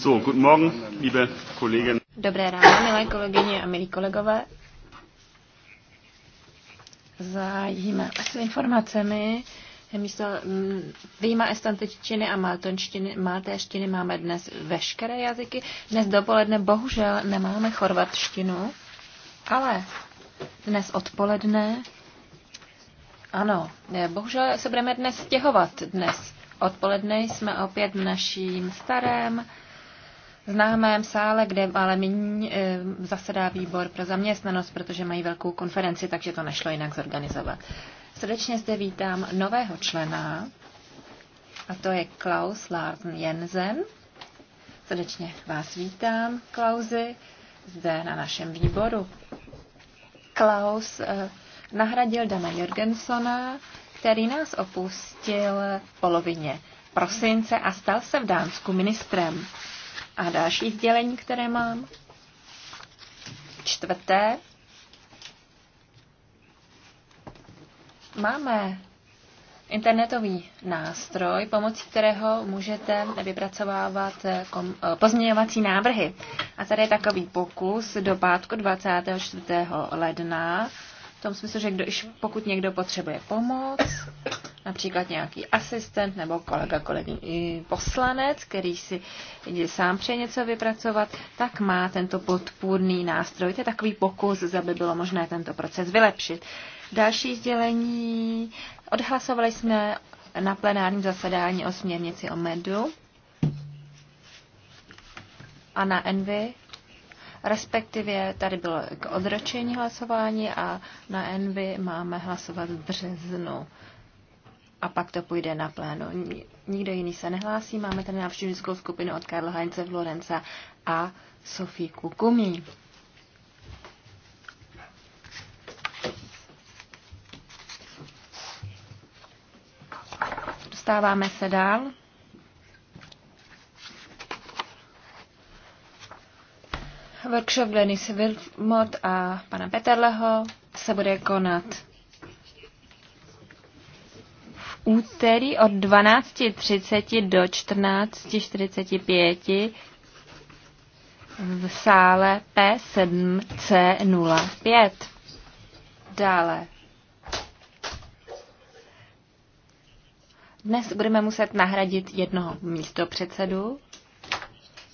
So, guten Morgen, liebe Kolleginnen. Dobré ráno, milé kolegyně a milí kolegové. Zajímavé s informacemi. Místo mm, výjima estantečtiny a maltonštiny, maltéštiny máme dnes veškeré jazyky. Dnes dopoledne bohužel nemáme chorvatštinu, ale dnes odpoledne ano, bohužel se budeme dnes stěhovat dnes. Odpoledne jsme opět v naším starém známém sále, kde ale nyní eh, zasedá výbor pro zaměstnanost, protože mají velkou konferenci, takže to nešlo jinak zorganizovat. Srdečně zde vítám nového člena, a to je Klaus Larsen Jensen. Srdečně vás vítám, Klausy zde na našem výboru. Klaus eh, nahradil Dana Jorgensona, který nás opustil v polovině prosince a stal se v Dánsku ministrem. A další sdělení, které mám. Čtvrté. Máme internetový nástroj, pomocí kterého můžete vypracovávat eh, eh, pozměňovací návrhy. A tady je takový pokus do pátku 24. ledna tom smyslu, že když, pokud někdo potřebuje pomoc, například nějaký asistent nebo kolega, kolegy, poslanec, který si sám přeje něco vypracovat, tak má tento podpůrný nástroj. To je takový pokus, aby bylo možné tento proces vylepšit. Další sdělení. Odhlasovali jsme na plenárním zasedání o směrnici o medu a na Envy respektive tady bylo k odročení hlasování a na Envy máme hlasovat v březnu. A pak to půjde na plénu. Nikdo jiný se nehlásí. Máme tady návštěvnickou skupinu od Karla Heinze Florenca a Sofie Kukumí. Dostáváme se dál. Workshop Denise Wilmot a pana Peterleho se bude konat v úterý od 12.30 do 14.45 v sále P7C05. Dále. Dnes budeme muset nahradit jednoho místopředsedu.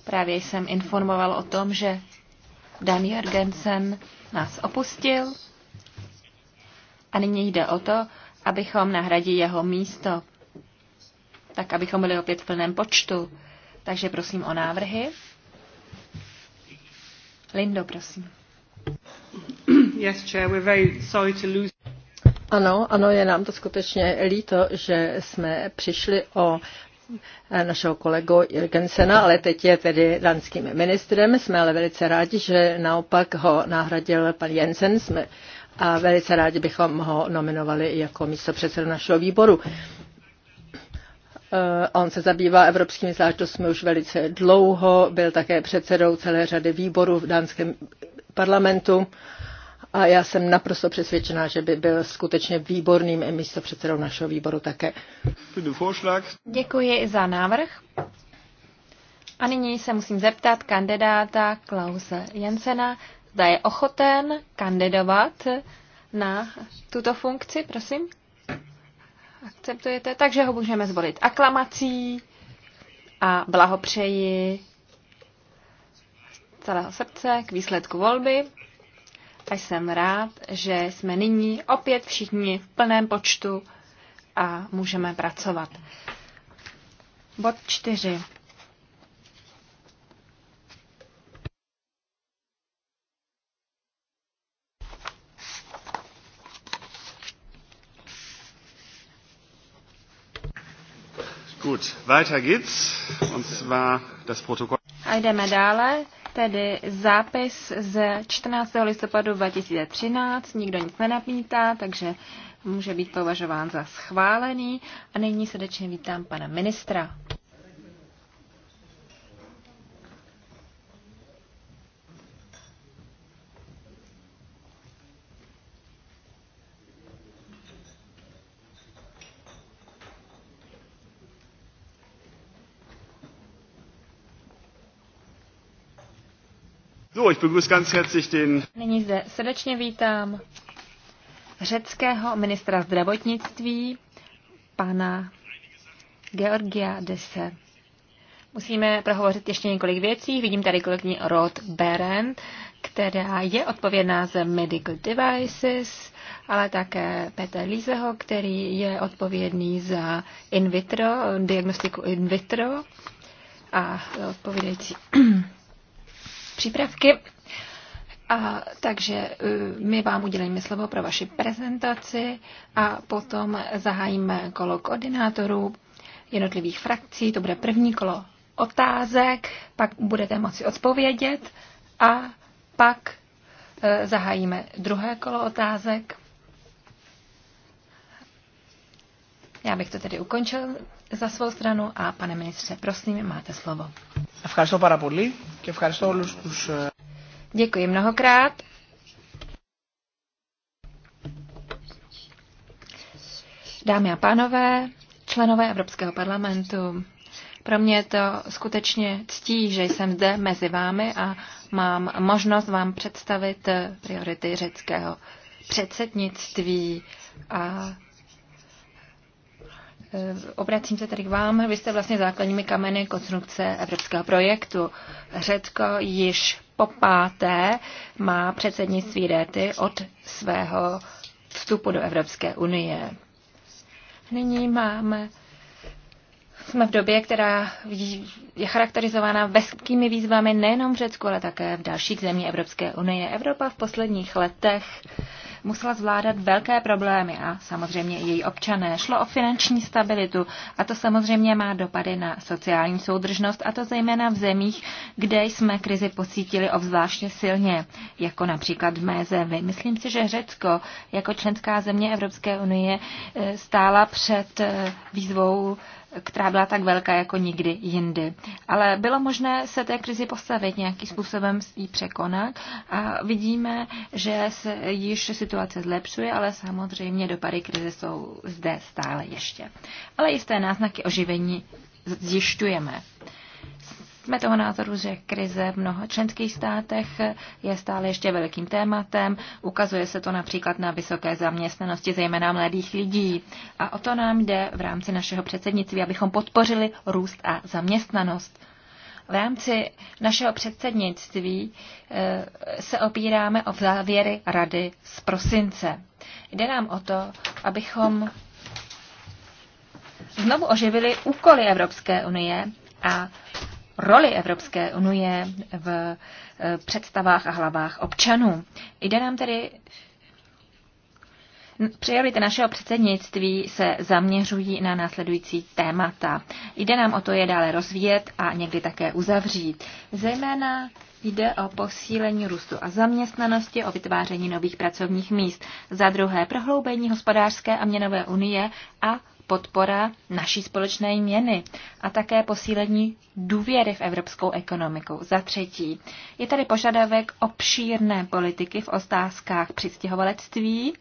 Právě jsem informoval o tom, že Dan Jorgensen nás opustil a nyní jde o to, abychom nahradili jeho místo, tak abychom byli opět v plném počtu. Takže prosím o návrhy. Lindo, prosím. Yes, chair, we're very sorry to lose... Ano, ano, je nám to skutečně líto, že jsme přišli o našeho kolegu Jürgensena, ale teď je tedy danským ministrem. Jsme ale velice rádi, že naopak ho nahradil pan Jensen jsme a velice rádi bychom ho nominovali jako místo předsedu našeho výboru. Eh, on se zabývá evropskými záležitostmi už velice dlouho, byl také předsedou celé řady výborů v dánském parlamentu a já jsem naprosto přesvědčená, že by byl skutečně výborným místopředsedou našeho výboru také. Děkuji za návrh. A nyní se musím zeptat kandidáta Klause Jensena, zda je ochoten kandidovat na tuto funkci, prosím. Akceptujete? Takže ho můžeme zvolit aklamací a blahopřeji z celého srdce k výsledku volby. A jsem rád, že jsme nyní opět všichni v plném počtu a můžeme pracovat. Bod čtyři. Gut, weiter geht's. Und zwar das Protokoll. A jdeme dále tedy zápis z 14. listopadu 2013, nikdo nic nenapítá, takže může být považován za schválený. A nyní srdečně vítám pana ministra. So, ich begrüße ganz herzlich den... Nyní zde srdečně vítám řeckého ministra zdravotnictví, pana Georgia Dese. Musíme prohovořit ještě několik věcí. Vidím tady kolegyni Rod Beren, která je odpovědná za Medical Devices, ale také Petr Lízeho, který je odpovědný za in vitro, diagnostiku in vitro a odpovědající přípravky. A takže e, my vám udělíme slovo pro vaši prezentaci a potom zahájíme kolo koordinátorů jednotlivých frakcí. To bude první kolo otázek, pak budete moci odpovědět a pak e, zahájíme druhé kolo otázek. Já bych to tedy ukončil za svou stranu a pane ministře, prosím, máte slovo. Ευχαριστώ πάρα πολύ και ευχαριστώ Děkuji mnohokrát. Dámy a pánové, členové Evropského parlamentu, pro mě je to skutečně ctí, že jsem zde mezi vámi a mám možnost vám představit priority řeckého předsednictví a Obracím se tedy k vám. Vy jste vlastně základními kameny konstrukce evropského projektu. Řecko již po páté má předsednictví réty od svého vstupu do Evropské unie. Nyní máme jsme v době, která je charakterizována veskými výzvami nejenom v Řecku, ale také v dalších zemích Evropské unie. Evropa v posledních letech musela zvládat velké problémy a samozřejmě i její občané. Šlo o finanční stabilitu a to samozřejmě má dopady na sociální soudržnost a to zejména v zemích, kde jsme krizi pocítili obzvláště silně, jako například v mé zemi. Myslím si, že Řecko jako členská země Evropské unie eh, stála před eh, výzvou která byla tak velká jako nikdy jindy. Ale bylo možné se té krizi postavit, nějakým způsobem ji překonat a vidíme, že se již situace zlepšuje, ale samozřejmě dopady krize jsou zde stále ještě. Ale jisté náznaky oživení zjišťujeme. Jsme toho názoru, že krize v mnoha členských státech je stále ještě velkým tématem. Ukazuje se to například na vysoké zaměstnanosti, zejména mladých lidí. A o to nám jde v rámci našeho předsednictví, abychom podpořili růst a zaměstnanost. V rámci našeho předsednictví eh, se opíráme o závěry rady z prosince. Jde nám o to, abychom znovu oživili úkoly Evropské unie a roli Evropské unie v eh, představách a hlavách občanů. Jde nám tedy Priority našeho předsednictví se zaměřují na následující témata. Jde nám o to je dále rozvíjet a někdy také uzavřít. Zejména jde o posílení růstu a zaměstnanosti, o vytváření nových pracovních míst, za druhé prohloubení hospodářské a měnové unie a podpora naší společné měny a také posílení důvěry v evropskou ekonomiku. Za třetí, je tady požadavek obšírné politiky v otázkách přistěhovalectví,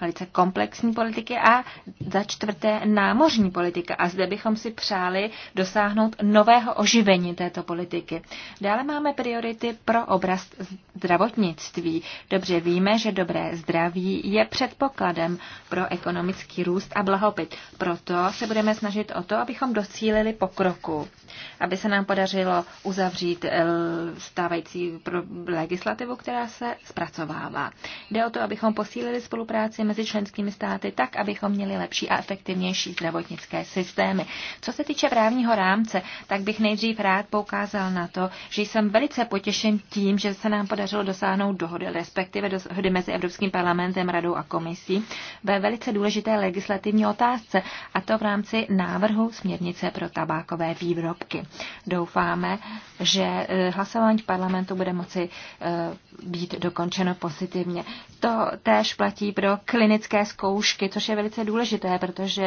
velice komplexní politiky a za čtvrté námořní politika. A zde bychom si přáli dosáhnout nového oživení této politiky. Dále máme priority pro obraz zdravotnictví. Dobře víme, že dobré zdraví je předpokladem pro ekonomický růst a blahobyt. Proto se budeme snažit o to, abychom docílili pokroku, aby se nám podařilo uzavřít eh, stávající legislativu, která se zpracovává. Jde o to, abychom posílili spolupráci mezi členskými státy tak, abychom měli lepší a efektivnější zdravotnické systémy. Co se týče právního rámce, tak bych nejdřív rád poukázal na to, že jsem velice potěšen tím, že se nám podařilo dosáhnout dohody, respektive dohody mezi Evropským parlamentem, Radou a komisí ve velice důležité legislativní otázce, a to v rámci návrhu směrnice pro tabákové výrobky. Doufáme, že e, hlasování v parlamentu bude moci e, být dokončeno pozitivně. To též platí pro klinické zkoušky, což je velice důležité, protože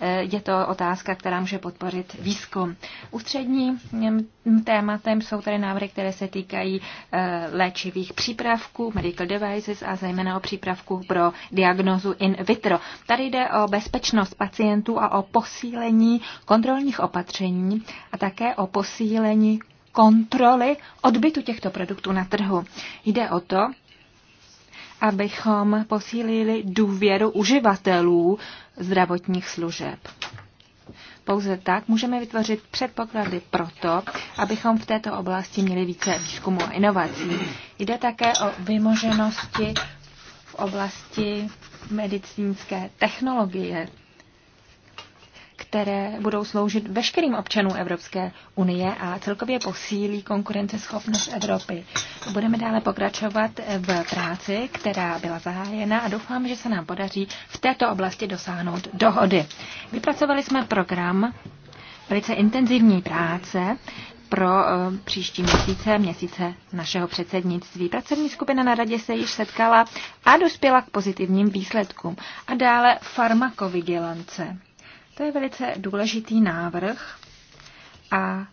eh, je to otázka, která může podpořit výzkum. Ústředním hm, tématem jsou tady návrhy, které se týkají eh, léčivých přípravků, medical devices a zejména o přípravku pro diagnozu in vitro. Tady jde o bezpečnost pacientů a o posílení kontrolních opatření a také o posílení kontroly odbytu těchto produktů na trhu. Jde o to, abychom posílili důvěru uživatelů zdravotních služeb. Pouze tak můžeme vytvořit předpoklady pro to, abychom v této oblasti měli více výzkumu a inovací. Jde také o vymoženosti v oblasti medicínské technologie které budou sloužit veškerým občanům Evropské unie a celkově posílí konkurenceschopnost Evropy. Budeme dále pokračovat v práci, která byla zahájena a doufám, že se nám podaří v této oblasti dosáhnout dohody. Vypracovali jsme program velice intenzivní práce, pro eh, příští měsíce, měsíce našeho předsednictví. Pracovní skupina na radě se již setkala a dospěla k pozitivním výsledkům. A dále farmakovigilance. To je velice důležitý návrh a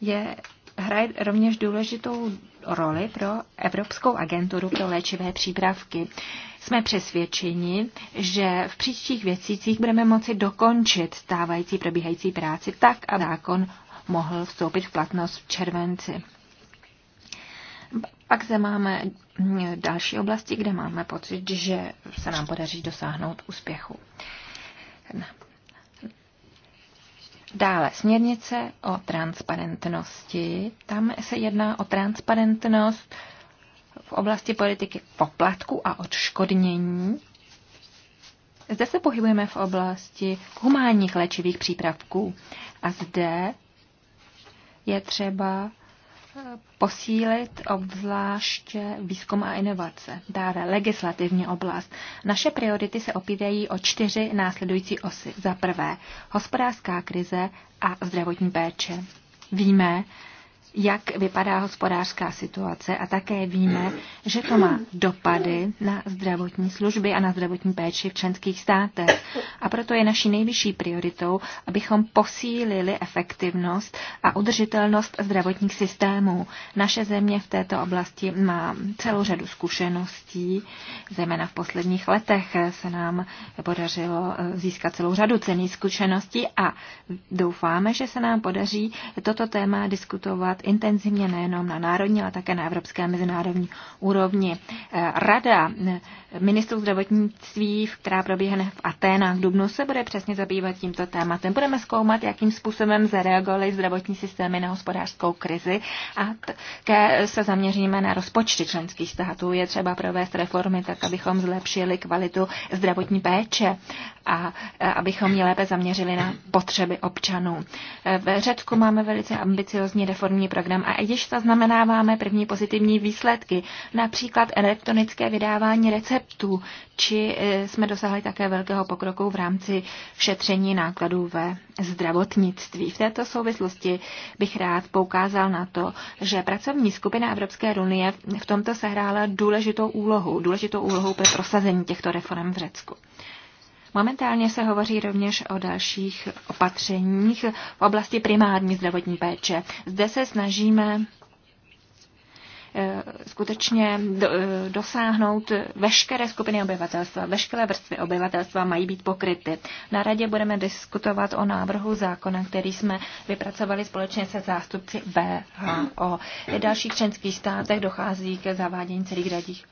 je, hraje rovněž důležitou roli pro Evropskou agenturu pro léčivé přípravky. Jsme přesvědčeni, že v příštích věcících budeme moci dokončit stávající probíhající práci tak, aby zákon mohl vstoupit v platnost v červenci. Pak zde máme další oblasti, kde máme pocit, že se nám podaří dosáhnout úspěchu. Dále směrnice o transparentnosti. Tam se jedná o transparentnost v oblasti politiky poplatku a odškodnění. Zde se pohybujeme v oblasti humánních léčivých přípravků a zde je třeba posílit obzvláště výzkum a inovace. Dále legislativní oblast. Naše priority se opírají o čtyři následující osy. Za prvé, hospodářská krize a zdravotní péče. Víme, jak vypadá hospodářská situace a také víme, že to má dopady na zdravotní služby a na zdravotní péči v členských státech. A proto je naší nejvyšší prioritou, abychom posílili efektivnost a udržitelnost zdravotních systémů. Naše země v této oblasti má celou řadu zkušeností, zejména v posledních letech se nám podařilo získat celou řadu cených zkušeností a doufáme, že se nám podaří toto téma diskutovat intenzivně nejenom na národní, ale také na evropské a mezinárodní úrovni. Eh, Rada eh, ministrů zdravotnictví, která proběhne v Aténách v Dubnu, se bude přesně zabývat tímto tématem. Budeme zkoumat, jakým způsobem zareagovaly zdravotní systémy na hospodářskou krizi a také se zaměříme na rozpočty členských států. Je třeba provést reformy tak, abychom zlepšili kvalitu zdravotní péče a eh, abychom ji lépe zaměřili na potřeby občanů. V Řecku máme velice ambiciozní reformní program a již zaznamenáváme první pozitivní výsledky, například elektronické vydávání receptů, či e, jsme dosáhli také velkého pokroku v rámci šetření nákladů ve zdravotnictví. V této souvislosti bych rád poukázal na to, že pracovní skupina Evropské unie v tomto sehrála důležitou úlohu, důležitou úlohu pro prosazení těchto reform v Řecku. Momentálně se hovoří rovněž o dalších opatřeních v oblasti primární zdravotní péče. Zde se snažíme eh, skutečně eh, dosáhnout veškeré skupiny obyvatelstva, veškeré vrstvy obyvatelstva mají být pokryty. Na radě budeme diskutovat o návrhu zákona, který jsme vypracovali společně se zástupci VHO. V dalších členských státech dochází ke zavádění celých radích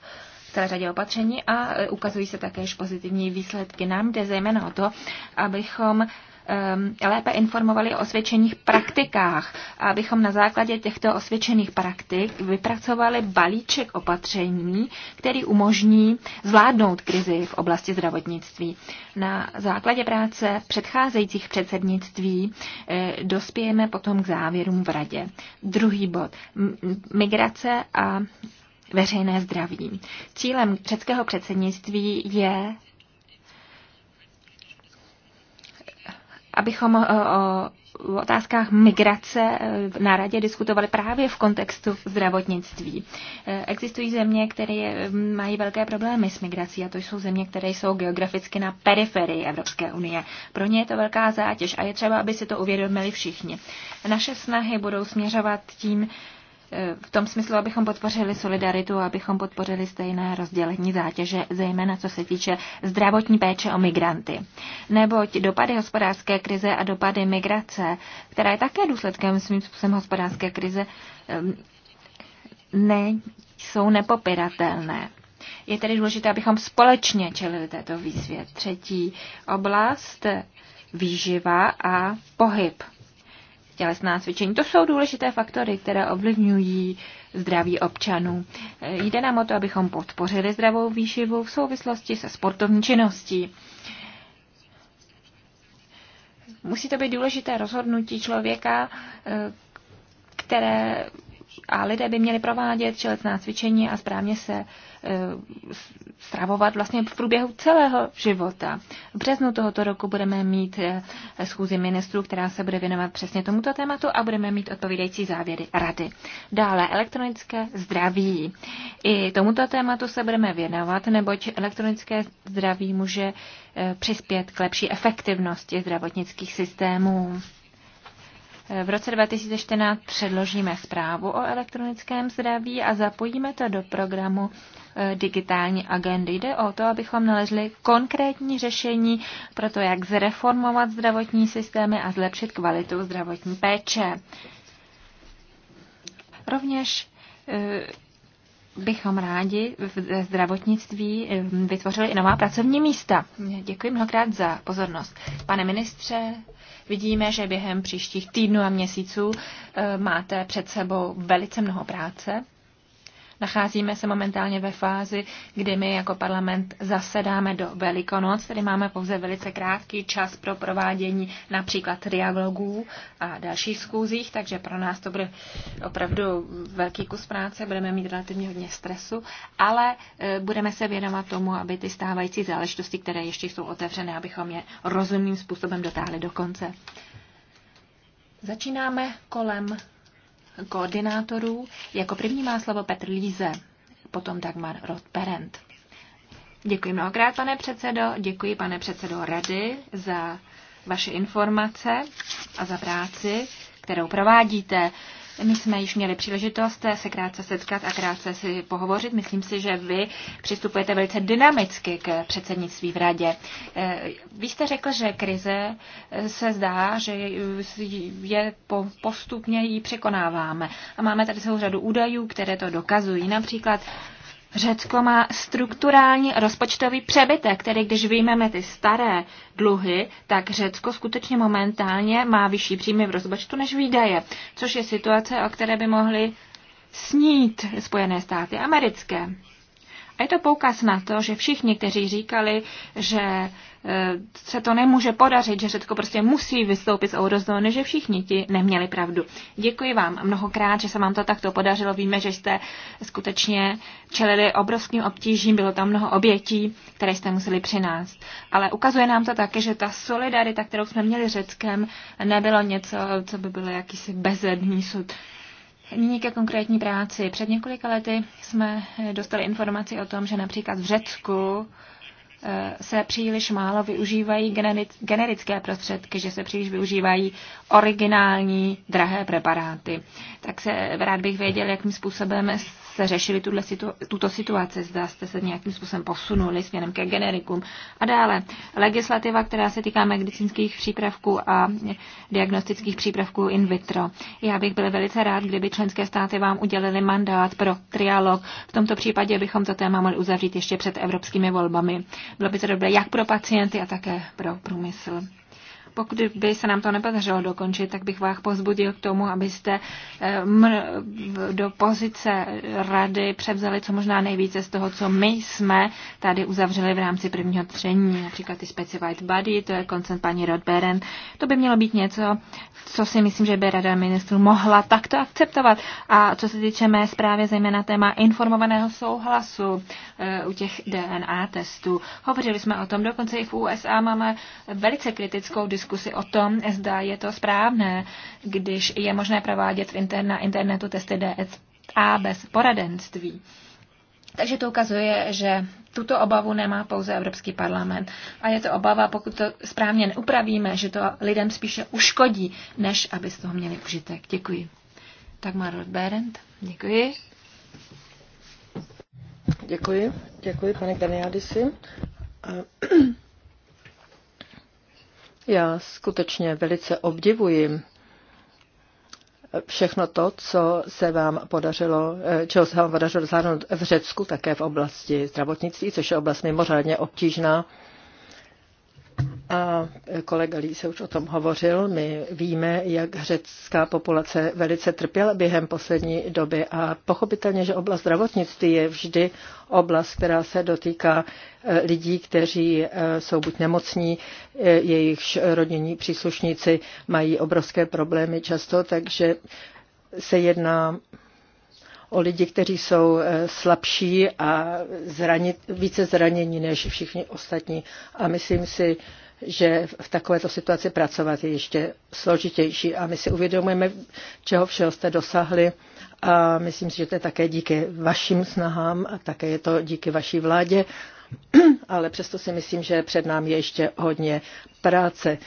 celé řadě opatření a e, ukazují se také pozitivní výsledky. Nám jde zejména o to, abychom lépe informovali o osvědčených praktikách, abychom na základě těchto osvědčených praktik vypracovali balíček opatření, který umožní zvládnout krizi v oblasti zdravotnictví. Na základě práce předcházejících předsednictví e, dospějeme potom k závěrům v radě. Druhý bod. Migrace a veřejné zdraví. Cílem řeckého předsednictví je, abychom o, eh, eh, v otázkách migrace eh, na radě diskutovali právě v kontextu zdravotnictví. Existují země, které mají velké problémy s migrací a to jsou země, které jsou geograficky na periferii Evropské unie. Pro ně je to velká zátěž a je třeba, aby si to uvědomili všichni. Naše snahy budou směřovat tím, v tom smyslu, abychom podpořili solidaritu a abychom podpořili stejné rozdělení zátěže, zejména co se týče zdravotní péče o migranty. Neboť dopady hospodářské krize a dopady migrace, která je také důsledkem svým způsobem hospodářské krize, ne, jsou nepopiratelné. Je tedy důležité, abychom společně čelili této výzvě. Třetí oblast, výživa a pohyb tělesná cvičení. To jsou důležité faktory, které ovlivňují zdraví občanů. Jde nám o to, abychom podpořili zdravou výživu v souvislosti se sportovní činností. Musí to být důležité rozhodnutí člověka, eh, které a lidé by měli provádět tělesná cvičení a správně se e, stravovat vlastně v průběhu celého života. V březnu tohoto roku budeme mít e, schůzi ministrů, která se bude věnovat přesně tomuto tématu a budeme mít odpovídající závěry rady. Dále elektronické zdraví. I tomuto tématu se budeme věnovat, neboť elektronické zdraví může e, přispět k lepší efektivnosti zdravotnických systémů. V roce 2014 předložíme zprávu o elektronickém zdraví a zapojíme to do programu eh, digitální agendy. Jde o to, abychom nalezli konkrétní řešení pro to, jak zreformovat zdravotní systémy a zlepšit kvalitu zdravotní péče. Rovněž eh, bychom rádi v zdravotnictví vytvořili i nová pracovní místa. Děkuji mnohokrát za pozornost. Pane ministře, vidíme, že během příštích týdnů a měsíců máte před sebou velice mnoho práce. Nacházíme se momentálně ve fázi, kdy my jako parlament zasedáme do Velikonoc, tedy máme pouze velice krátký čas pro provádění například dialogů a dalších schůzích, takže pro nás to bude opravdu velký kus práce, budeme mít relativně hodně stresu, ale e, budeme se věnovat tomu, aby ty stávající záležitosti, které ještě jsou otevřené, abychom je rozumným způsobem dotáhli do konce. Začínáme kolem koordinátorů. Jako první má slovo Petr Líze, potom Dagmar Rothberend. Děkuji mnohokrát, pane předsedo. Děkuji, pane předsedo Rady, za vaše informace a za práci, kterou provádíte. My jsme již měli příležitost se krátce setkat a krátce si pohovořit. Myslím si, že vy přistupujete velice dynamicky k předsednictví v radě. Eh, vy jste řekl, že krize se zdá, že je postupně ji překonáváme. A máme tady celou řadu údajů, které to dokazují. Například Řecko má strukturální rozpočtový přebytek, který když vyjmeme ty staré dluhy, tak Řecko skutečně momentálně má vyšší příjmy v rozpočtu než výdaje, což je situace, o které by mohly snít Spojené státy americké. A je to poukaz na to, že všichni, kteří říkali, že Eh, se to nemůže podařit, že Řecko prostě musí vystoupit z eurozóny, že všichni ti neměli pravdu. Děkuji vám mnohokrát, že se vám to takto podařilo. Víme, že jste skutečně čelili obrovským obtížím, bylo tam mnoho obětí, které jste museli přinést. Ale ukazuje nám to také, že ta solidarita, kterou jsme měli Řeckem, nebylo něco, co by bylo jakýsi bezedný sud. Nyní ke konkrétní práci. Před několika lety jsme dostali informaci o tom, že například v Řecku Eh, se příliš málo využívají generické prostředky, že se příliš využívají originální drahé preparáty. Tak se rád bych věděl, jakým způsobem jste řešili tuto, situ, tuto situaci, zda jste se nějakým způsobem posunuli směrem ke generikům. A dále, legislativa, která se týká medicínských přípravků a diagnostických přípravků in vitro. Já bych byl velice rád, kdyby členské státy vám udělili mandát pro trialog. V tomto případě bychom to téma mohli uzavřít ještě před evropskými volbami. Bylo by to dobré jak pro pacienty a také pro průmysl. Pokud by se nám to nepodařilo dokončit, tak bych vás pozbudil k tomu, abyste eh, do pozice rady převzali co možná nejvíce z toho, co my jsme tady uzavřeli v rámci prvního tření, například ty Specified Body, to je koncent paní Rodberen. To by mělo být něco, co si myslím, že by rada ministrů mohla takto akceptovat. A co se týče mé zprávy, zejména téma informovaného souhlasu eh, u těch DNA testů. Hovořili jsme o tom, dokonce i v USA máme velice kritickou diskusi diskusi o tom, zda je to správné, když je možné provádět na internetu testy DSA bez poradenství. Takže to ukazuje, že tuto obavu nemá pouze Evropský parlament. A je to obava, pokud to správně neupravíme, že to lidem spíše uškodí, než aby z toho měli užitek. Děkuji. Tak Marot Berend, děkuji. Děkuji, děkuji pane Ganiadisi. Já skutečně velice obdivuji všechno to, co se vám podařilo, čeho se vám podařilo dosáhnout v Řecku, také v oblasti zdravotnictví, což je oblast mimořádně obtížná. A kolega Líse už o tom hovořil. My víme, jak řecká populace velice trpěla během poslední doby a pochopitelně, že oblast zdravotnictví je vždy oblast, která se dotýká e, lidí, kteří e, jsou buď nemocní, e, jejichž rodinní příslušníci mají obrovské problémy často, takže se jedná o lidi, kteří jsou slabší a zranit, více zranění než všichni ostatní. A myslím si, že v takovéto situaci pracovat je ještě složitější a my si uvědomujeme, čeho všeho jste dosahli a myslím si, že to je také díky vašim snahám a také je to díky vaší vládě, ale přesto si myslím, že před námi je ještě hodně práce.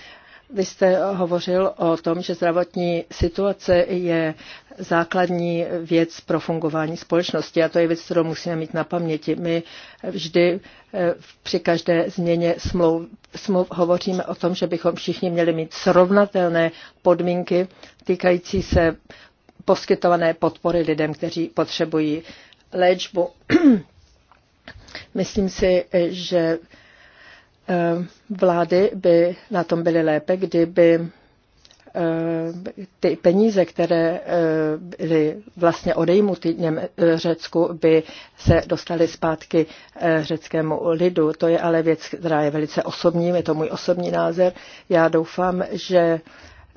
Vy jste hovořil o tom, že zdravotní situace je základní věc pro fungování společnosti a to je věc, kterou musíme mít na paměti. My vždy eh, při každé změně smlouv, smlouv hovoříme o tom, že bychom všichni měli mít srovnatelné podmínky týkající se poskytované podpory lidem, kteří potřebují léčbu. Myslím si, že Eh, vlády by na tom byly lépe, kdyby eh, ty peníze, které eh, byly vlastně odejmuty Řecku, by se dostaly zpátky řeckému lidu. To je ale věc, která je velice osobní, je to můj osobní názor. Já doufám, že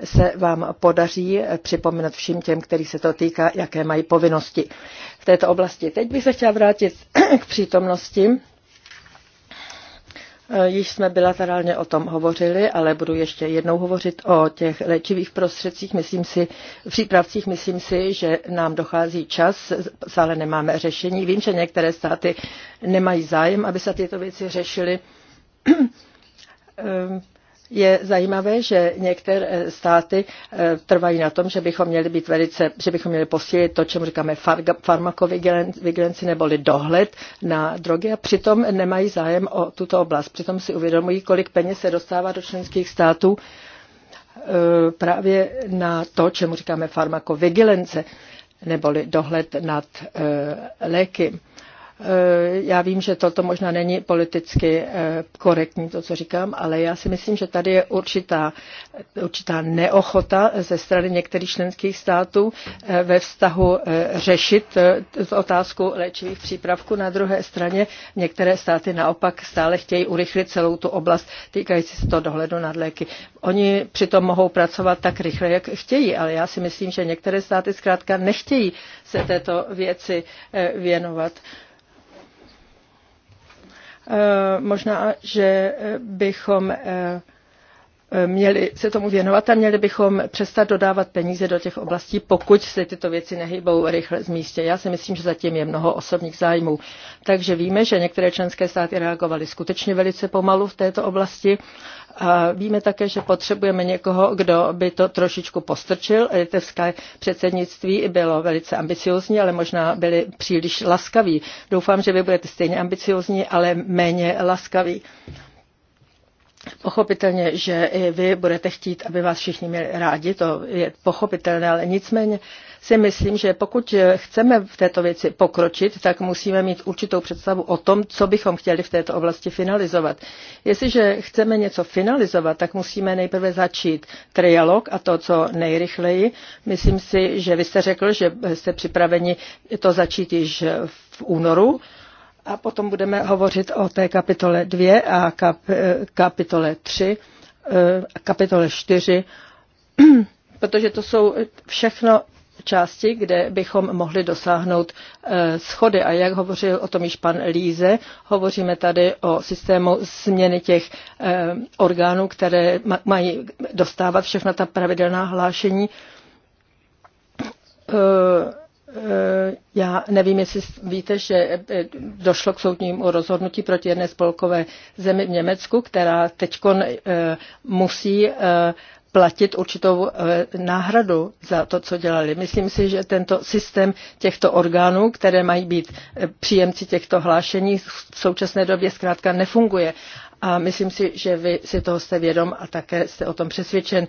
se vám podaří připomenout všem těm, který se to týká, jaké mají povinnosti v této oblasti. Teď bych se chtěla vrátit k přítomnosti Eh, již jsme bilaterálně o tom hovořili, ale budu ještě jednou hovořit o těch léčivých prostředcích, myslím si, přípravcích. Myslím si, že nám dochází čas, ale nemáme řešení. Vím, že některé státy nemají zájem, aby se tyto věci řešily. Eh, je zajímavé, že některé eh, státy eh, trvají na tom, že bychom měli být velice, že bychom měli posílit to, čemu říkáme farmakovigilanci neboli dohled na drogy a přitom nemají zájem o tuto oblast. Přitom si uvědomují, kolik peněz se dostává do členských států eh, právě na to, čemu říkáme farmakovigilance neboli dohled nad léky Eh, já vím, že toto možná není politicky eh, korektní, to, co říkám, ale já si myslím, že tady je určitá, určitá neochota ze strany některých členských států eh, ve vztahu řešit otázku léčivých přípravků. Na druhé straně některé státy naopak stále chtějí urychlit celou tu oblast týkající se toho dohledu nad léky. Oni přitom mohou pracovat tak rychle, jak chtějí, ale já si myslím, že některé státy zkrátka nechtějí se této věci věnovat. Eh, možná, že eh, bychom eh, Eh, měli se tomu věnovat a měli bychom přestat dodávat peníze do těch oblastí, pokud se tyto věci nehybou rychle z místě. Já si myslím, že zatím je mnoho osobních zájmů. Takže víme, že některé členské státy reagovaly skutečně velice pomalu v této oblasti. A víme také, že potřebujeme někoho, kdo by to trošičku postrčil. Litevské předsednictví bylo velice ambiciozní, ale možná byli příliš laskaví. Doufám, že vy budete stejně ambiciozní, ale méně laskaví. Pochopitelně, že i vy budete chtít, aby vás všichni měli rádi, to je pochopitelné, ale nicméně si myslím, že pokud chceme v této věci pokročit, tak musíme mít určitou představu o tom, co bychom chtěli v této oblasti finalizovat. Jestliže chceme něco finalizovat, tak musíme nejprve začít trialog a to, co nejrychleji. Myslím si, že vy jste řekl, že jste připraveni to začít již v únoru a potom budeme hovořit o té kapitole 2 a kap, eh, kapitole 3 eh, kapitole 4, protože to jsou všechno části, kde bychom mohli dosáhnout eh, schody. A jak hovořil o tom již pan Líze, hovoříme tady o systému změny těch orgánů, které mají dostávat všechna ta pravidelná hlášení Eh, já nevím, jestli víte, že eh, došlo k soudnímu rozhodnutí proti jedné spolkové zemi v Německu, která teď eh, musí platit určitou náhradu za to, co dělali. Myslím si, že tento systém těchto orgánů, které mají být příjemci těchto hlášení, v současné době zkrátka nefunguje. A myslím si, že vy si toho jste vědom a také jste o tom přesvědčen.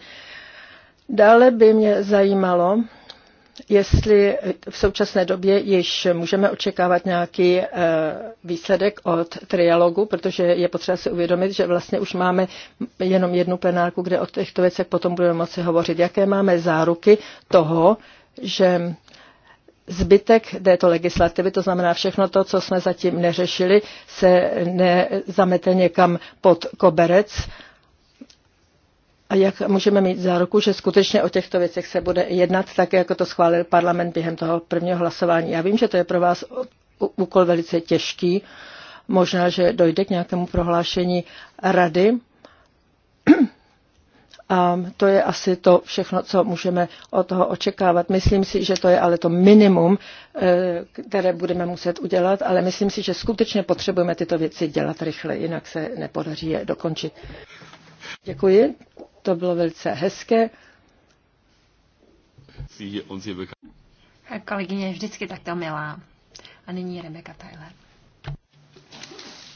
Dále by mě zajímalo, jestli v současné době již můžeme očekávat nějaký eh, výsledek od trialogu, protože je potřeba si uvědomit, že vlastně už máme jenom jednu plenárku, kde o těchto věcech potom budeme moci hovořit. Jaké máme záruky toho, že zbytek této legislativy, to znamená všechno to, co jsme zatím neřešili, se nezamete někam pod koberec, a jak můžeme mít záruku, že skutečně o těchto věcech se bude jednat, tak jako to schválil parlament během toho prvního hlasování. Já vím, že to je pro vás úkol velice těžký. Možná, že dojde k nějakému prohlášení rady. A to je asi to všechno, co můžeme od toho očekávat. Myslím si, že to je ale to minimum, eh, které budeme muset udělat, ale myslím si, že skutečně potřebujeme tyto věci dělat rychle, jinak se nepodaří je dokončit. Děkuji to bylo velice hezké. Kolegyně je vždycky takto milá. A nyní Rebecca Tyler.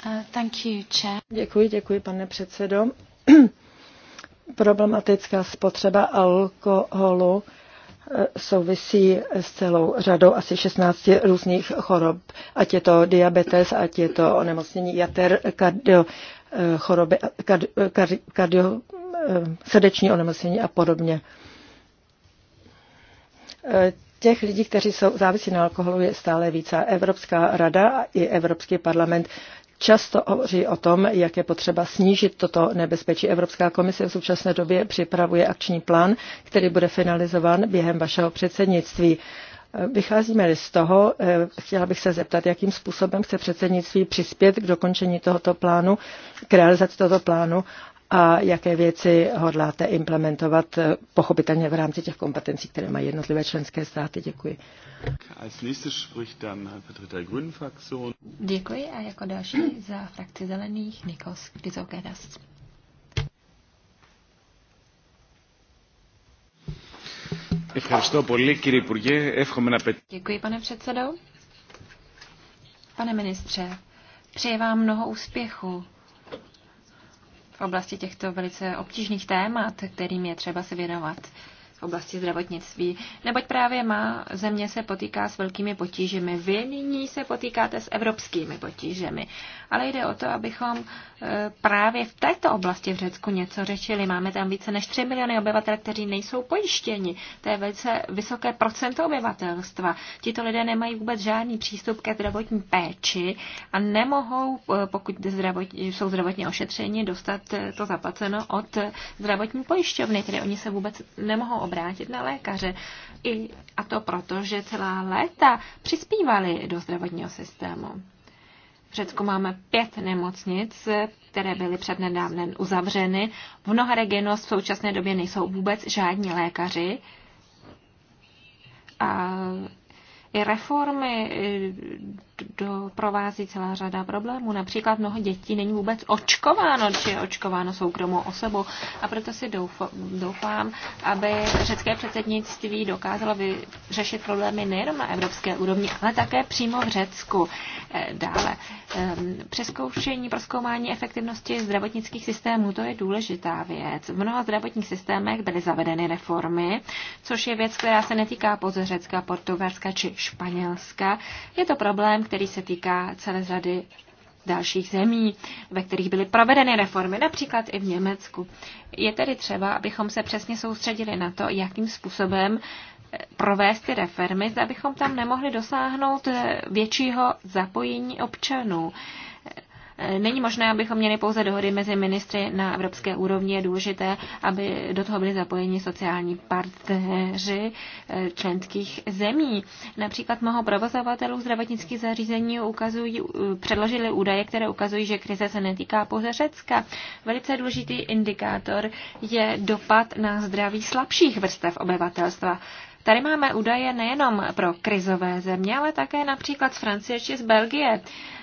Uh, thank you, chair. Děkuji, děkuji, pane předsedo. Problematická spotřeba alkoholu uh, souvisí s celou řadou asi 16 různých chorob, ať je to diabetes, ať je to onemocnění jater, kardio, eh, choroby, eh, eh, kardio, kardio, Eh, srdeční onemocnění a podobně. Eh, těch lidí, kteří jsou závislí na alkoholu, je stále více. Evropská rada a i Evropský parlament často hovoří o tom, jak je potřeba snížit toto nebezpečí. Evropská komise v současné době připravuje akční plán, který bude finalizován během vašeho předsednictví. Eh, vycházíme-li z toho, chtěla bych se zeptat, jakým způsobem chce předsednictví přispět k dokončení tohoto plánu, k realizaci tohoto plánu a jaké věci hodláte implementovat, eh, pochopitelně v rámci těch kompetencí, které mají jednotlivé členské státy. Děkuji. Äh, Děkuji a jako další za frakci zelených Nikos Kryzogedas. Děkuji, pane předsedo. Pane ministře, přeji vám mnoho úspěchu oblasti těchto velice obtížných témat, kterým je třeba se věnovat v oblasti zdravotnictví, neboť právě má země se potýká s velkými potížemi. Vy nyní se potýkáte s evropskými potížemi, ale jde o to, abychom e, právě v této oblasti v Řecku něco řešili. Máme tam více než 3 miliony obyvatel, kteří nejsou pojištěni. To je velice vysoké procento obyvatelstva. Tito lidé nemají vůbec žádný přístup ke zdravotní péči a nemohou, e, pokud jsou zdravotně ošetřeni, dostat e, to zaplaceno od zdravotní pojišťovny, tedy oni se vůbec nemohou obrátit na lékaře. I, a to proto, že celá léta přispívali do zdravotního systému. V Řecku máme pět nemocnic, které byly přednedávnem uzavřeny. V mnoha regionech v současné době nejsou vůbec žádní lékaři. A i reformy provází celá řada problémů. Například mnoho dětí není vůbec očkováno, či je očkováno soukromou osobou. A proto si doufám, aby řecké předsednictví dokázalo vyřešit problémy nejenom na evropské úrovni, ale také přímo v Řecku. Eh, dále, ehm, přeskoušení, proskoumání efektivnosti zdravotnických systémů, to je důležitá věc. V mnoha zdravotních systémech byly zavedeny reformy, což je věc, která se netýká pouze Řecka, Portugalska či Španělska. Je to problém, který se týká celé řady dalších zemí, ve kterých byly provedeny reformy, například i v Německu. Je tedy třeba, abychom se přesně soustředili na to, jakým způsobem eh, provést ty reformy, abychom tam nemohli dosáhnout eh, většího zapojení občanů. Není možné, abychom měli pouze dohody mezi ministry na evropské úrovni. Je důležité, aby do toho byly zapojeni sociální partneři eh, členských zemí. Například mnoho provozovatelů zdravotnických zařízení ukazují, eh, předložili údaje, které ukazují, že krize se netýká pouze Řecka. Velice důležitý indikátor je dopad na zdraví slabších vrstev obyvatelstva. Tady máme údaje nejenom pro krizové země, ale také například z Francie či z Belgie.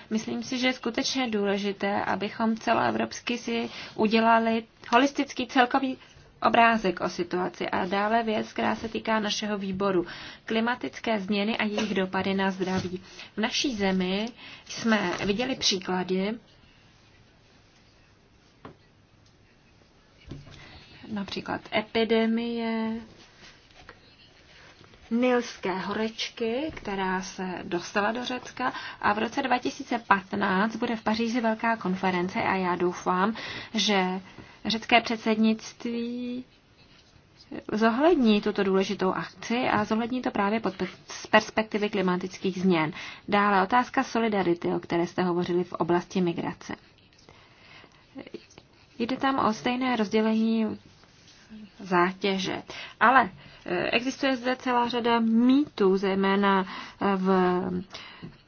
Myslím si, že je skutečně důležité, abychom celoevropsky si udělali holistický celkový obrázek o situaci a dále věc, která se týká našeho výboru. Klimatické změny a jejich dopady na zdraví. V naší zemi jsme viděli příklady, například epidemie, nilské horečky, která se dostala do Řecka a v roce 2015 bude v Paříži velká konference a já doufám, že řecké předsednictví zohlední tuto důležitou akci a zohlední to právě pod, z perspektivy klimatických změn. Dále otázka solidarity, o které jste hovořili v oblasti migrace. Jde tam o stejné rozdělení zátěže. Ale eh, existuje zde celá řada mýtů, zejména eh, v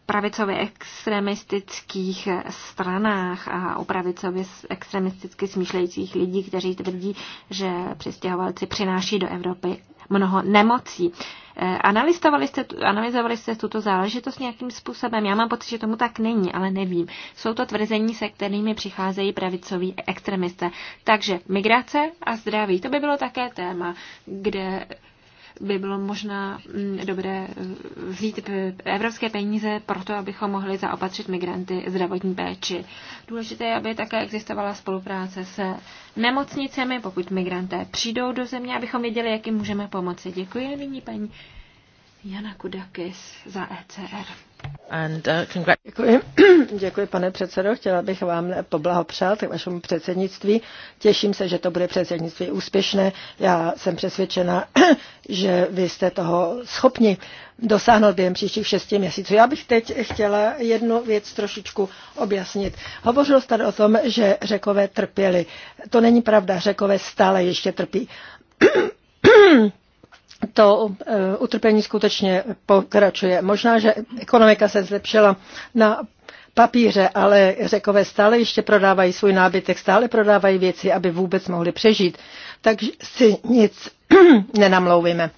pravicově extremistických eh, stranách a o pravicově extremisticky smýšlejících lidí, kteří tvrdí, že přistěhovalci přináší do Evropy mnoho nemocí. Eh, Analizovali jste, analyzovali jste tuto záležitost nějakým způsobem? Já mám pocit, že tomu tak není, ale nevím. Jsou to tvrzení, se kterými přicházejí pravicoví extremisté. Takže migrace a zdraví, to by bylo také téma, kde by bylo možná mm, dobré eh, vzít evropské peníze to, abychom mohli zaopatřit migranty zdravotní péči. Důležité je, aby také existovala spolupráce se nemocnicemi, pokud migranté přijdou do země, abychom věděli, jak jim můžeme pomoci. Děkuji nyní paní Jana Kudakis za ECR. And, uh, Děkuji. Děkuji, pane předsedo. Chtěla bych vám poblahopřát k vašemu předsednictví. Těším se, že to bude předsednictví úspěšné. Já jsem přesvědčena, že vy jste toho schopni dosáhnout během příštích šesti měsíců. Já bych teď chtěla jednu věc trošičku objasnit. Hovořil jste o tom, že řekové trpěli. To není pravda, řekové stále ještě trpí. to eh, utrpení skutečně pokračuje. Možná, že ekonomika se zlepšila na papíře, ale řekové stále ještě prodávají svůj nábytek, stále prodávají věci, aby vůbec mohli přežít. Takže si nic nenamlouvíme.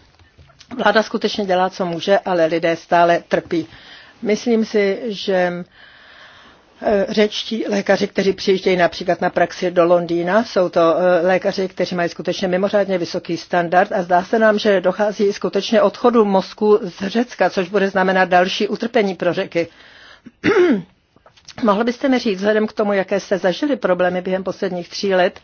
Vláda skutečně dělá, co může, ale lidé stále trpí. Myslím si, že Eh, řečtí lékaři, kteří přijíždějí například na praxi do Londýna. Jsou to eh, lékaři, kteří mají skutečně mimořádně vysoký standard a zdá se nám, že dochází skutečně odchodu mozku z Řecka, což bude znamenat další utrpení pro řeky. Mohl byste mi říct, vzhledem k tomu, jaké jste zažili problémy během posledních tří let,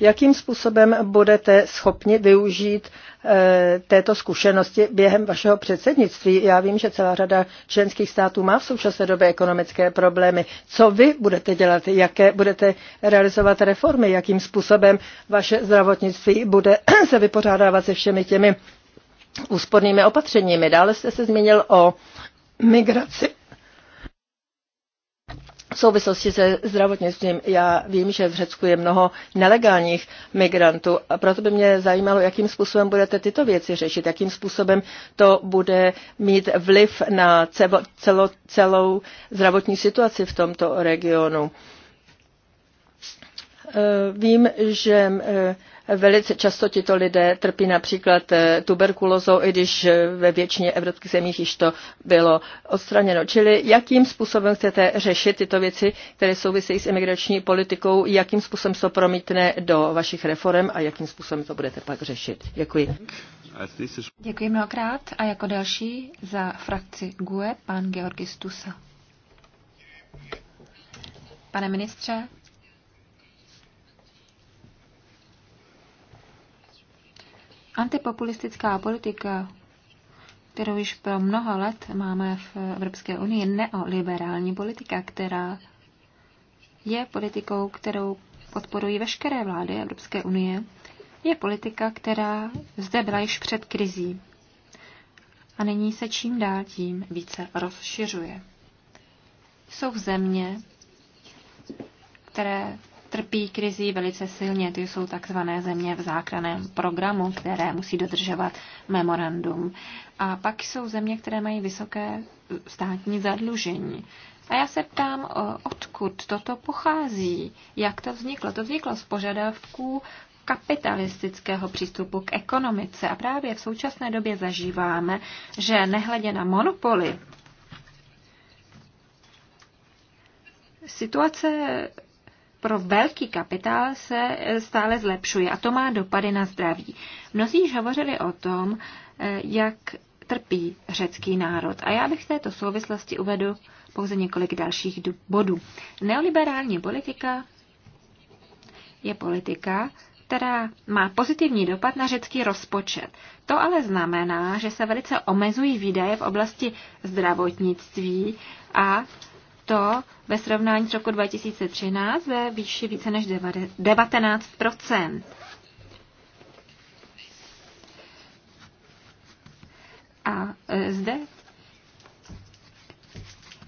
Jakým způsobem budete schopni využít eh, této zkušenosti během vašeho předsednictví? Já vím, že celá řada členských států má v současné době ekonomické problémy. Co vy budete dělat? Jaké budete realizovat reformy? Jakým způsobem vaše zdravotnictví bude se vypořádávat se všemi těmi úspornými opatřeními? Dále jste se zmínil o migraci v souvislosti se zdravotnictvím. Já vím, že v Řecku je mnoho nelegálních migrantů a proto by mě zajímalo, jakým způsobem budete tyto věci řešit, jakým způsobem to bude mít vliv na celo, celo, celou zdravotní situaci v tomto regionu. Eh, vím, že eh, Velice často tito lidé trpí například eh, tuberkulózou, i když eh, ve většině evropských zemích již to bylo odstraněno. Čili jakým způsobem chcete řešit tyto věci, které souvisejí s imigrační politikou, jakým způsobem to promítne do vašich reform a jakým způsobem to budete pak řešit? Děkuji. Děkuji mnohokrát a jako další za frakci GUE pan Georgi Stusa. Pane ministře, Antipopulistická politika, kterou již pro mnoho let máme v Evropské unii, neoliberální politika, která je politikou, kterou podporují veškeré vlády Evropské unie, je politika, která zde byla již před krizí a nyní se čím dál tím více rozšiřuje. Jsou země, které trpí krizí velice silně. Ty jsou takzvané země v zákraném programu, které musí dodržovat memorandum. A pak jsou země, které mají vysoké státní zadlužení. A já se ptám, odkud toto pochází, jak to vzniklo. To vzniklo z požadavků kapitalistického přístupu k ekonomice. A právě v současné době zažíváme, že nehledě na monopoly, situace pro velký kapitál se eh, stále zlepšuje a to má dopady na zdraví. Mnozí již hovořili o tom, eh, jak trpí řecký národ. A já bych v této souvislosti uvedu, pouze několik dalších bodů. Neoliberální politika je politika, která má pozitivní dopad na řecký rozpočet. To ale znamená, že se velice omezují výdaje v oblasti zdravotnictví a to ve srovnání s roku 2013 ve výši více než 19 A e, zde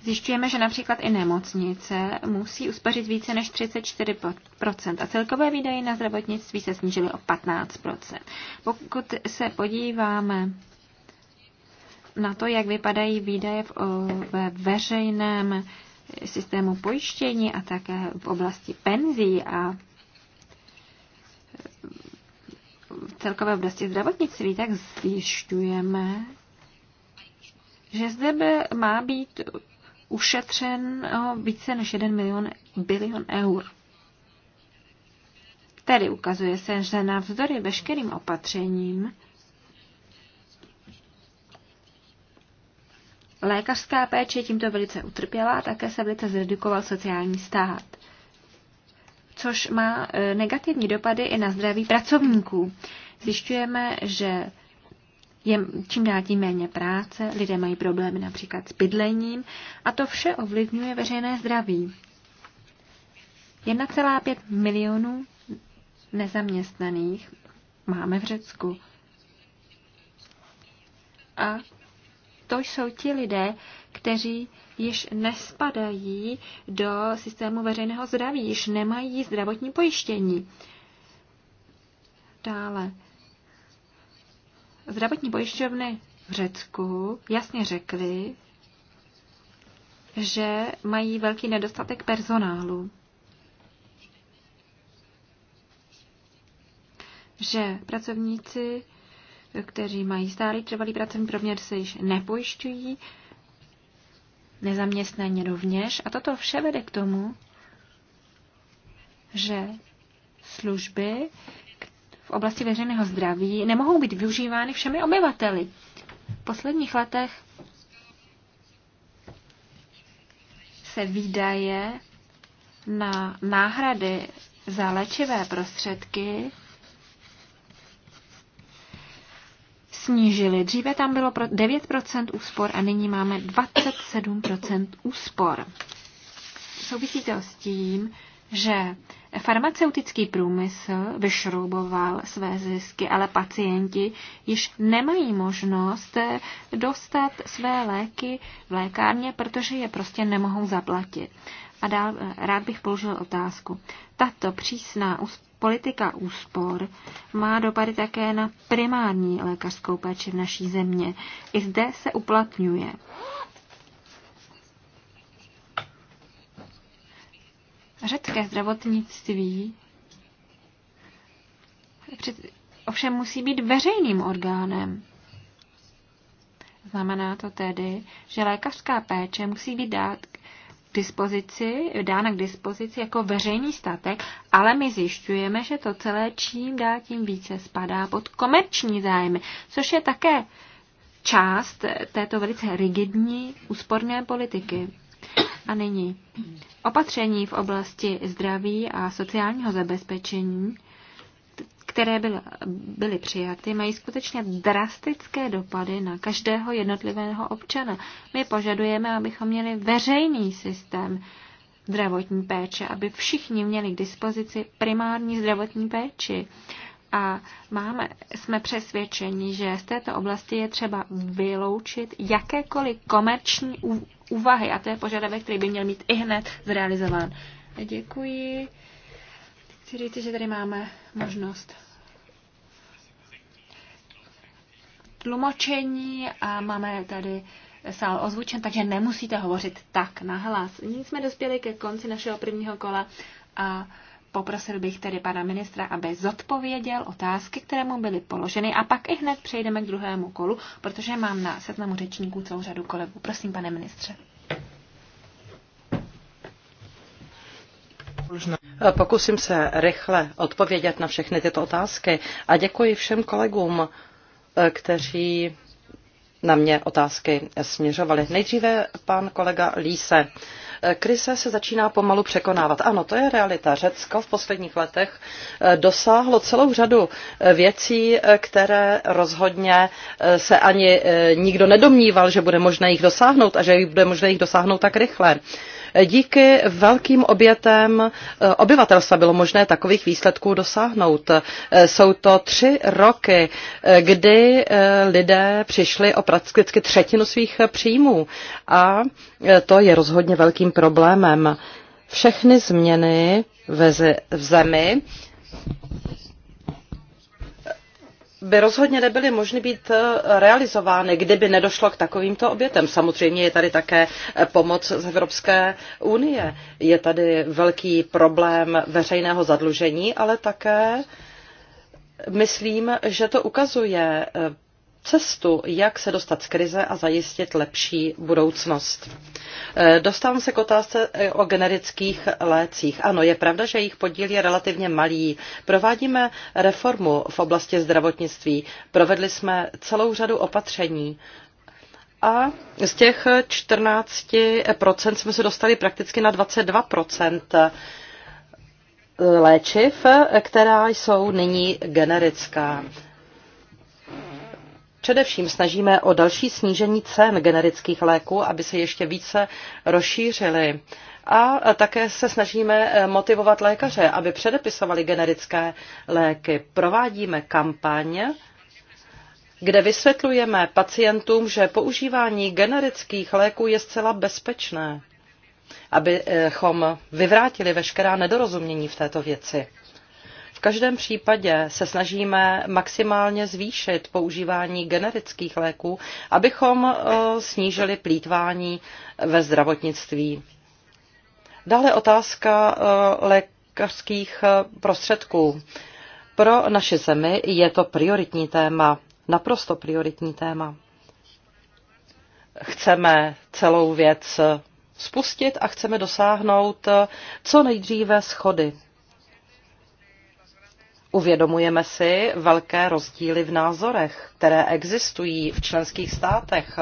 Zjišťujeme, že například i nemocnice musí uspořit více než 34% a celkové výdaje na zdravotnictví se snížily o 15%. Pokud se podíváme na to, jak vypadají výdaje v, ve veřejném systému pojištění a také v oblasti penzí a v celkové oblasti zdravotnictví, tak zjišťujeme, že zde by má být ušetřen více než 1 milion bilion eur. Tedy ukazuje se, že navzdory veškerým opatřením Lékařská péče tímto velice utrpěla a také se velice zredukoval sociální stát, což má e, negativní dopady i na zdraví pracovníků. Zjišťujeme, že je čím dál tím méně práce, lidé mají problémy například s bydlením a to vše ovlivňuje veřejné zdraví. 1,5 milionů nezaměstnaných máme v Řecku. A to jsou ti lidé, kteří již nespadají do systému veřejného zdraví, již nemají zdravotní pojištění. Dále. Zdravotní pojišťovny v Řecku jasně řekly, že mají velký nedostatek personálu. Že pracovníci kteří mají stálý trvalý pracovní proměr, se již nepojišťují, nezaměstnaně rovněž. A toto vše vede k tomu, že služby v oblasti veřejného zdraví nemohou být využívány všemi obyvateli. V posledních letech se výdaje na náhrady za léčivé prostředky snížili. Dříve tam bylo 9% úspor a nyní máme 27% úspor. Souvisí to s tím, že farmaceutický průmysl vyšrouboval své zisky, ale pacienti již nemají možnost dostat své léky v lékárně, protože je prostě nemohou zaplatit. A dál rád bych položil otázku. Tato přísná úspor politika úspor má dopady také na primární lékařskou péči v naší země. I zde se uplatňuje. Řecké zdravotnictví ovšem musí být veřejným orgánem. Znamená to tedy, že lékařská péče musí být dát dispozici, dána k dispozici jako veřejný statek, ale my zjišťujeme, že to celé čím dál tím více spadá pod komerční zájmy, což je také část této velice rigidní úsporné politiky. A nyní opatření v oblasti zdraví a sociálního zabezpečení které byla, byly přijaty, mají skutečně drastické dopady na každého jednotlivého občana. My požadujeme, abychom měli veřejný systém zdravotní péče, aby všichni měli k dispozici primární zdravotní péči. A máme, jsme přesvědčeni, že z této oblasti je třeba vyloučit jakékoliv komerční úvahy. A to je požadavek, který by měl mít i hned zrealizován. Děkuji. Chci říct, že tady máme možnost tlumočení a máme tady sál ozvučen, takže nemusíte hovořit tak nahlas. Nyní jsme dospěli ke konci našeho prvního kola a poprosil bych tedy pana ministra, aby zodpověděl otázky, které mu byly položeny a pak i hned přejdeme k druhému kolu, protože mám na seznamu řečníků celou řadu kolegů. Prosím, pane ministře. Pokusím se rychle odpovědět na všechny tyto otázky a děkuji všem kolegům, eh, kteří na mě otázky směřovali. Nejdříve pan kolega Líse. Eh, krize se začíná pomalu překonávat. Ano, to je realita. Řecko v posledních letech eh, dosáhlo celou řadu věcí, které rozhodně se ani nikdo nedomníval, že bude možné jich dosáhnout a že bude možné jich dosáhnout tak rychle. Díky velkým obětem eh, obyvatelstva bylo možné takových výsledků dosáhnout. Eh, jsou to tři roky, eh, kdy lidé přišli o prakticky třetinu svých příjmů a to je rozhodně velkým problémem. Všechny změny v zemi by rozhodně nebyly možné být eh, realizovány, kdyby nedošlo k takovýmto obětem. Samozřejmě je tady také eh, pomoc z Evropské unie. Je tady velký problém veřejného zadlužení, ale také myslím, že to ukazuje eh, cestu, jak se dostat z krize a zajistit lepší budoucnost. E, dostávám se k otázce e, o generických lécích. Ano, je pravda, že jejich podíl je relativně malý. Provádíme reformu v oblasti zdravotnictví. Provedli jsme celou řadu opatření a z těch 14% jsme se dostali prakticky na 22% léčiv, která jsou nyní generická především snažíme o další snížení cen generických léků, aby se ještě více rozšířily. A také se snažíme eh, motivovat lékaře, aby předepisovali generické léky. Provádíme kampaň, kde vysvětlujeme pacientům, že používání generických léků je zcela bezpečné, abychom vyvrátili veškerá nedorozumění v této věci každém případě se snažíme maximálně zvýšit používání generických léků, abychom e, snížili plítvání ve zdravotnictví. Dále otázka e, lékařských e, prostředků. Pro naše zemi je to prioritní téma, naprosto prioritní téma. Chceme celou věc spustit a chceme dosáhnout co nejdříve schody Uvědomujeme si velké rozdíly v názorech, které existují v členských státech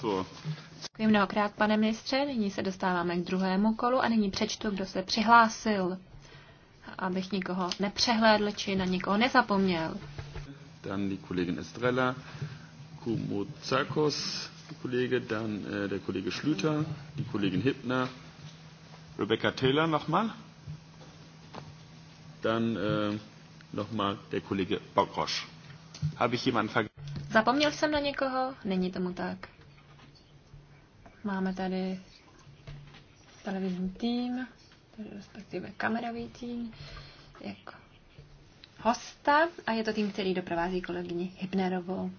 Děkuji mnohokrát, pane ministře. Nyní se dostáváme k druhému kolu a nyní přečtu, kdo se přihlásil, abych nikoho nepřehlédl či na nikoho nezapomněl. Dann die Kollegin Estrella, Kumuzakos, Kollege, dann äh, der Kollege Schlüter, die Kollegin Hipner, Rebecca Taylor nochmal, dann äh, nochmal der Kollege Bogrosch. Habe ich jemanden vergessen? Zapomněl jsem na někoho? Není tomu tak. Máme tady televizní tým, respektive kamerový tým, jako hosta a je to tým, který doprovází kolegyni Hybnerovou.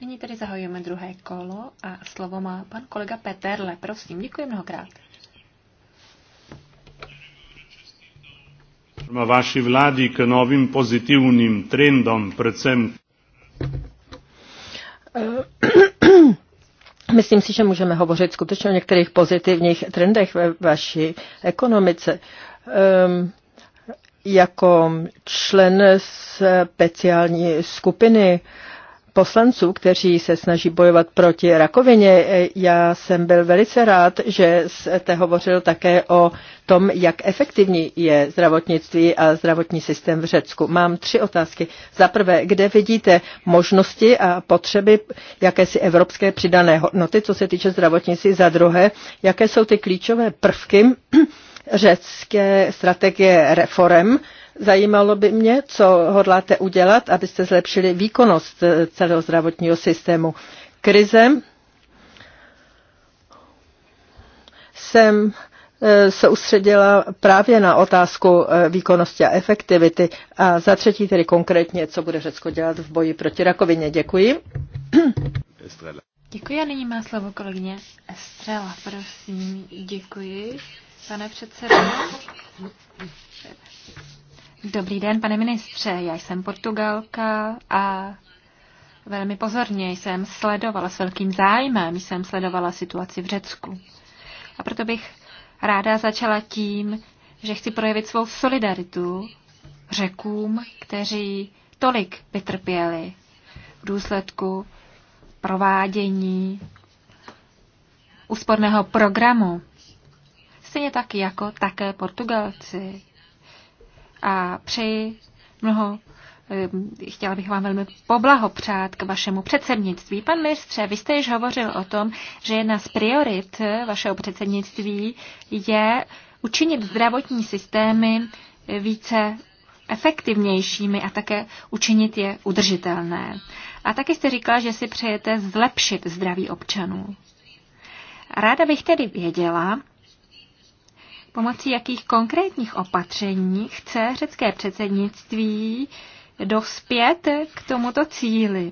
Nyní tedy zahajujeme druhé kolo a slovo má pan kolega Peterle. Prosím, děkuji mnohokrát. vaši vlády k novým pozitivním trendům, především eh, Myslím si, že můžeme hovořit skutečně o některých pozitivních trendech ve vaší ekonomice. Um, jako člen speciální skupiny uh, poslanců, kteří se snaží bojovat proti rakovině. Já jsem byl velice rád, že jste hovořil také o tom, jak efektivní je zdravotnictví a zdravotní systém v Řecku. Mám tři otázky. Za prvé, kde vidíte možnosti a potřeby jakési evropské přidané hodnoty, co se týče zdravotnictví? Za druhé, jaké jsou ty klíčové prvky řecké strategie reform, Zajímalo by mě, co hodláte udělat, abyste zlepšili výkonnost eh, celého zdravotního systému. Krize jsem eh, soustředila právě na otázku eh, výkonnosti a efektivity. A za třetí tedy konkrétně, co bude Řecko dělat v boji proti rakovině. Děkuji. Estrela. Děkuji a nyní má slovo kolegyně Estrela, prosím. Děkuji, pane předsedo. Dobrý den, pane ministře. Já jsem Portugalka a velmi pozorně jsem sledovala s velkým zájmem, jsem sledovala situaci v Řecku. A proto bych ráda začala tím, že chci projevit svou solidaritu Řekům, kteří tolik vytrpěli v důsledku provádění úsporného programu. Stejně tak jako také Portugalci a přeji mnoho eh, chtěla bych vám velmi poblahopřát k vašemu předsednictví. Pan ministře, vy jste již hovořil o tom, že jedna z priorit eh, vašeho předsednictví je učinit zdravotní systémy eh, více efektivnějšími a také učinit je udržitelné. A taky jste říkala, že si přejete zlepšit zdraví občanů. Ráda bych tedy věděla, Pomocí jakých konkrétních opatření chce řecké předsednictví dospět k tomuto cíli?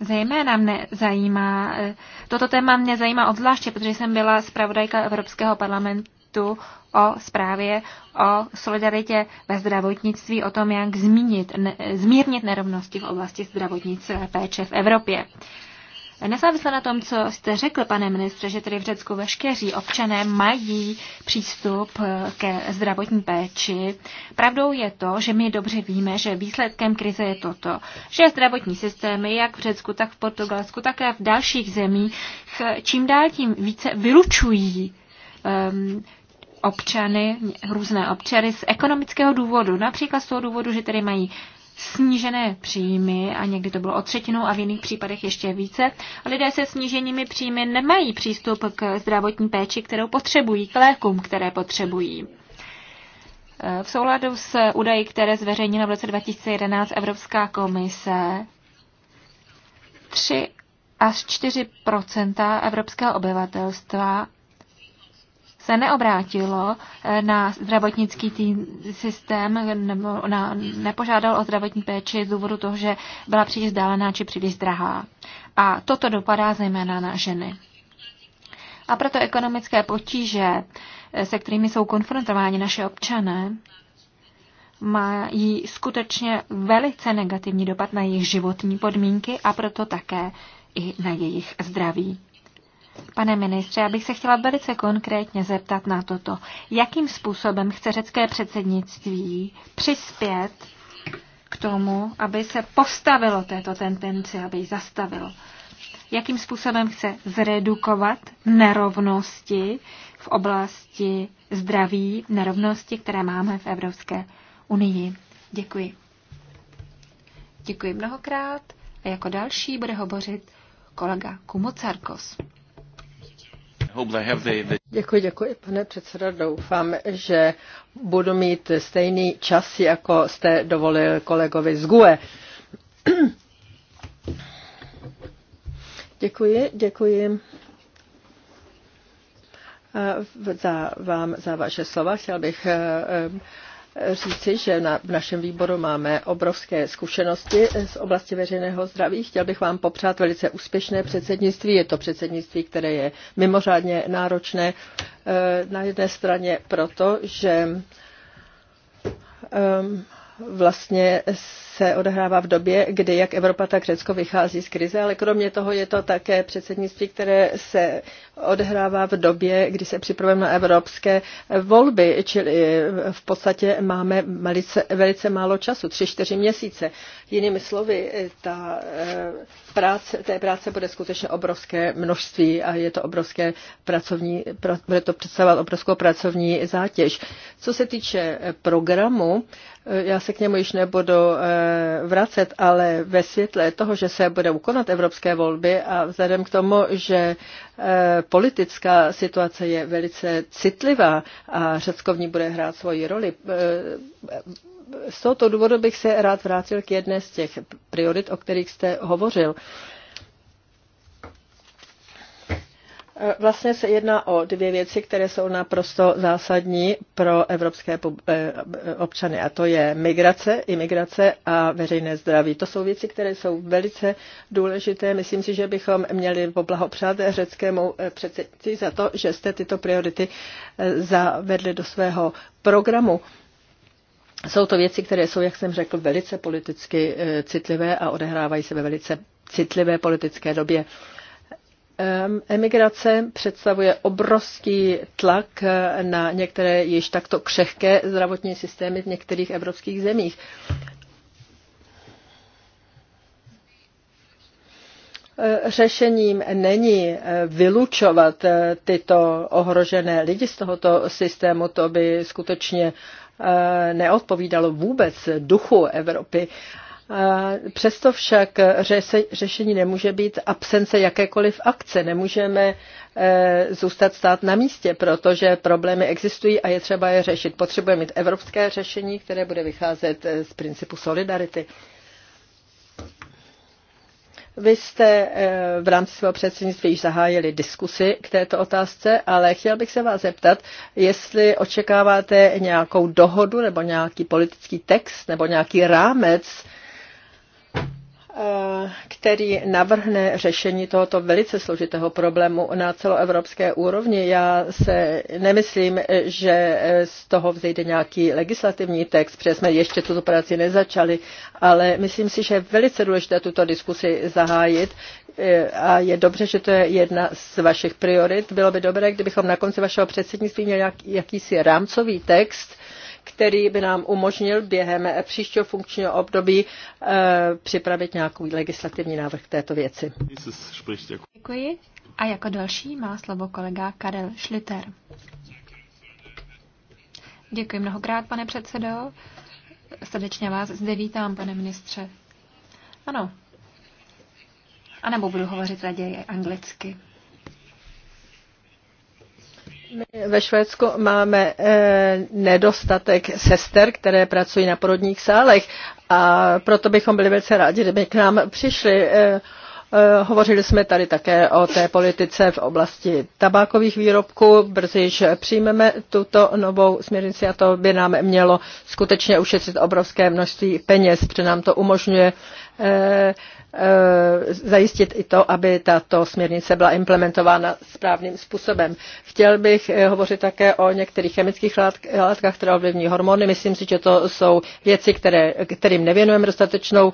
Zejména mne zajímá, e, toto téma mě zajímá obzvláště, protože jsem byla zpravodajka Evropského parlamentu o zprávě o solidaritě ve zdravotnictví, o tom, jak zmínit, ne, zmírnit nerovnosti v oblasti zdravotnictví péče v Evropě. Nezávisle na tom, co jste řekl, pane ministře, že tedy v Řecku veškeří občané mají přístup eh, ke zdravotní péči, pravdou je to, že my dobře víme, že výsledkem krize je toto, že zdravotní systémy, jak v Řecku, tak v Portugalsku, také v dalších zemích, eh, čím dál tím více vylučují um, občany, různé občany z ekonomického důvodu, například z toho důvodu, že tedy mají snížené příjmy a někdy to bylo o třetinu a v jiných případech ještě více. A lidé se sníženými příjmy nemají přístup k zdravotní péči, kterou potřebují, k lékům, které potřebují. E, v souladu s údaji, které zveřejnila v roce 2011 Evropská komise, 3 až 4 evropského obyvatelstva se neobrátilo eh, na zdravotnický tým, systém nebo na, nepožádal o zdravotní péči z důvodu toho, že byla příliš vzdálená či příliš drahá. A toto dopadá zejména na ženy. A proto ekonomické potíže, eh, se kterými jsou konfrontováni naše občané, mají skutečně velice negativní dopad na jejich životní podmínky a proto také i na jejich zdraví. Pane ministře, já bych se chtěla velice konkrétně zeptat na toto. Jakým způsobem chce řecké předsednictví přispět k tomu, aby se postavilo této tendenci, aby ji zastavilo? Jakým způsobem chce zredukovat nerovnosti v oblasti zdraví, nerovnosti, které máme v Evropské unii? Děkuji. Děkuji mnohokrát a jako další bude hovořit kolega Kumocarkos. Děkuji, děkuji, pane předsedo. Doufám, že budu mít stejný čas, jako jste dovolil kolegovi z GUE. Děkuji, děkuji eh, za, vám za vaše slova. Chtěl bych eh, říci, že na, v našem výboru máme obrovské zkušenosti z oblasti veřejného zdraví. Chtěl bych vám popřát velice úspěšné předsednictví. Je to předsednictví, které je mimořádně náročné eh, na jedné straně proto, že ehm, vlastně se odehrává v době, kdy jak Evropa, tak Řecko vychází z krize, ale kromě toho je to také předsednictví, které se odehrává v době, kdy se připravujeme na evropské volby, čili eh, v podstatě máme velice, velice málo času, tři, čtyři měsíce. Jinými slovy, eh, ta eh, práce, té práce bude skutečně obrovské množství a je to obrovské pracovní, bude to představovat obrovskou pracovní zátěž. Co se týče programu, já se k němu již nebudu vracet, ale ve světle toho, že se budou konat evropské volby a vzhledem k tomu, že eh, politická situace je velice citlivá a Řecko v ní bude hrát svoji roli, eh, z tohoto důvodu bych se rád vrátil k jedné z těch priorit, o kterých jste hovořil. Eh, vlastně se jedná o dvě věci, které jsou naprosto zásadní pro evropské eh, eh, občany, a to je migrace, imigrace a veřejné zdraví. To jsou věci, které jsou velice důležité. Myslím si, že bychom měli poblahopřát řeckému předsedci za to, že jste tyto priority zavedli do svého programu. Jsou to věci, které jsou, jak jsem řekl, velice politicky citlivé a odehrávají se ve velice citlivé politické době. Emigrace představuje obrovský tlak na některé již takto křehké zdravotní systémy v některých evropských zemích. Řešením není eh, vylučovat eh, tyto ohrožené lidi z tohoto systému, to by skutečně eh, neodpovídalo vůbec duchu Evropy. Eh, přesto však řešení nemůže být absence jakékoliv akce. Nemůžeme eh, zůstat stát na místě, protože problémy existují a je třeba je řešit. Potřebujeme mít evropské řešení, které bude vycházet eh, z principu solidarity. Vy jste v rámci svého předsednictví již zahájili diskusy k této otázce, ale chtěl bych se vás zeptat, jestli očekáváte nějakou dohodu nebo nějaký politický text nebo nějaký rámec, Eh, který navrhne řešení tohoto velice složitého problému na celoevropské úrovni. Já se nemyslím, že z toho vzejde nějaký legislativní text, protože jsme ještě tuto práci nezačali, ale myslím si, že je velice důležité tuto diskusi zahájit eh, a je dobře, že to je jedna z vašich priorit. Bylo by dobré, kdybychom na konci vašeho předsednictví měli jakýsi rámcový text, který by nám umožnil během příštího funkčního období eh, připravit nějaký legislativní návrh k této věci. Děkuji. A jako další má slovo kolega Karel Schlitter. Děkuji mnohokrát, pane předsedo. Srdečně vás zde vítám, pane ministře. Ano. A nebo budu hovořit raději anglicky. My ve Švédsku máme eh, nedostatek sester, které pracují na porodních sálech a proto bychom byli velice rádi, kdyby k nám přišli. E, Eh, hovořili jsme tady také o té politice v oblasti tabákových výrobků. Brzdyž přijmeme tuto novou směrnici a to by nám mělo skutečně ušetřit obrovské množství peněz, protože nám to umožňuje eh, eh, zajistit i to, aby tato směrnice byla implementována správným způsobem. Chtěl bych hovořit také o některých chemických látkách, které ovlivní hormony. Myslím si, že to jsou věci, které, kterým nevěnujeme dostatečnou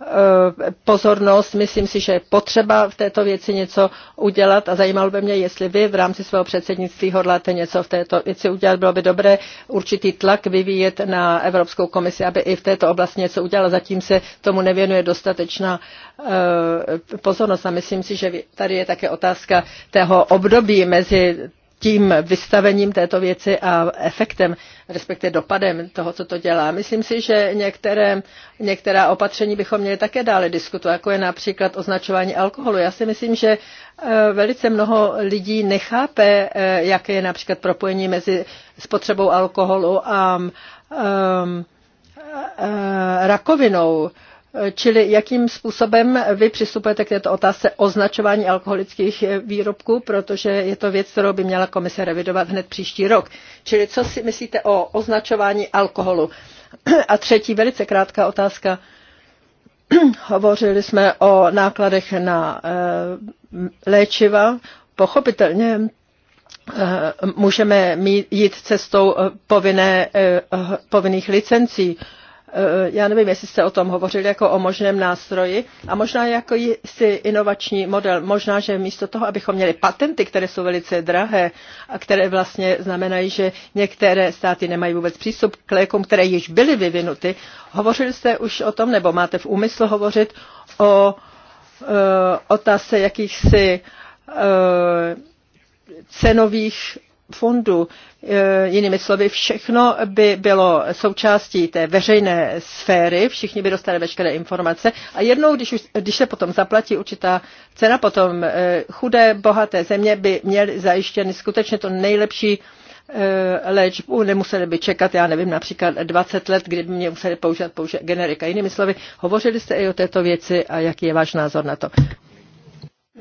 Eh, pozornost. Myslím si, že je potřeba v této věci něco udělat a zajímalo by mě, jestli vy v rámci svého předsednictví hodláte něco v této věci udělat. Bylo by dobré určitý tlak vyvíjet na Evropskou komisi, aby i v této oblasti něco udělala. Zatím se tomu nevěnuje dostatečná eh, pozornost a myslím si, že tady je také otázka tého období mezi tím vystavením této věci a efektem, respektive dopadem toho, co to dělá. Myslím si, že některé, některá opatření bychom měli také dále diskutovat, jako je například označování alkoholu. Já si myslím, že eh, velice mnoho lidí nechápe, eh, jaké je například propojení mezi spotřebou alkoholu a um, rakovinou. Čili jakým způsobem vy přistupujete k této otázce označování alkoholických výrobků, protože je to věc, kterou by měla komise revidovat hned příští rok. Čili co si myslíte o označování alkoholu? A třetí velice krátká otázka. Hovořili jsme o nákladech na eh, léčiva. Pochopitelně eh, můžeme mít, jít cestou eh, povinné, povinných licencí Eh, já nevím, jestli jste o tom hovořili jako o možném nástroji a možná jako si inovační model, možná, že místo toho, abychom měli patenty, které jsou velice drahé a které vlastně znamenají, že některé státy nemají vůbec přístup k lékům, které již byly vyvinuty. Hovořili jste už o tom, nebo máte v úmyslu hovořit o eh, otázce jakýchsi eh, cenových fondů. Eh, jinými slovy, všechno by bylo součástí té veřejné sféry, všichni by dostali veškeré informace a jednou, když, už, když se potom zaplatí určitá cena, potom eh, chudé, bohaté země by měly zajištěny skutečně to nejlepší eh, léčbu, nemuseli by čekat, já nevím, například 20 let, kdyby mě museli používat používat generika. Jinými slovy, hovořili jste i o této věci a jaký je váš názor na to?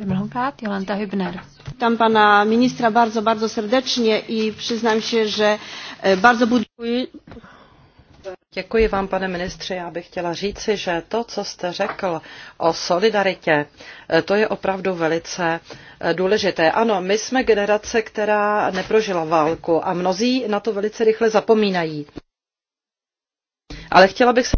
Mnohokrát Jolanta Hübner. Tam pana ministra bardzo, bardzo serdecznie i przyznam się, że e, bardzo buduję. Děkuji vám, pane ministře. Já bych chtěla říci, že to, co jste řekl o solidaritě, e, to je opravdu velice e, důležité. Ano, my jsme generace, která neprožila válku a mnozí na to velice rychle zapomínají. Ale chtěla bych se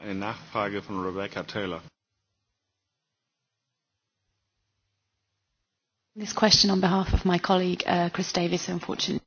Eine Nachfrage von Rebecca Taylor. This question on behalf of my colleague, uh, Chris Davis, unfortunately.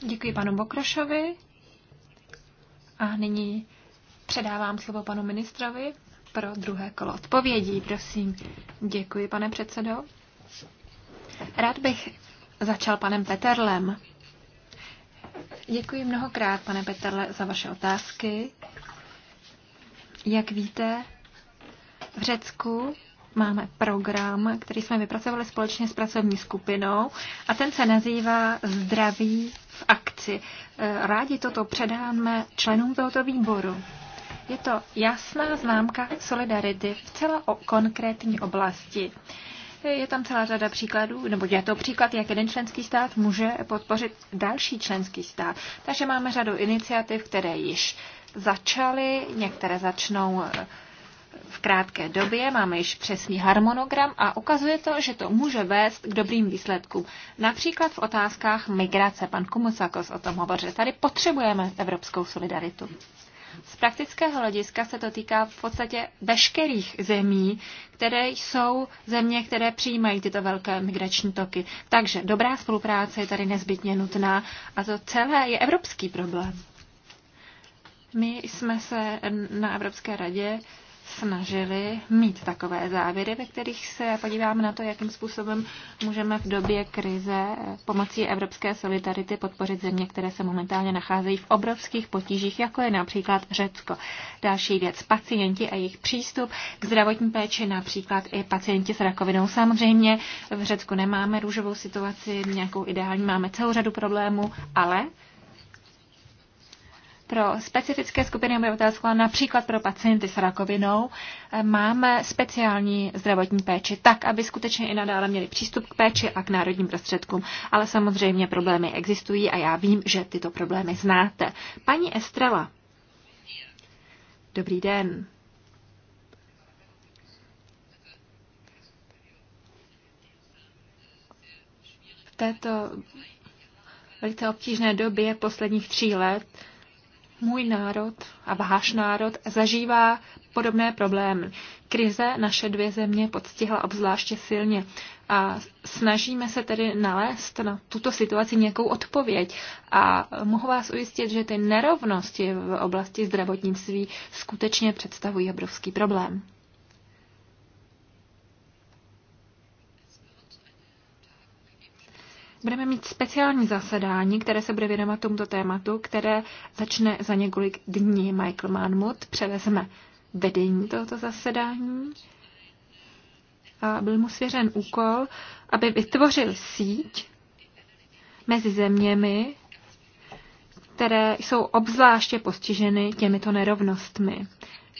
Děkuji panu Bokrošovi. A nyní předávám slovo panu ministrovi pro druhé kolo odpovědí, prosím. Děkuji, pane předsedo. Rád bych začal panem Peterlem. Děkuji mnohokrát, pane Peterle, za vaše otázky. Jak víte, v Řecku máme program, který jsme vypracovali společně s pracovní skupinou a ten se nazývá Zdraví v akci. E, rádi toto předáme členům tohoto výboru. Je to jasná známka solidarity v celé konkrétní oblasti. E, je tam celá řada příkladů, nebo je to příklad, jak jeden členský stát může podpořit další členský stát. Takže máme řadu iniciativ, které již začaly, některé začnou e, v krátké době, máme již přesný harmonogram a ukazuje to, že to může vést k dobrým výsledkům. Například v otázkách migrace, pan Kumusakos o tom hovořil, tady potřebujeme evropskou solidaritu. Z praktického hlediska se to týká v podstatě veškerých zemí, které jsou země, které přijímají tyto velké migrační toky. Takže dobrá spolupráce je tady nezbytně nutná a to celé je evropský problém. My jsme se na Evropské radě snažili mít takové závěry, ve kterých se podíváme na to, jakým způsobem můžeme v době krize pomocí evropské solidarity podpořit země, které se momentálně nacházejí v obrovských potížích, jako je například Řecko. Další věc, pacienti a jejich přístup k zdravotní péči, například i pacienti s rakovinou. Samozřejmě v Řecku nemáme růžovou situaci, nějakou ideální, máme celou řadu problémů, ale pro specifické skupiny obyvatelstva, například pro pacienty s rakovinou, eh, máme speciální zdravotní péči, tak, aby skutečně i nadále měli přístup k péči a k národním prostředkům. Ale samozřejmě problémy existují a já vím, že tyto problémy znáte. Paní Estrela. Dobrý den. V této velice obtížné době posledních tří let můj národ a váš národ zažívá podobné problémy. Krize naše dvě země podstihla obzvláště silně a snažíme se tedy nalézt na tuto situaci nějakou odpověď. A mohu vás ujistit, že ty nerovnosti v oblasti zdravotnictví skutečně představují obrovský problém. budeme mít speciální zasedání, které se bude věnovat tomuto tématu, které začne za několik dní. Michael Manmut převezme vedení tohoto zasedání a byl mu svěřen úkol, aby vytvořil síť mezi zeměmi, které jsou obzvláště postiženy těmito nerovnostmi.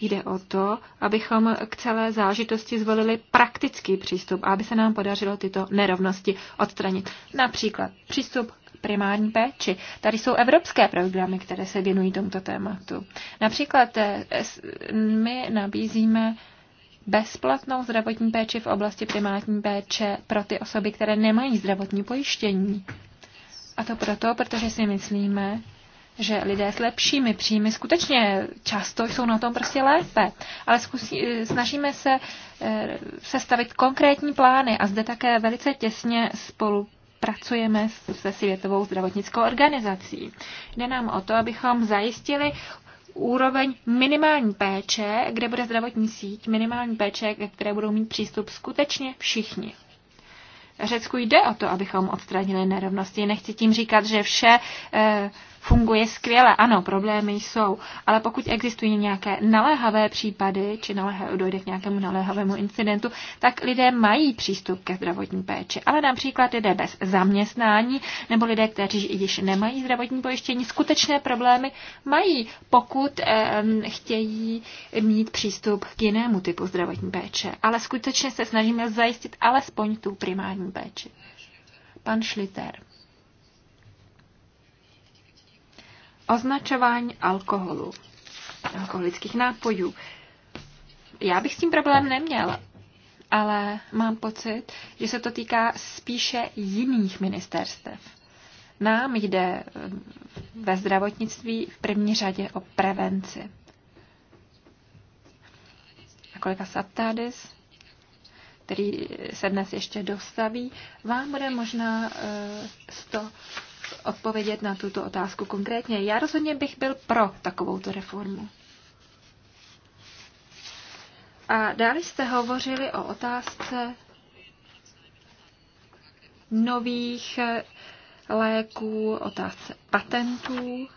Jde o to, abychom k celé zážitosti zvolili praktický přístup a aby se nám podařilo tyto nerovnosti odstranit. Například přístup primární péči. Tady jsou evropské programy, které se věnují tomuto tématu. Například eh, my nabízíme bezplatnou zdravotní péči v oblasti primární péče pro ty osoby, které nemají zdravotní pojištění. A to proto, protože si myslíme, že lidé s lepšími příjmy skutečně často jsou na tom prostě lépe, ale zkusí, eh, snažíme se eh, sestavit konkrétní plány a zde také velice těsně spolu pracujeme se Světovou zdravotnickou organizací. Jde nám o to, abychom zajistili úroveň minimální péče, kde bude zdravotní síť, minimální péče, ke které budou mít přístup skutečně všichni. Řecku jde o to, abychom odstranili nerovnosti. Nechci tím říkat, že vše eh, funguje skvěle. Ano, problémy jsou, ale pokud existují nějaké naléhavé případy, či naléha, dojde k nějakému naléhavému incidentu, tak lidé mají přístup ke zdravotní péči. Ale například lidé bez zaměstnání nebo lidé, kteří již nemají zdravotní pojištění, skutečné problémy mají, pokud eh, chtějí mít přístup k jinému typu zdravotní péče. Ale skutečně se snažíme zajistit alespoň tu primární péči. Pan Schlitter. označování alkoholu, alkoholických nápojů. Já bych s tím problém neměl, ale mám pocit, že se to týká spíše jiných ministerstev. Nám jde eh, ve zdravotnictví v první řadě o prevenci. A kolega Saptadis, který se dnes ještě dostaví, vám bude možná eh, z toho odpovědět na tuto otázku konkrétně. Já rozhodně bych byl pro takovouto reformu. A dále jste hovořili o otázce nových léků, otázce patentů.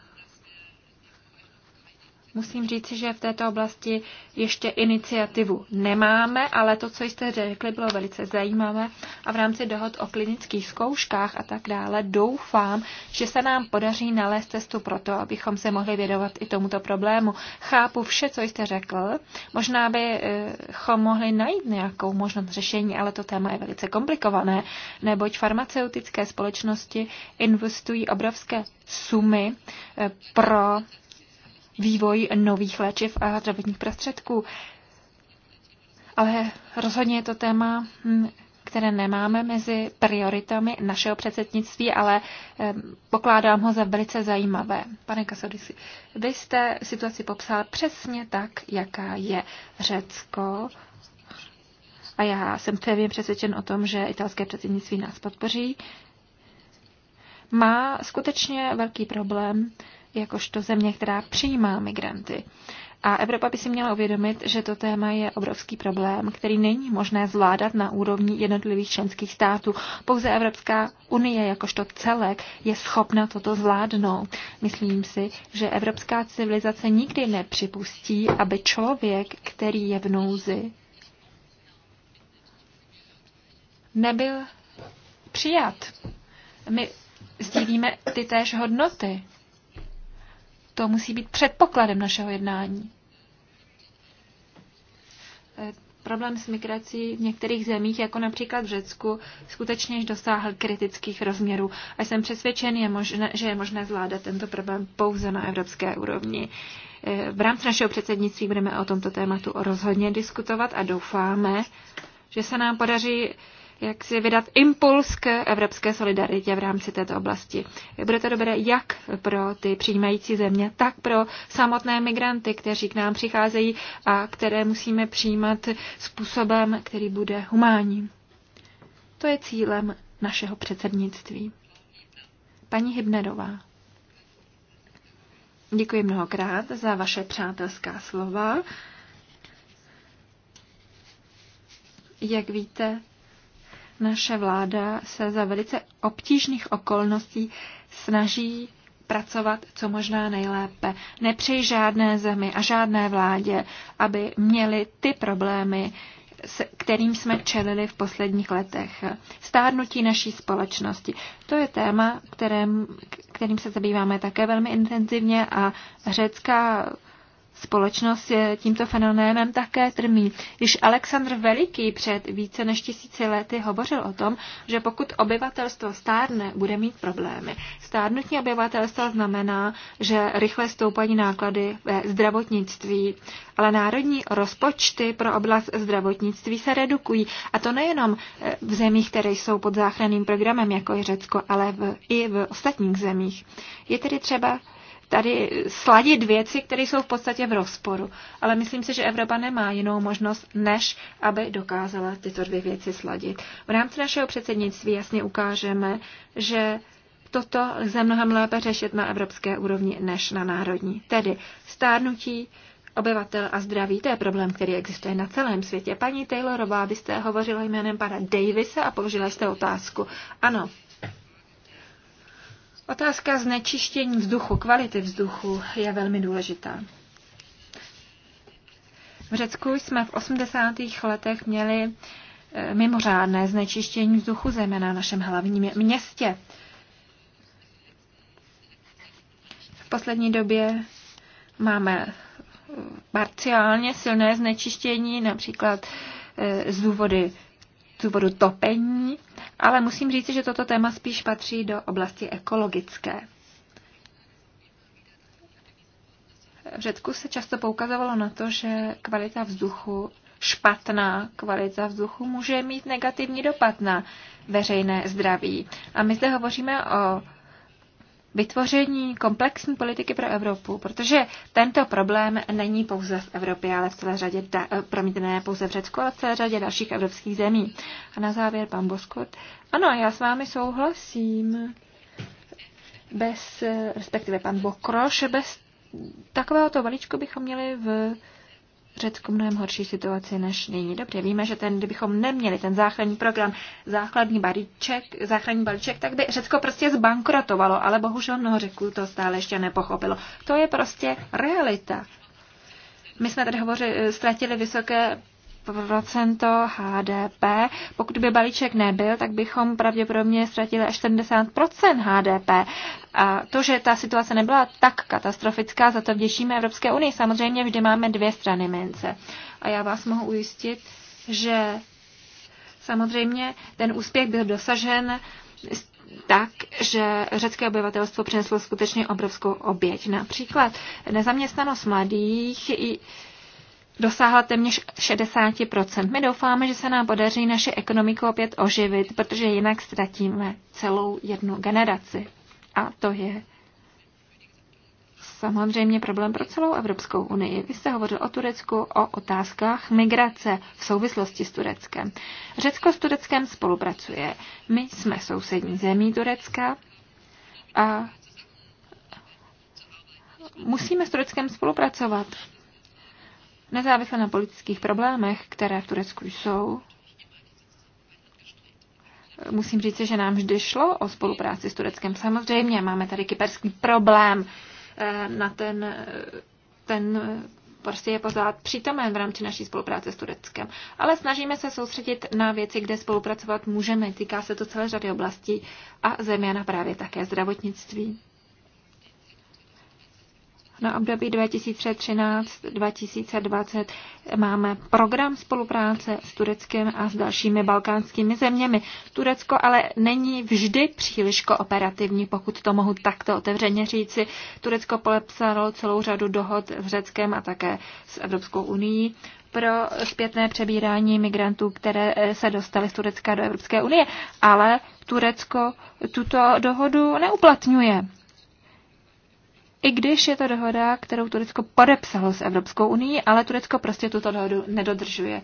Musím říci, že v této oblasti ještě iniciativu nemáme, ale to, co jste řekli, bylo velice zajímavé a v rámci dohod o klinických zkouškách a tak dále doufám, že se nám podaří nalézt cestu pro to, abychom se mohli vědovat i tomuto problému. Chápu vše, co jste řekl. Možná bychom mohli najít nějakou možnost řešení, ale to téma je velice komplikované, neboť farmaceutické společnosti investují obrovské sumy eh, pro vývoj nových léčiv a zdravotních prostředků. Ale rozhodně je to téma, hm, které nemáme mezi prioritami našeho předsednictví, ale hm, pokládám ho za velice zajímavé. Pane Kasodisi, vy jste situaci popsal přesně tak, jaká je Řecko. A já jsem pevně přesvědčen o tom, že italské předsednictví nás podpoří. Má skutečně velký problém jakožto země, která přijímá migranty. A Evropa by si měla uvědomit, že to téma je obrovský problém, který není možné zvládat na úrovni jednotlivých členských států. Pouze Evropská unie jakožto celek je schopna toto zvládnout. Myslím si, že evropská civilizace nikdy nepřipustí, aby člověk, který je v nouzi, nebyl přijat. My sdílíme ty též hodnoty. To musí být předpokladem našeho jednání. Eh, problém s migrací v některých zemích, jako například v Řecku, skutečně již dosáhl kritických rozměrů a jsem přesvědčen, je možné, že je možné zvládat tento problém pouze na evropské úrovni. Eh, v rámci našeho předsednictví budeme o tomto tématu rozhodně diskutovat a doufáme, že se nám podaří jak si vydat impuls k evropské solidaritě v rámci této oblasti. Bude to dobré jak pro ty přijímající země, tak pro samotné migranty, kteří k nám přicházejí a které musíme přijímat způsobem, který bude humánní. To je cílem našeho předsednictví. Paní Hybnerová. Děkuji mnohokrát za vaše přátelská slova. Jak víte, naše vláda se za velice obtížných okolností snaží pracovat co možná nejlépe. Nepřeji žádné zemi a žádné vládě, aby měli ty problémy, kterým jsme čelili v posledních letech. Stárnutí naší společnosti. To je téma, kterém, kterým se zabýváme také velmi intenzivně a řecká společnost tímto fenoménem také trmí. Již Alexandr Veliký před více než tisíci lety hovořil o tom, že pokud obyvatelstvo stárne, bude mít problémy. Stárnutí obyvatelstva znamená, že rychle stoupají náklady ve zdravotnictví, ale národní rozpočty pro oblast zdravotnictví se redukují. A to nejenom eh, v zemích, které jsou pod záchranným programem, jako je Řecko, ale v, i v ostatních zemích. Je tedy třeba tady sladit věci, které jsou v podstatě v rozporu. Ale myslím si, že Evropa nemá jinou možnost, než aby dokázala tyto dvě věci sladit. V rámci našeho předsednictví jasně ukážeme, že toto lze mnohem lépe řešit na evropské úrovni než na národní. Tedy stárnutí obyvatel a zdraví, to je problém, který existuje na celém světě. Paní Taylorová, byste hovořila jménem pana Davise a položila jste otázku. Ano, Otázka znečištění vzduchu, kvality vzduchu je velmi důležitá. V Řecku jsme v 80. letech měli eh, mimořádné znečištění vzduchu, země na našem hlavním městě. V poslední době máme eh, parciálně silné znečištění, například eh, z, důvody, z důvodu topení, ale musím říct, že toto téma spíš patří do oblasti ekologické. V Řecku se často poukazovalo na to, že kvalita vzduchu, špatná kvalita vzduchu může mít negativní dopad na veřejné zdraví. A my zde hovoříme o vytvoření komplexní politiky pro Evropu, protože tento problém není pouze v Evropě, ale v celé řadě, da, eh, promiňte, ne pouze v Řecku, ale v celé řadě dalších evropských zemí. A na závěr pan Boskot. Ano, já s vámi souhlasím. Bez, eh, respektive pan Bokroš, bez takovéhoto balíčku bychom měli v Řecko mnohem horší situaci než nyní. Dobře, víme, že ten, kdybychom neměli ten záchranný program, základní balíček, záchranný balíček, tak by Řecko prostě zbankrotovalo, ale bohužel mnoho Řeků to stále ještě nepochopilo. To je prostě realita. My jsme tady hovořili, eh, ztratili vysoké procento HDP. Pokud by balíček nebyl, tak bychom pravděpodobně ztratili až 70 HDP. A to, že ta situace nebyla tak katastrofická, za to vděčíme Evropské unii. Samozřejmě vždy máme dvě strany mince. A já vás mohu ujistit, že samozřejmě ten úspěch byl dosažen tak, že řecké obyvatelstvo přineslo skutečně obrovskou oběť. Například nezaměstnanost mladých dosáhla téměř 60%. My doufáme, že se nám podaří naše ekonomiku opět oživit, protože jinak ztratíme celou jednu generaci. A to je samozřejmě problém pro celou Evropskou unii. Vy jste hovořil o Turecku, o otázkách migrace v souvislosti s Tureckem. Řecko s Tureckem spolupracuje. My jsme sousední zemí Turecka a musíme s Tureckem spolupracovat nezávisle na politických problémech, které v Turecku jsou, musím říct, že nám vždy šlo o spolupráci s Tureckem. Samozřejmě máme tady kyperský problém eh, na ten, eh, ten eh, prostě je pořád přítomen v rámci naší spolupráce s Tureckem. Ale snažíme se soustředit na věci, kde spolupracovat můžeme. Týká se to celé řady oblastí a zejména právě také zdravotnictví na období 2013-2020 máme program spolupráce s Tureckem a s dalšími balkánskými zeměmi. Turecko ale není vždy příliš kooperativní, pokud to mohu takto otevřeně říci. Turecko polepsalo celou řadu dohod s Řeckem a také s Evropskou unii pro zpětné přebírání migrantů, které eh, se dostaly z Turecka do Evropské unie, ale Turecko tuto dohodu neuplatňuje i když je to dohoda, kterou Turecko podepsalo s Evropskou unii, ale Turecko prostě tuto dohodu nedodržuje.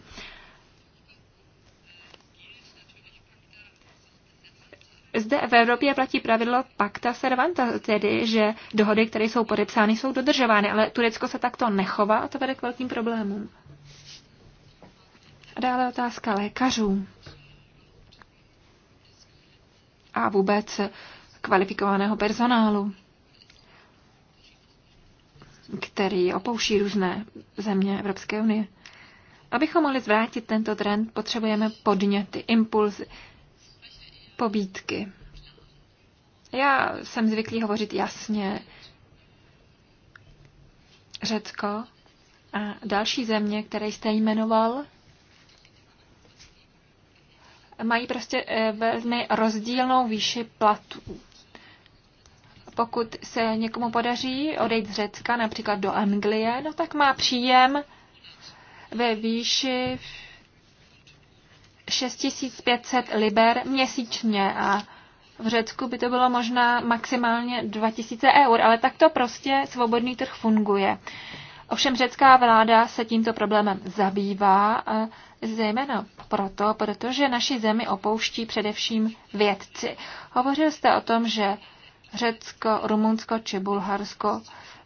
Zde v Evropě platí pravidlo pacta servanta, tedy že dohody, které jsou podepsány, jsou dodržovány, ale Turecko se takto nechová a to vede k velkým problémům. A dále otázka lékařů a vůbec kvalifikovaného personálu který opouští různé země Evropské unie. Abychom mohli zvrátit tento trend, potřebujeme podněty, impulzy, pobídky. Já jsem zvyklý hovořit jasně. Řecko a další země, které jste jmenoval, mají prostě eh, velmi rozdílnou výši platů. Pokud se někomu podaří odejít z Řecka, například do Anglie, no tak má příjem ve výši 6500 liber měsíčně a v Řecku by to bylo možná maximálně 2000 eur, ale tak to prostě svobodný trh funguje. Ovšem řecká vláda se tímto problémem zabývá, zejména proto, protože naši zemi opouští především vědci. Hovořil jste o tom, že Řecko, Rumunsko či Bulharsko,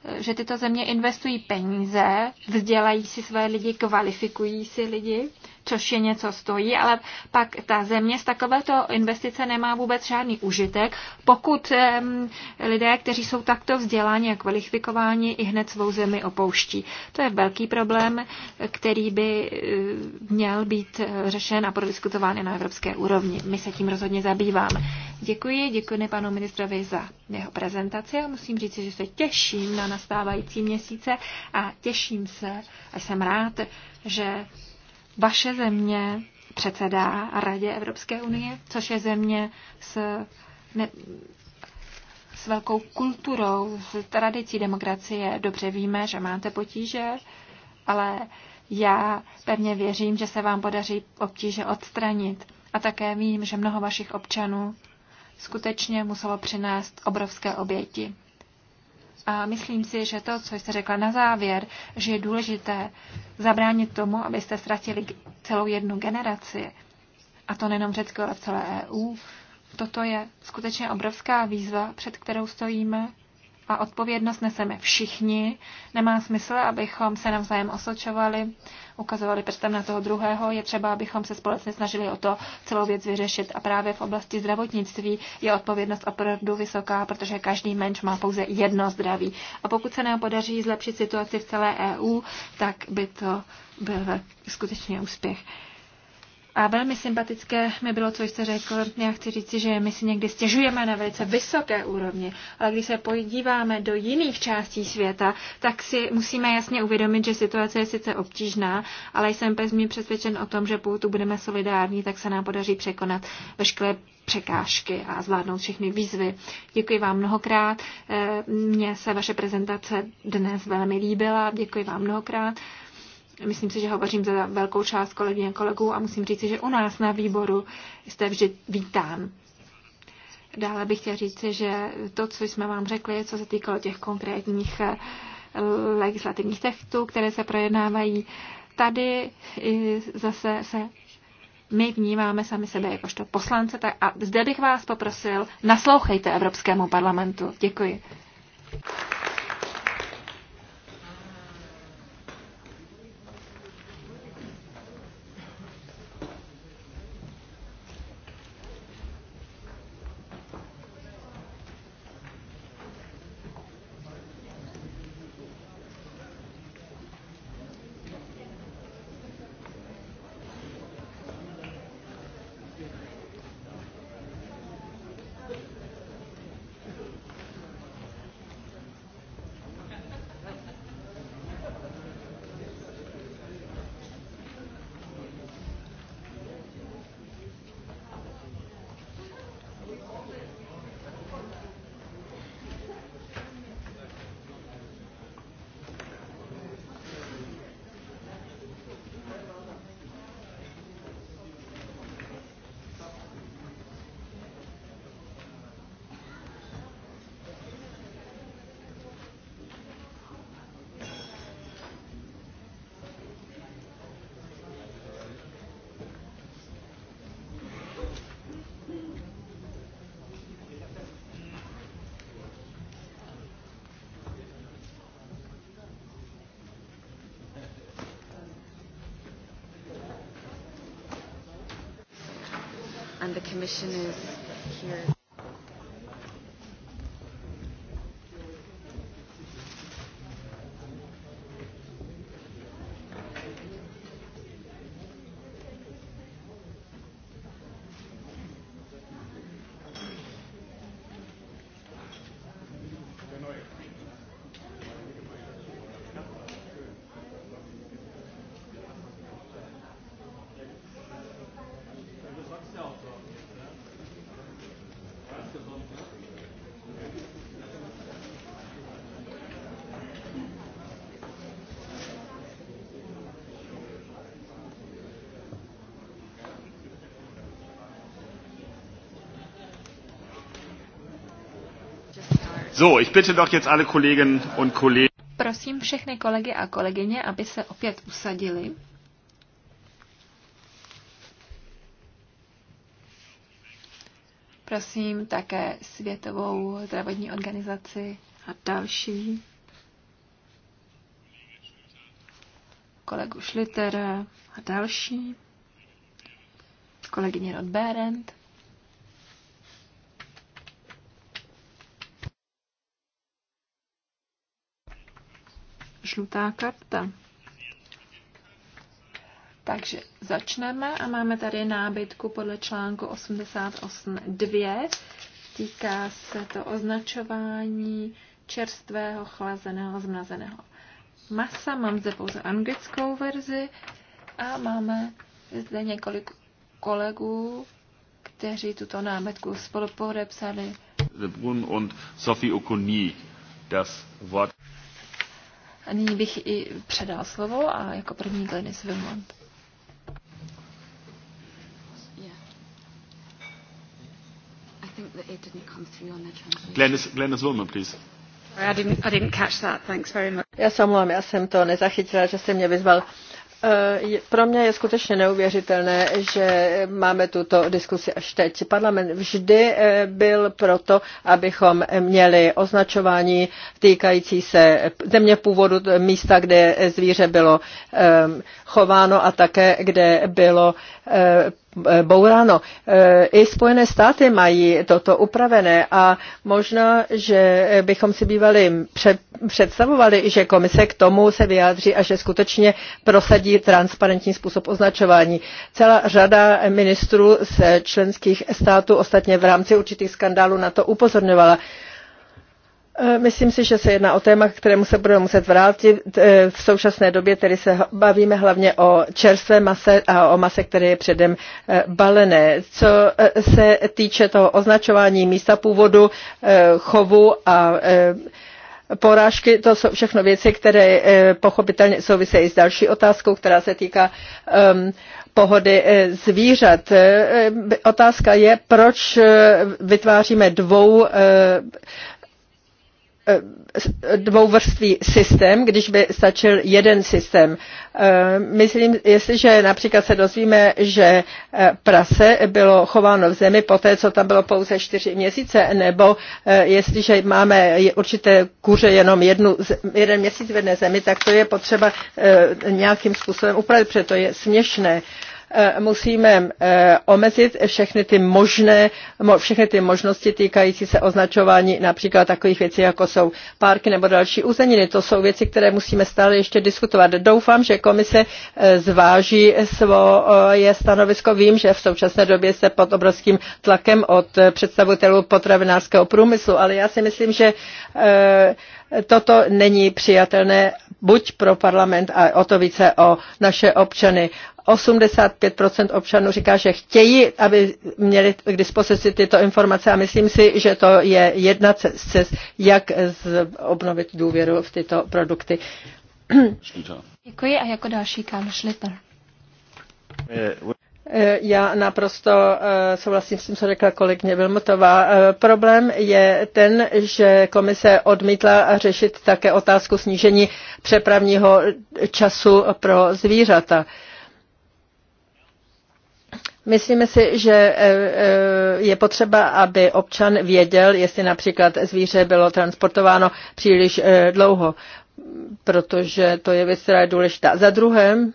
eh, že tyto země investují peníze, vzdělají si své lidi, kvalifikují si lidi což je něco stojí, ale pak ta země z takovéto investice nemá vůbec žádný užitek, pokud lidé, kteří jsou takto vzděláni a kvalifikováni, i hned svou zemi opouští. To je velký problém, který by eh, měl být eh, řešen a prodiskutován i na evropské úrovni. My se tím rozhodně zabýváme. Děkuji, děkuji panu ministrovi za jeho prezentaci a musím říct, že se těším na nastávající měsíce a těším se a jsem rád, že vaše země předsedá Radě Evropské unie, což je země s, ne, s velkou kulturou, s tradicí demokracie. Dobře víme, že máte potíže, ale já pevně věřím, že se vám podaří obtíže odstranit. A také vím, že mnoho vašich občanů skutečně muselo přinést obrovské oběti. A myslím si, že to, co jste řekla na závěr, že je důležité zabránit tomu, abyste ztratili celou jednu generaci, a to nejenom Řecko, ale celé EU, toto je skutečně obrovská výzva, před kterou stojíme a odpovědnost neseme všichni. Nemá smysl, abychom se navzájem osočovali, ukazovali prstem na toho druhého. Je třeba, abychom se společně snažili o to celou věc vyřešit. A právě v oblasti zdravotnictví je odpovědnost opravdu vysoká, protože každý menš má pouze jedno zdraví. A pokud se nám podaří zlepšit situaci v celé EU, tak by to byl skutečně úspěch. A velmi sympatické mi bylo, co jste řekl. Já chci říct, že my si někdy stěžujeme na velice vysoké úrovni, ale když se podíváme do jiných částí světa, tak si musíme jasně uvědomit, že situace je sice obtížná, ale jsem pevně přesvědčen o tom, že pokud budeme solidární, tak se nám podaří překonat veškeré překážky a zvládnout všechny výzvy. Děkuji vám mnohokrát. Eh, mně se vaše prezentace dnes velmi líbila. Děkuji vám mnohokrát. Myslím si, že hovořím za velkou část kolegyň a kolegů a musím říct, že u nás na výboru jste vždy vítán. Dále bych chtěla říct, že to, co jsme vám řekli, co se týkalo těch konkrétních eh, legislativních textů, které se projednávají, tady eh, zase se my vnímáme sami sebe jakožto poslance. Tak a zde bych vás poprosil, naslouchejte Evropskému parlamentu. Děkuji. Commission is here. So, ich bitte doch jetzt alle Kolleginnen und Kollegen. Prosím všechny kolegy a kolegyně, aby se opět usadili. Prosím také Světovou zdravotní organizaci a další kolegu Schlitter a další kolegyně Rod Berendt. žlutá karta. Takže začneme a máme tady nábytku podle článku 88.2. Týká se to označování čerstvého, chlazeného, zmrazeného masa. Mám zde pouze anglickou verzi a máme zde několik kolegů, kteří tuto námetku spolu podepsali. Brun und Sophie Okuni das Wort. A nyní bych i předal slovo a jako první Glenis Vilmont. Glenis, Glenis Wilmont, please. Já jsem já jsem to nezachytila, že jste mě vyzval. Uh, Eh, pro mě je skutečně neuvěřitelné, že máme tuto diskusi až teď. Parlament vždy eh, byl proto, abychom měli označování týkající se země původu místa, kde zvíře bylo eh, chováno a také, kde bylo Eh, bouráno. Eh, I Spojené státy mají toto upravené a možná, že bychom si bývali představovali, že komise k tomu se vyjádří a že skutečně prosadí transparentní způsob označování. Celá řada ministrů z členských států ostatně v rámci určitých skandálů na to upozorňovala. Eh, myslím si, že se jedná o téma, k kterému se budeme muset vrátit. Eh, v současné době tedy se bavíme hlavně o čerstvé mase a o mase, které je předem eh, balené. Co se týče toho označování místa původu, chovu a porážky, to jsou všechno věci, které pochopitelně souvisejí s další otázkou, která se týká ehm, pohody zvířat. Otázka je, proč vytváříme dvou Eh, dvouvrství systém, když by stačil jeden systém. Eh, myslím, jestliže například se dozvíme, že eh, prase bylo chováno v zemi po té, co tam bylo pouze čtyři měsíce, nebo jestliže máme určité kuře jenom jednu, jeden měsíc v jedné zemi, tak to je potřeba nějakým způsobem upravit, protože to je směšné. Eh, musíme eh, omezit všechny ty, možnosti týkající se označování například takových věcí, jako jsou parky nebo další uzeniny. To jsou věci, které musíme stále ještě diskutovat. Doufám, že komise eh, zváží svoje stanovisko. Vím, že v současné době se pod obrovským tlakem od představitelů potravinářského průmyslu, ale já si myslím, že toto není přijatelné buď pro parlament a o to více o naše občany. 85% občanů říká, že chtějí, aby měli k dispozici tyto informace a myslím si, že to je jedna z cest, jak obnovit důvěru v tyto produkty. Děkuji a jako další Karl Schlitter. Eh, Eh, já naprosto eh, souhlasím s tím, co řekla kolegyně Vilmotová. Eh, problém je ten, že komise odmítla řešit také otázku snížení přepravního času pro zvířata. Myslíme si, že je potřeba, aby občan věděl, jestli například zvíře bylo transportováno příliš dlouho, protože to je věc, která je důležitá. Za druhém,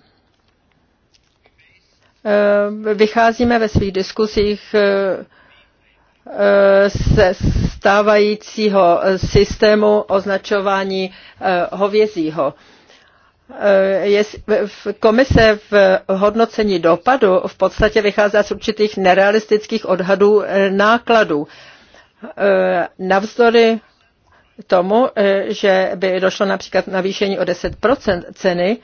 Eh, vycházíme ve svých diskuzích ze eh, eh, stávajícího systému označování hovězího. Komise v hodnocení dopadu v podstatě vychází z určitých nerealistických odhadů nákladů. Navzdory tomu, že by došlo například navýšení o 10 ceny,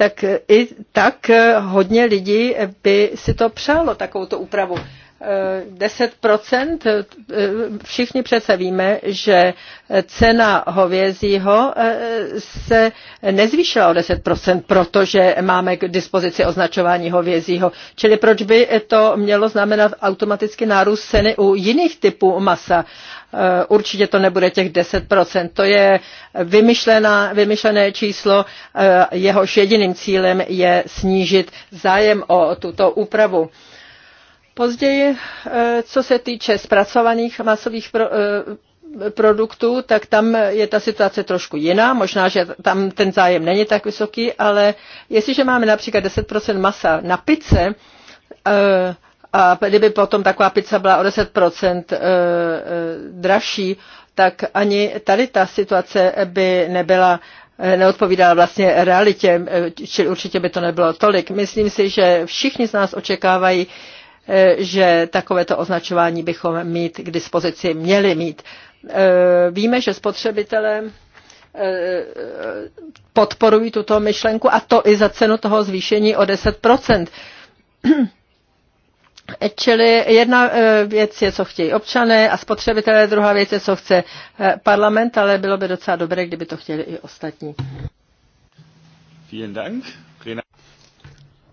tak i tak hodně lidí by si to přálo, takovouto úpravu. 10%, všichni přece víme, že cena hovězího se nezvýšila o 10%, protože máme k dispozici označování hovězího. Čili proč by to mělo znamenat automaticky nárůst ceny u jiných typů masa? Eh, určitě to nebude těch 10%. To je vymyšlená, vymyšlené číslo, eh, jehož jediným cílem je snížit zájem o tuto úpravu. Později, eh, co se týče zpracovaných masových pro, produktů, tak tam je ta situace trošku jiná. Možná, že tam ten zájem není tak vysoký, ale jestliže máme například 10% masa na pice, a kdyby potom taková pizza byla o 10% eh, eh, dražší, tak ani tady ta situace by nebyla eh, neodpovídala vlastně realitě, čili určitě by to nebylo tolik. Myslím si, že všichni z nás očekávají, že takovéto označování bychom mít k dispozici měli mít. Víme, že spotřebitelé podporují tuto myšlenku a to i za cenu toho zvýšení o 10 Čili jedna eh, věc je, co chtějí občané a spotřebitelé, druhá věc je, co chce eh, parlament, ale bylo by docela dobré, kdyby to chtěli i ostatní.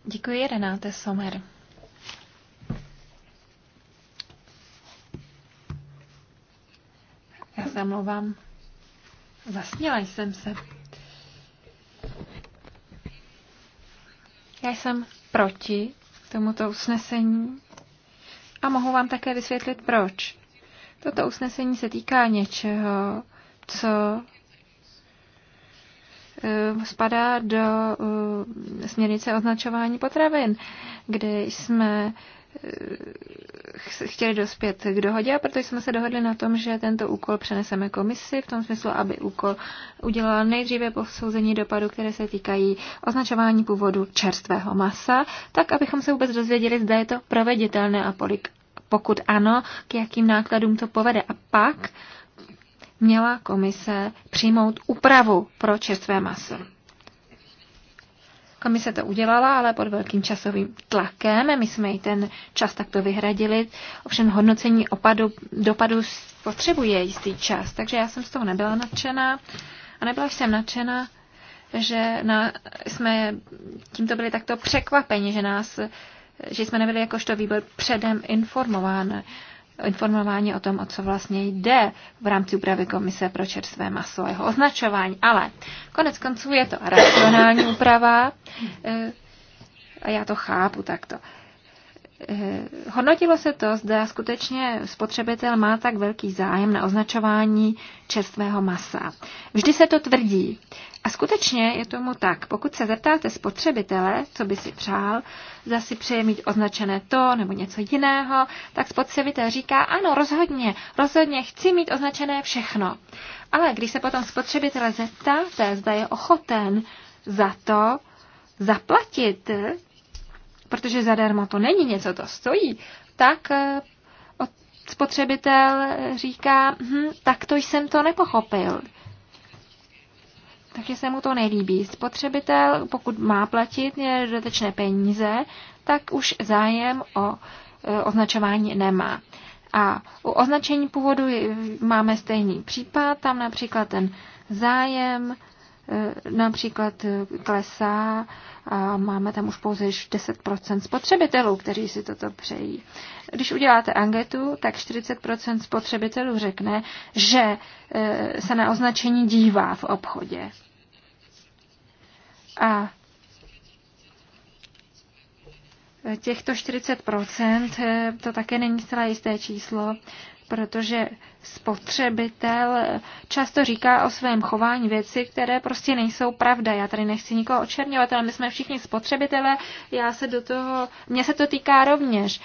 Děkuji, Renáte Somer. Já se omlouvám. Zasněla jsem se. Já jsem proti tomuto usnesení. A mohu vám také vysvětlit, proč. Toto usnesení se týká něčeho, co eh, spadá do eh, směrnice označování potravin, kde jsme Eh, chtěli dospět k dohodě protože jsme se dohodli na tom, že tento úkol přeneseme komisi v tom smyslu, aby úkol udělala nejdříve posouzení dopadu, které se týkají označování původu čerstvého masa, tak abychom se vůbec dozvěděli, zda je to proveditelné a polik, pokud ano, k jakým nákladům to povede. A pak měla komise přijmout úpravu pro čerstvé maso. Komise to udělala, ale pod velkým časovým tlakem. My jsme i ten čas takto vyhradili. Ovšem hodnocení opadu, dopadu potřebuje jistý čas, takže já jsem z toho nebyla nadšená. A nebyla jsem nadšená, že na, jsme tímto byli takto překvapeni, že nás že jsme nebyli jakožto výbor předem informován. Informování o tom, o co vlastně jde v rámci úpravy komise pro čerstvé maso a jeho označování. Ale konec konců je to racionální úprava eh, a já to chápu takto. Eh, hodnotilo se to, zda skutečně spotřebitel má tak velký zájem na označování čerstvého masa. Vždy se to tvrdí. A skutečně je tomu tak. Pokud se zeptáte spotřebitele, co by si přál, zda si přeje mít označené to nebo něco jiného, tak spotřebitel říká, ano, rozhodně, rozhodně chci mít označené všechno. Ale když se potom spotřebitele zeptáte, zda je ochoten za to zaplatit protože zadarmo to není něco, to stojí, tak eh, spotřebitel říká, hm, tak to jsem to nepochopil. Takže se mu to nelíbí. Spotřebitel, pokud má platit dodatečné peníze, tak už zájem o eh, označování nemá. A u označení původu máme stejný případ, tam například ten zájem například klesá a máme tam už pouze 10% spotřebitelů, kteří si toto přejí. Když uděláte anketu, tak 40% spotřebitelů řekne, že e, se na označení dívá v obchodě. A těchto 40%, e, to také není celé jisté číslo, protože spotřebitel často říká o svém chování věci, které prostě nejsou pravda. Já tady nechci nikoho očerňovat, ale my jsme všichni spotřebitelé, já se do toho, mě se to týká rovněž.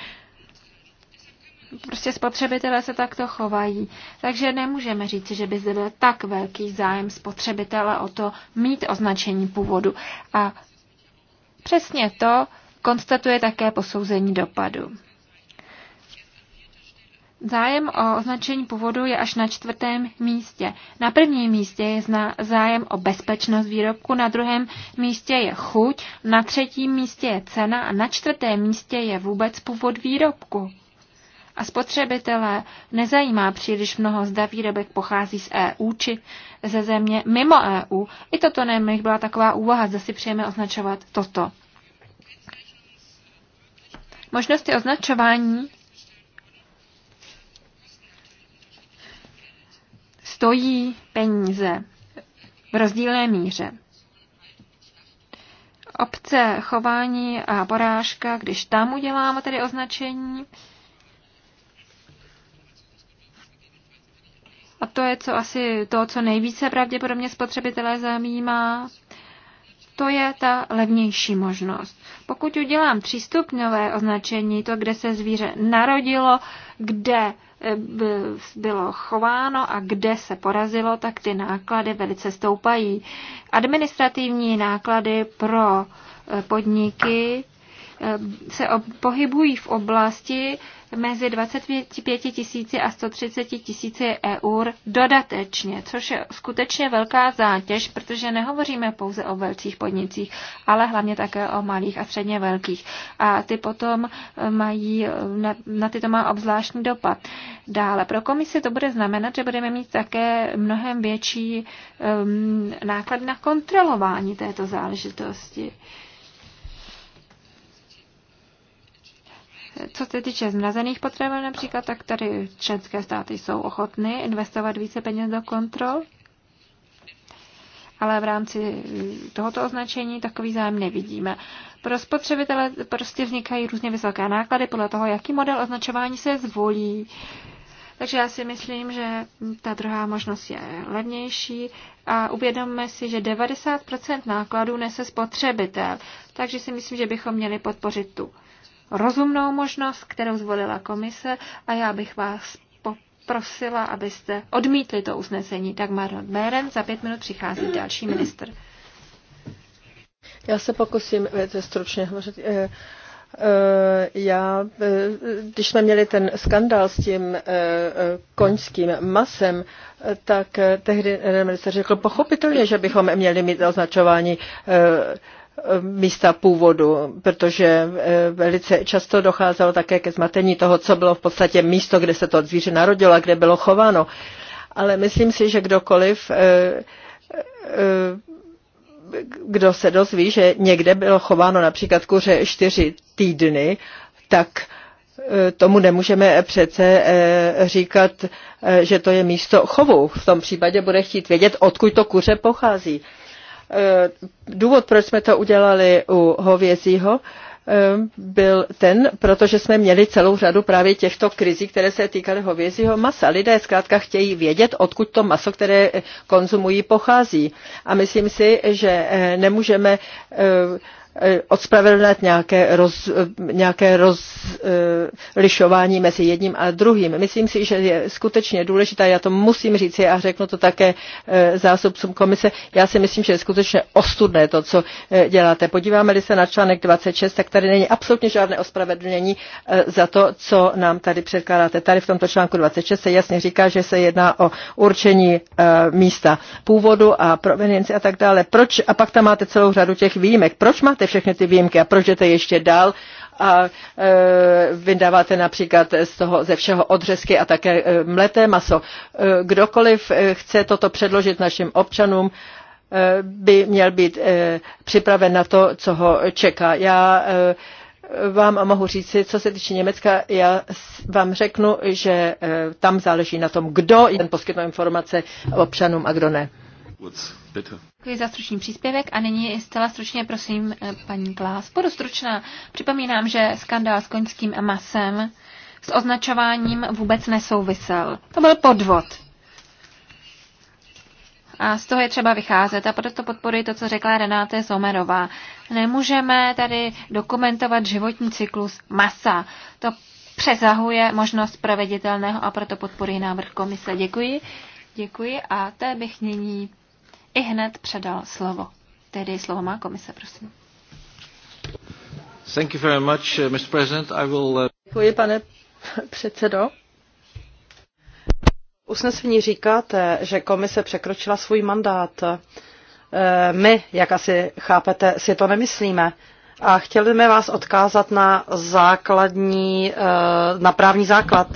Prostě spotřebitelé se takto chovají. Takže nemůžeme říct, že by zde byl tak velký zájem spotřebitele o to mít označení původu. A přesně to konstatuje také posouzení dopadu. Zájem o označení původu je až na čtvrtém místě. Na prvním místě je zájem o bezpečnost výrobku, na druhém místě je chuť, na třetím místě je cena a na čtvrtém místě je vůbec původ výrobku. A spotřebitele nezajímá příliš mnoho, zda výrobek pochází z EU či ze země mimo EU. I toto nemlich byla taková úvaha, zda si přejeme označovat toto. Možnosti označování stojí peníze v rozdílné míře. Obce chování a porážka, když tam uděláme tedy označení, A to je co asi to, co nejvíce pravděpodobně spotřebitelé zajímá, to je ta levnější možnost. Pokud udělám třístupňové označení, to, kde se zvíře narodilo, kde bylo chováno a kde se porazilo, tak ty náklady velice stoupají. Administrativní náklady pro eh, podniky eh, se pohybují v oblasti mezi 25 tisíci a 130 tisíci eur dodatečně, což je skutečně velká zátěž, protože nehovoříme pouze o velkých podnicích, ale hlavně také o malých a středně velkých. A ty potom eh, mají, eh, na, na ty to má obzvláštní dopad. Dále pro komisi to bude znamenat, že budeme mít také mnohem větší um, náklad na kontrolování této záležitosti. Uh, Co se týče zmrazených potravin například, tak tady členské státy jsou ochotny investovat více peněz do kontrol, ale v rámci tohoto označení takový zájem nevidíme. Pro spotřebitele prostě vznikají různě vysoké náklady podle toho, jaký model označování se zvolí. Takže já si myslím, že ta druhá možnost je levnější a uvědomme si, že 90% nákladů nese spotřebitel. Takže si myslím, že bychom měli podpořit tu rozumnou možnost, kterou zvolila komise a já bych vás poprosila, abyste odmítli to usnesení. Tak Marot Beren, za pět minut přichází další minister. Já se pokusím velice eh, stručně hovořit. Eh, eh, já, když jsme měli ten skandál s tím koňským masem, tak tehdy minister řekl pochopitelně, že bychom měli mít označování místa původu, protože eh, velice často docházelo také ke zmatení toho, co bylo v podstatě místo, kde se to zvíře narodilo a kde bylo chováno. Ale myslím si, že kdokoliv, eh, eh, kdo se dozví, že někde bylo chováno například kuře čtyři týdny, tak tomu nemůžeme přece říkat, že to je místo chovu. V tom případě bude chtít vědět, odkud to kuře pochází. Eh, důvod, proč jsme to udělali u hovězího, eh, byl ten, protože jsme měli celou řadu právě těchto krizí, které se týkaly hovězího masa. Lidé zkrátka chtějí vědět, odkud to maso, které eh, konzumují, pochází. A myslím si, že nemůžeme E, odspravedlnit nějaké, roz, e, nějaké rozlišování mezi jedním a druhým. Myslím si, že je skutečně důležité, já to musím říct a řeknu to také e, zástupcům komise, já si myslím, že je skutečně ostudné to, co děláte. Podíváme-li se na článek 26, tak tady není absolutně žádné ospravedlnění za to, co nám tady předkládáte. Tady v tomto článku 26 se jasně říká, že se jedná o určení místa původu a provenience a tak dále. Proč? A pak tam máte celou řadu těch výjimek. Proč máte vydáváte všechny ty výjimky a proč jdete ještě dál a e, vydáváte například z toho, ze všeho odřezky a také e, mleté maso. E, kdokoliv chce toto předložit našim občanům, by měl být připraven na to, co ho čeká. Já vám mohu říci, co se týče Německa, já vám řeknu, že tam záleží na tom, kdo jen poskytnou informace občanům a kdo ne. Bitte. Děkuji za stručný příspěvek a nyní zcela stručně prosím eh, paní Klás. Budu stručná. Připomínám, že skandál s koňským masem s označováním vůbec nesouvisel. To byl podvod. A z toho je třeba vycházet. A proto podporuji to, co řekla Renáta Somerová. Nemůžeme tady dokumentovat životní cyklus masa. To přezahuje možnost proveditelného a proto podporuji návrh komise. Děkuji. Děkuji a té bych nyní i hned předal slovo. Tedy slovo má komise, prosím. Thank you very much, uh, Mr. President. I will... Uh, Děkuji, pane předsedo. Usnesení říkáte, že komise překročila svůj mandát. Uh, my, jak asi chápete, si to nemyslíme. A chtěli jsme vás odkázat na základní, na právní základ.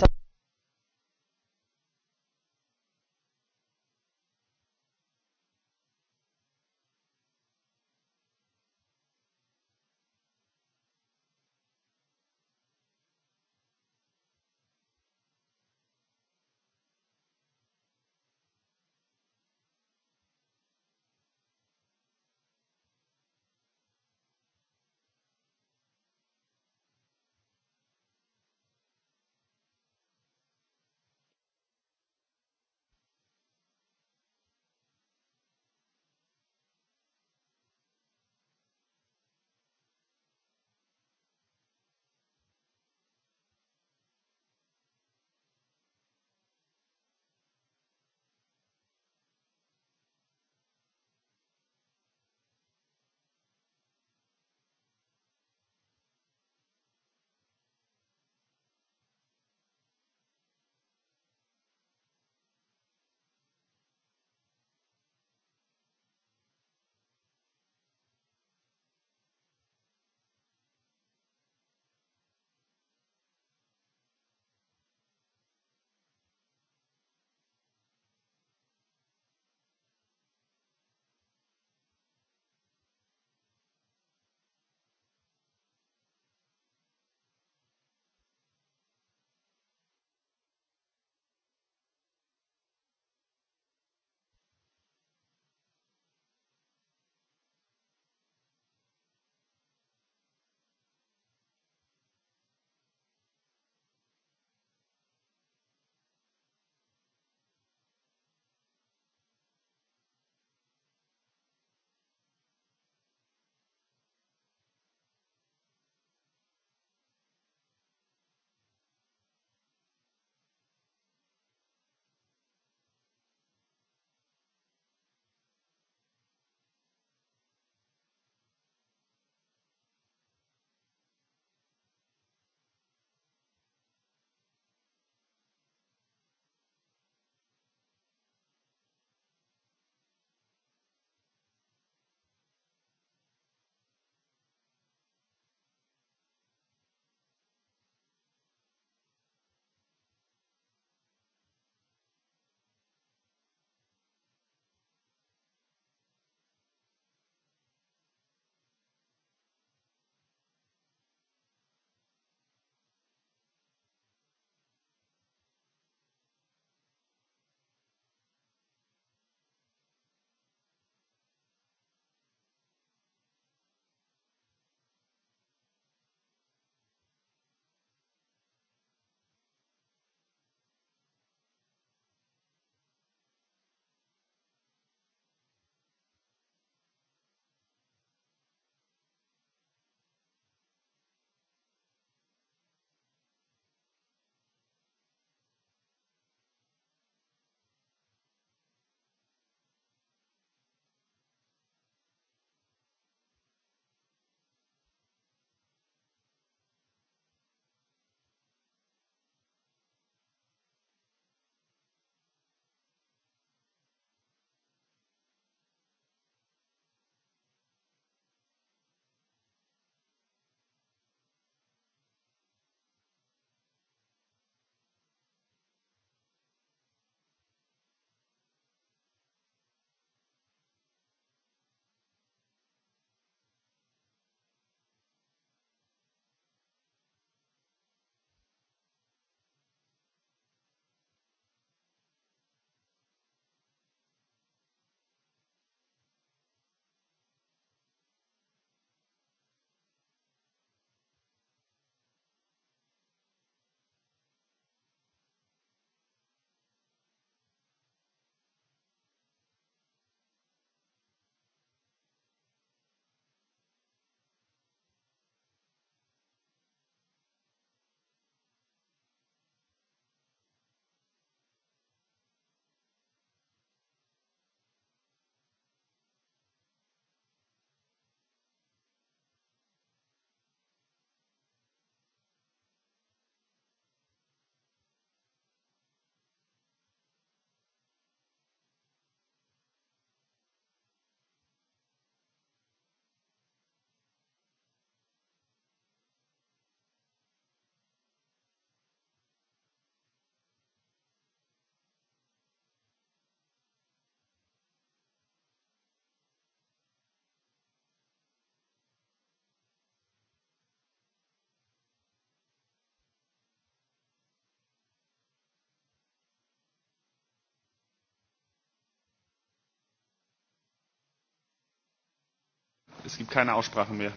Es gibt keine Aussprache mehr.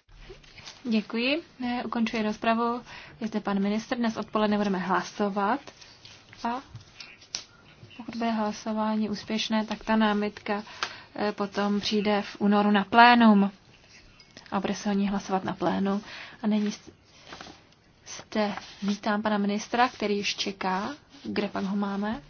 Děkuji. Ukončuji rozpravu. Je zde pan minister. Dnes odpoledne budeme hlasovat. A pokud bude hlasování úspěšné, tak ta námitka eh, potom přijde v únoru na plénum a bude se o ní hlasovat na plénu. A nyní jste, vítám pana ministra, který již čeká. Kde pak ho máme?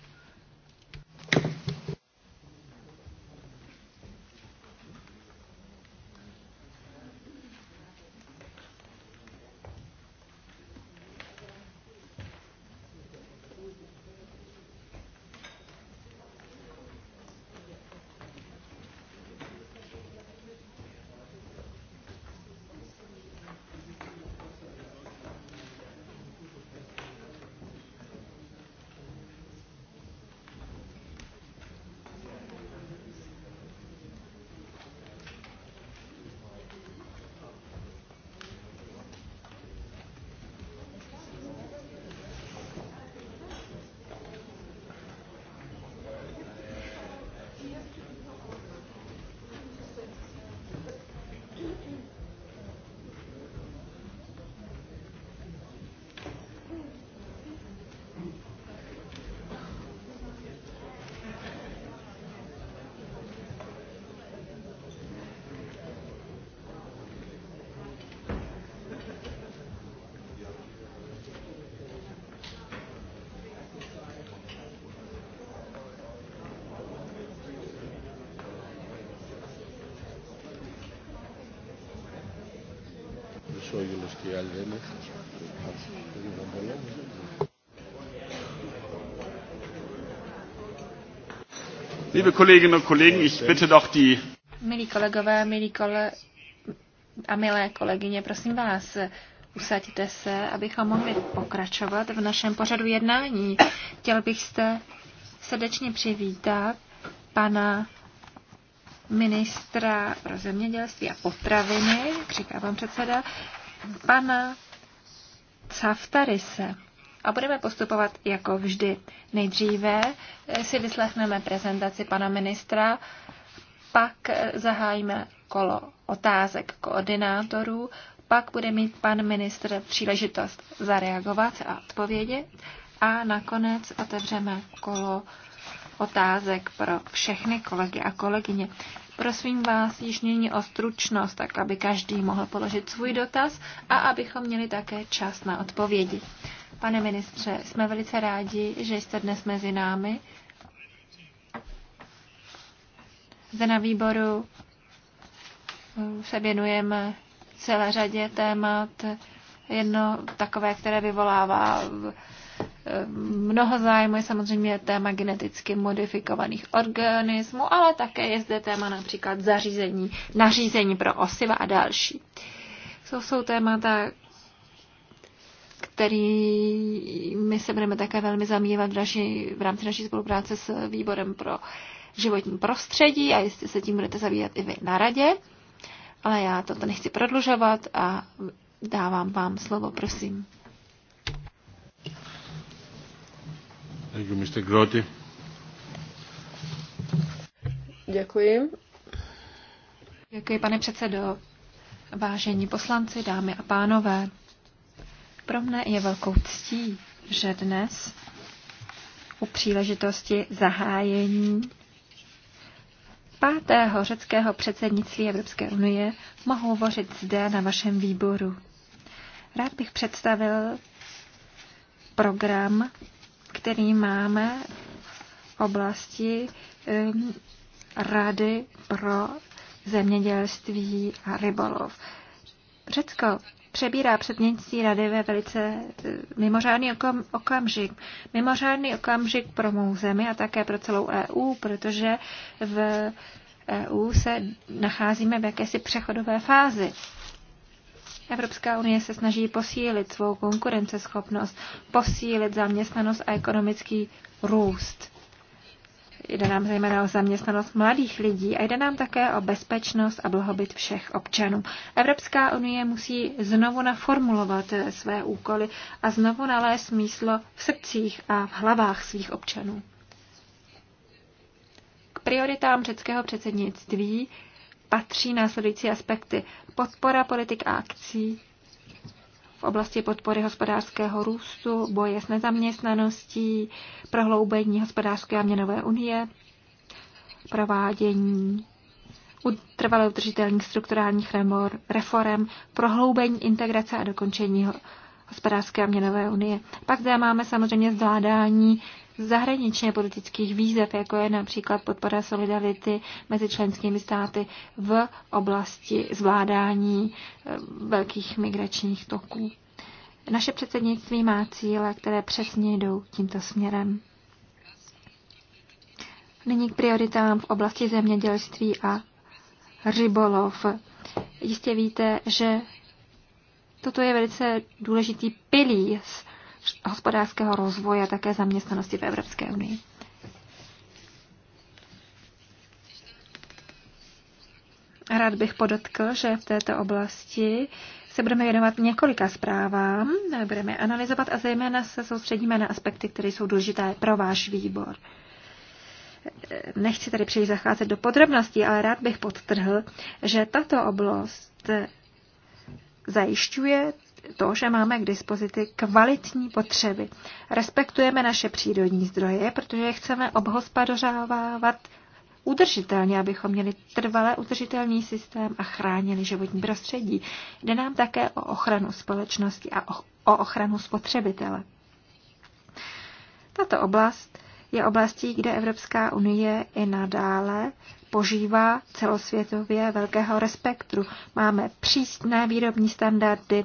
Liebe Kolleginnen und Kollegen, ich bitte doch die Milí kolegové, milí kole... a milé kolegyně, prosím vás, usaďte se, abychom mohli pokračovat v našem pořadu jednání. Chtěl bych jste srdečně přivítat pana ministra pro zemědělství a potraviny, říká vám předseda, pana Caftarise. A budeme postupovat jako vždy. Nejdříve eh, si vyslechneme prezentaci pana ministra, pak eh, zahájíme kolo otázek koordinátorů, pak bude mít pan ministr příležitost zareagovat a odpovědět a nakonec otevřeme kolo otázek pro všechny kolegy a kolegyně. Prosím vás již nyní o stručnost, tak aby každý mohl položit svůj dotaz a abychom měli také čas na odpovědi. Pane ministře, jsme velice rádi, že jste dnes mezi námi. Zde na výboru eh, se věnujeme celé řadě témat. Jedno takové, které vyvolává Mnoho zájmu je samozřejmě téma geneticky modifikovaných organismů, ale také je zde téma například zařízení, nařízení pro osiva a další. To jsou témata, kterými se budeme také velmi zamývat v, naši, v rámci naší spolupráce s Výborem pro životní prostředí a jestli se tím budete zabývat i vy na radě. Ale já toto nechci prodlužovat a dávám vám slovo, prosím. Thank you, Mr. Děkuji. Děkuji, pane předsedo. Vážení poslanci, dámy a pánové, pro mne je velkou ctí, že dnes u příležitosti zahájení pátého řeckého předsednictví Evropské unie mohu hovořit zde na vašem výboru. Rád bych představil program který máme v oblasti Rady pro zemědělství a rybolov. Řecko přebírá předměstí rady ve velice e, mimořádný okam, okamžik. Mimořádný okamžik pro mou zemi a také pro celou EU, protože v EU se nacházíme v jakési přechodové fázi. Evropská unie se snaží posílit svou konkurenceschopnost, posílit zaměstnanost a ekonomický růst. Jde nám zejména o zaměstnanost mladých lidí a jde nám také o bezpečnost a blahobyt všech občanů. Evropská unie musí znovu naformulovat své úkoly a znovu nalézt smíslo v srdcích a v hlavách svých občanů. K prioritám řeckého předsednictví patří následující aspekty. Podpora politik a akcí v oblasti podpory hospodářského růstu, boje s nezaměstnaností, prohloubení hospodářské a měnové unie, provádění utrvalé udržitelných strukturálních reform, prohloubení integrace a dokončení hospodářské a měnové unie. Pak zde máme samozřejmě zvládání zahraničně politických výzev, jako je například podpora solidarity mezi členskými státy v oblasti zvládání eh, velkých migračních toků. Naše předsednictví má cíle, které přesně jdou tímto směrem. Nyní k prioritám v oblasti zemědělství a rybolov. Jistě víte, že toto je velice důležitý pilíř hospodářského rozvoje a také zaměstnanosti v Evropské unii. Rád bych podotkl, že v této oblasti se budeme věnovat několika zprávám, budeme analyzovat a zejména se soustředíme na aspekty, které jsou důležité pro váš výbor. Nechci tady příliš zacházet do podrobností, ale rád bych podtrhl, že tato oblast zajišťuje to, že máme k dispozici kvalitní potřeby. Respektujeme naše přírodní zdroje, protože je chceme obhospodařovávat udržitelně, abychom měli trvale udržitelný systém a chránili životní prostředí. Jde nám také o ochranu společnosti a o ochranu spotřebitele. Tato oblast je oblastí, kde Evropská unie i nadále požívá celosvětově velkého respektu. Máme přísné výrobní standardy,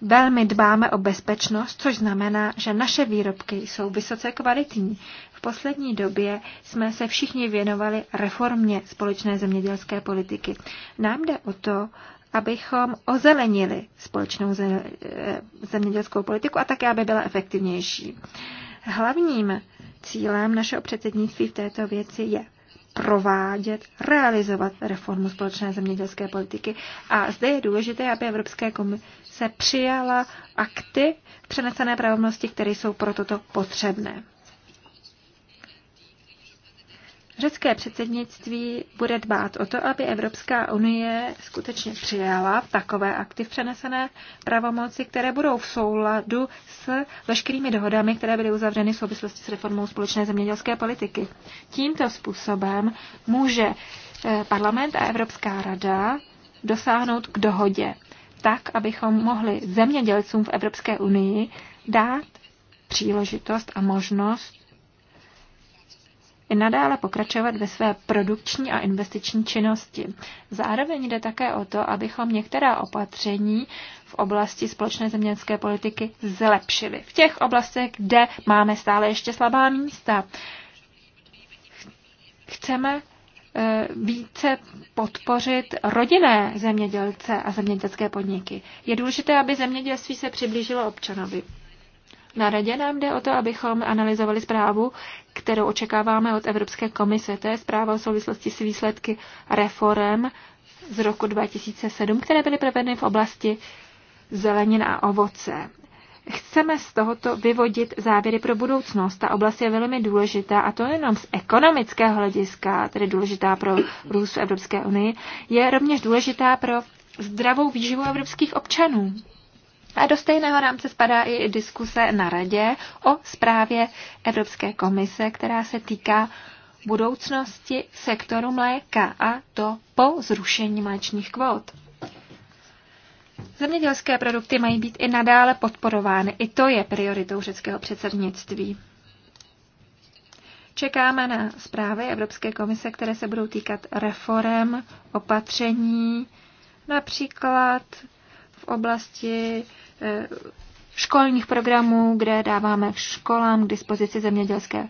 Velmi dbáme o bezpečnost, což znamená, že naše výrobky jsou vysoce kvalitní. V poslední době jsme se všichni věnovali reformě společné zemědělské politiky. Nám jde o to, abychom ozelenili společnou eh, zemědělskou politiku a také, aby byla efektivnější. Hlavním cílem našeho předsednictví v této věci je provádět, realizovat reformu společné zemědělské politiky. A zde je důležité, aby Evropské komise přijala akty přenesené pravomnosti, které jsou pro toto potřebné. Řecké předsednictví bude dbát o to, aby Evropská unie skutečně přijala takové akty v přenesené pravomoci, které budou v souladu s veškerými dohodami, které byly uzavřeny v souvislosti s reformou společné zemědělské politiky. Tímto způsobem může eh, parlament a Evropská rada dosáhnout k dohodě, tak, abychom mohli zemědělcům v Evropské unii dát příležitost a možnost i nadále pokračovat ve své produkční a investiční činnosti. Zároveň jde také o to, abychom některá opatření v oblasti společné zemědělské politiky zlepšili. V těch oblastech, kde máme stále ještě slabá místa. Chceme eh, více podpořit rodinné zemědělce a zemědělské podniky. Je důležité, aby zemědělství se přiblížilo občanovi. Na radě nám jde o to, abychom analyzovali zprávu, kterou očekáváme od Evropské komise. To je zpráva o souvislosti s výsledky reform z roku 2007, které byly provedeny v oblasti zelenin a ovoce. Chceme z tohoto vyvodit závěry pro budoucnost. Ta oblast je velmi důležitá a to jenom z ekonomického hlediska, tedy důležitá pro růst Evropské unii, je rovněž důležitá pro zdravou výživu evropských občanů. A do stejného rámce spadá i diskuse na radě o zprávě Evropské komise, která se týká budoucnosti sektoru mléka a to po zrušení mléčních kvót. Zemědělské produkty mají být i nadále podporovány. I to je prioritou řeckého předsednictví. Čekáme na zprávy Evropské komise, které se budou týkat reform, opatření, například v oblasti školních programů, kde dáváme školám k dispozici zemědělské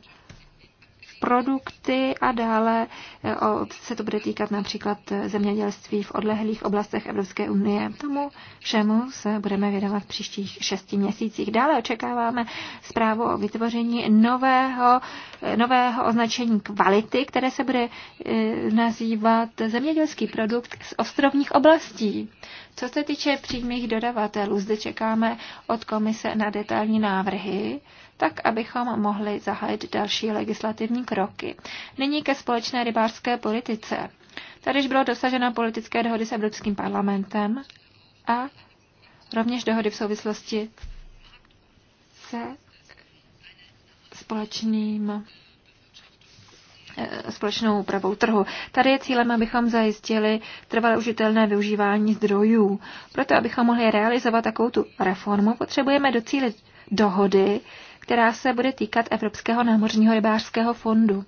produkty a dále eh, se to bude týkat například eh, zemědělství v odlehlých oblastech Evropské unie. Tomu všemu se budeme věnovat v příštích šesti měsících. Dále očekáváme zprávu o vytvoření nového, eh, nového označení kvality, které se bude nazývat zemědělský produkt z ostrovních oblastí. Co se týče přímých dodavatelů, zde čekáme od komise na detailní návrhy tak abychom mohli zahájit další legislativní kroky. Nyní ke společné rybářské politice. Tady již bylo dosaženo politické dohody s Evropským parlamentem a rovněž dohody v souvislosti se společným eh, společnou úpravou trhu. Tady je cílem, abychom zajistili trvalé užitelné využívání zdrojů. Proto, abychom mohli realizovat takovou tu reformu, potřebujeme docílit dohody která se bude týkat Evropského námořního rybářského fondu.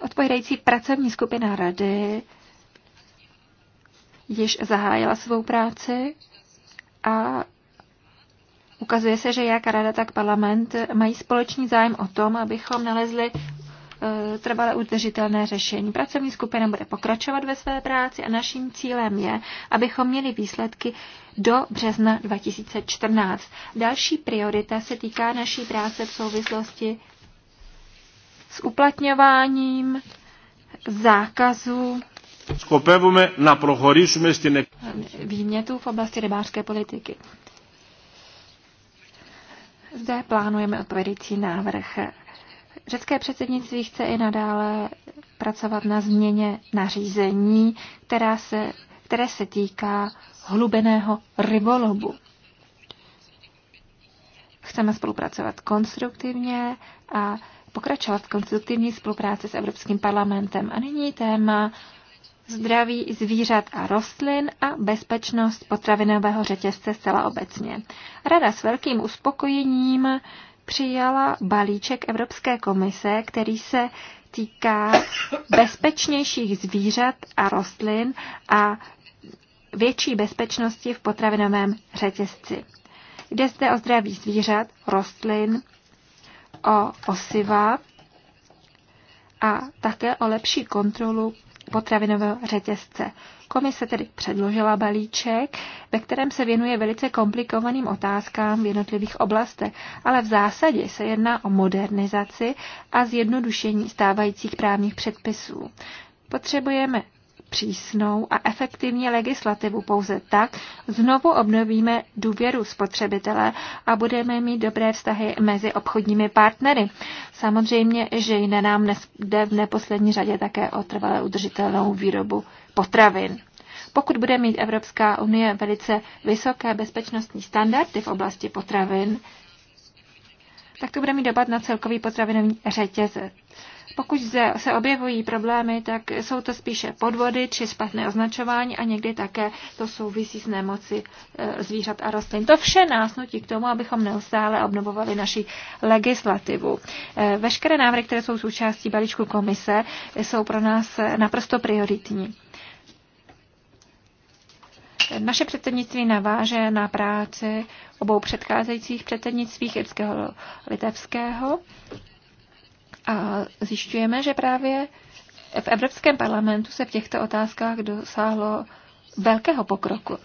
Odpovědající pracovní skupina rady již zahájila svou práci a ukazuje se, že jak rada, tak parlament mají společný zájem o tom, abychom nalezli Eh, trvalé udržitelné řešení. Pracovní skupina bude pokračovat ve své práci a naším cílem je, abychom měli výsledky do března 2014. Další priorita se týká naší práce v souvislosti s uplatňováním zákazu Skopevujeme na prohorήσουμε στην v oblasti rybářské politiky. Zde plánujeme odpovědící návrh Řecké předsednictví chce i nadále pracovat na změně nařízení, která se, které se týká hlubeného rybolobu. Chceme spolupracovat konstruktivně a pokračovat v konstruktivní spolupráci s Evropským parlamentem. A nyní téma zdraví zvířat a rostlin a bezpečnost potravinového řetězce zcela obecně. Rada s velkým uspokojením přijala balíček Evropské komise, který se týká bezpečnějších zvířat a rostlin a větší bezpečnosti v potravinovém řetězci. Jde zde o zdraví zvířat, rostlin, o osiva a také o lepší kontrolu potravinového řetězce. Komise tedy předložila balíček, ve kterém se věnuje velice komplikovaným otázkám v jednotlivých oblastech, ale v zásadě se jedná o modernizaci a zjednodušení stávajících právních předpisů. Potřebujeme přísnou a efektivní legislativu. Pouze tak znovu obnovíme důvěru spotřebitele a budeme mít dobré vztahy mezi obchodními partnery. Samozřejmě, že jde nám jde v neposlední řadě také o trvalé udržitelnou výrobu potravin. Pokud bude mít Evropská unie velice vysoké bezpečnostní standardy v oblasti potravin, tak to bude mít dopad na celkový potravinový řetězec. Pokud zde se objevují problémy, tak jsou to spíše podvody či špatné označování a někdy také to souvisí s nemoci e, zvířat a rostlin. To vše nás nutí k tomu, abychom neustále obnovovali naši legislativu. E, veškeré návrhy, které jsou součástí balíčku komise, jsou pro nás naprosto prioritní. Naše předsednictví naváže na práci obou předcházejících předsednictví irského litevského a zjišťujeme, že právě v Evropském parlamentu se v těchto otázkách dosáhlo velkého pokroku.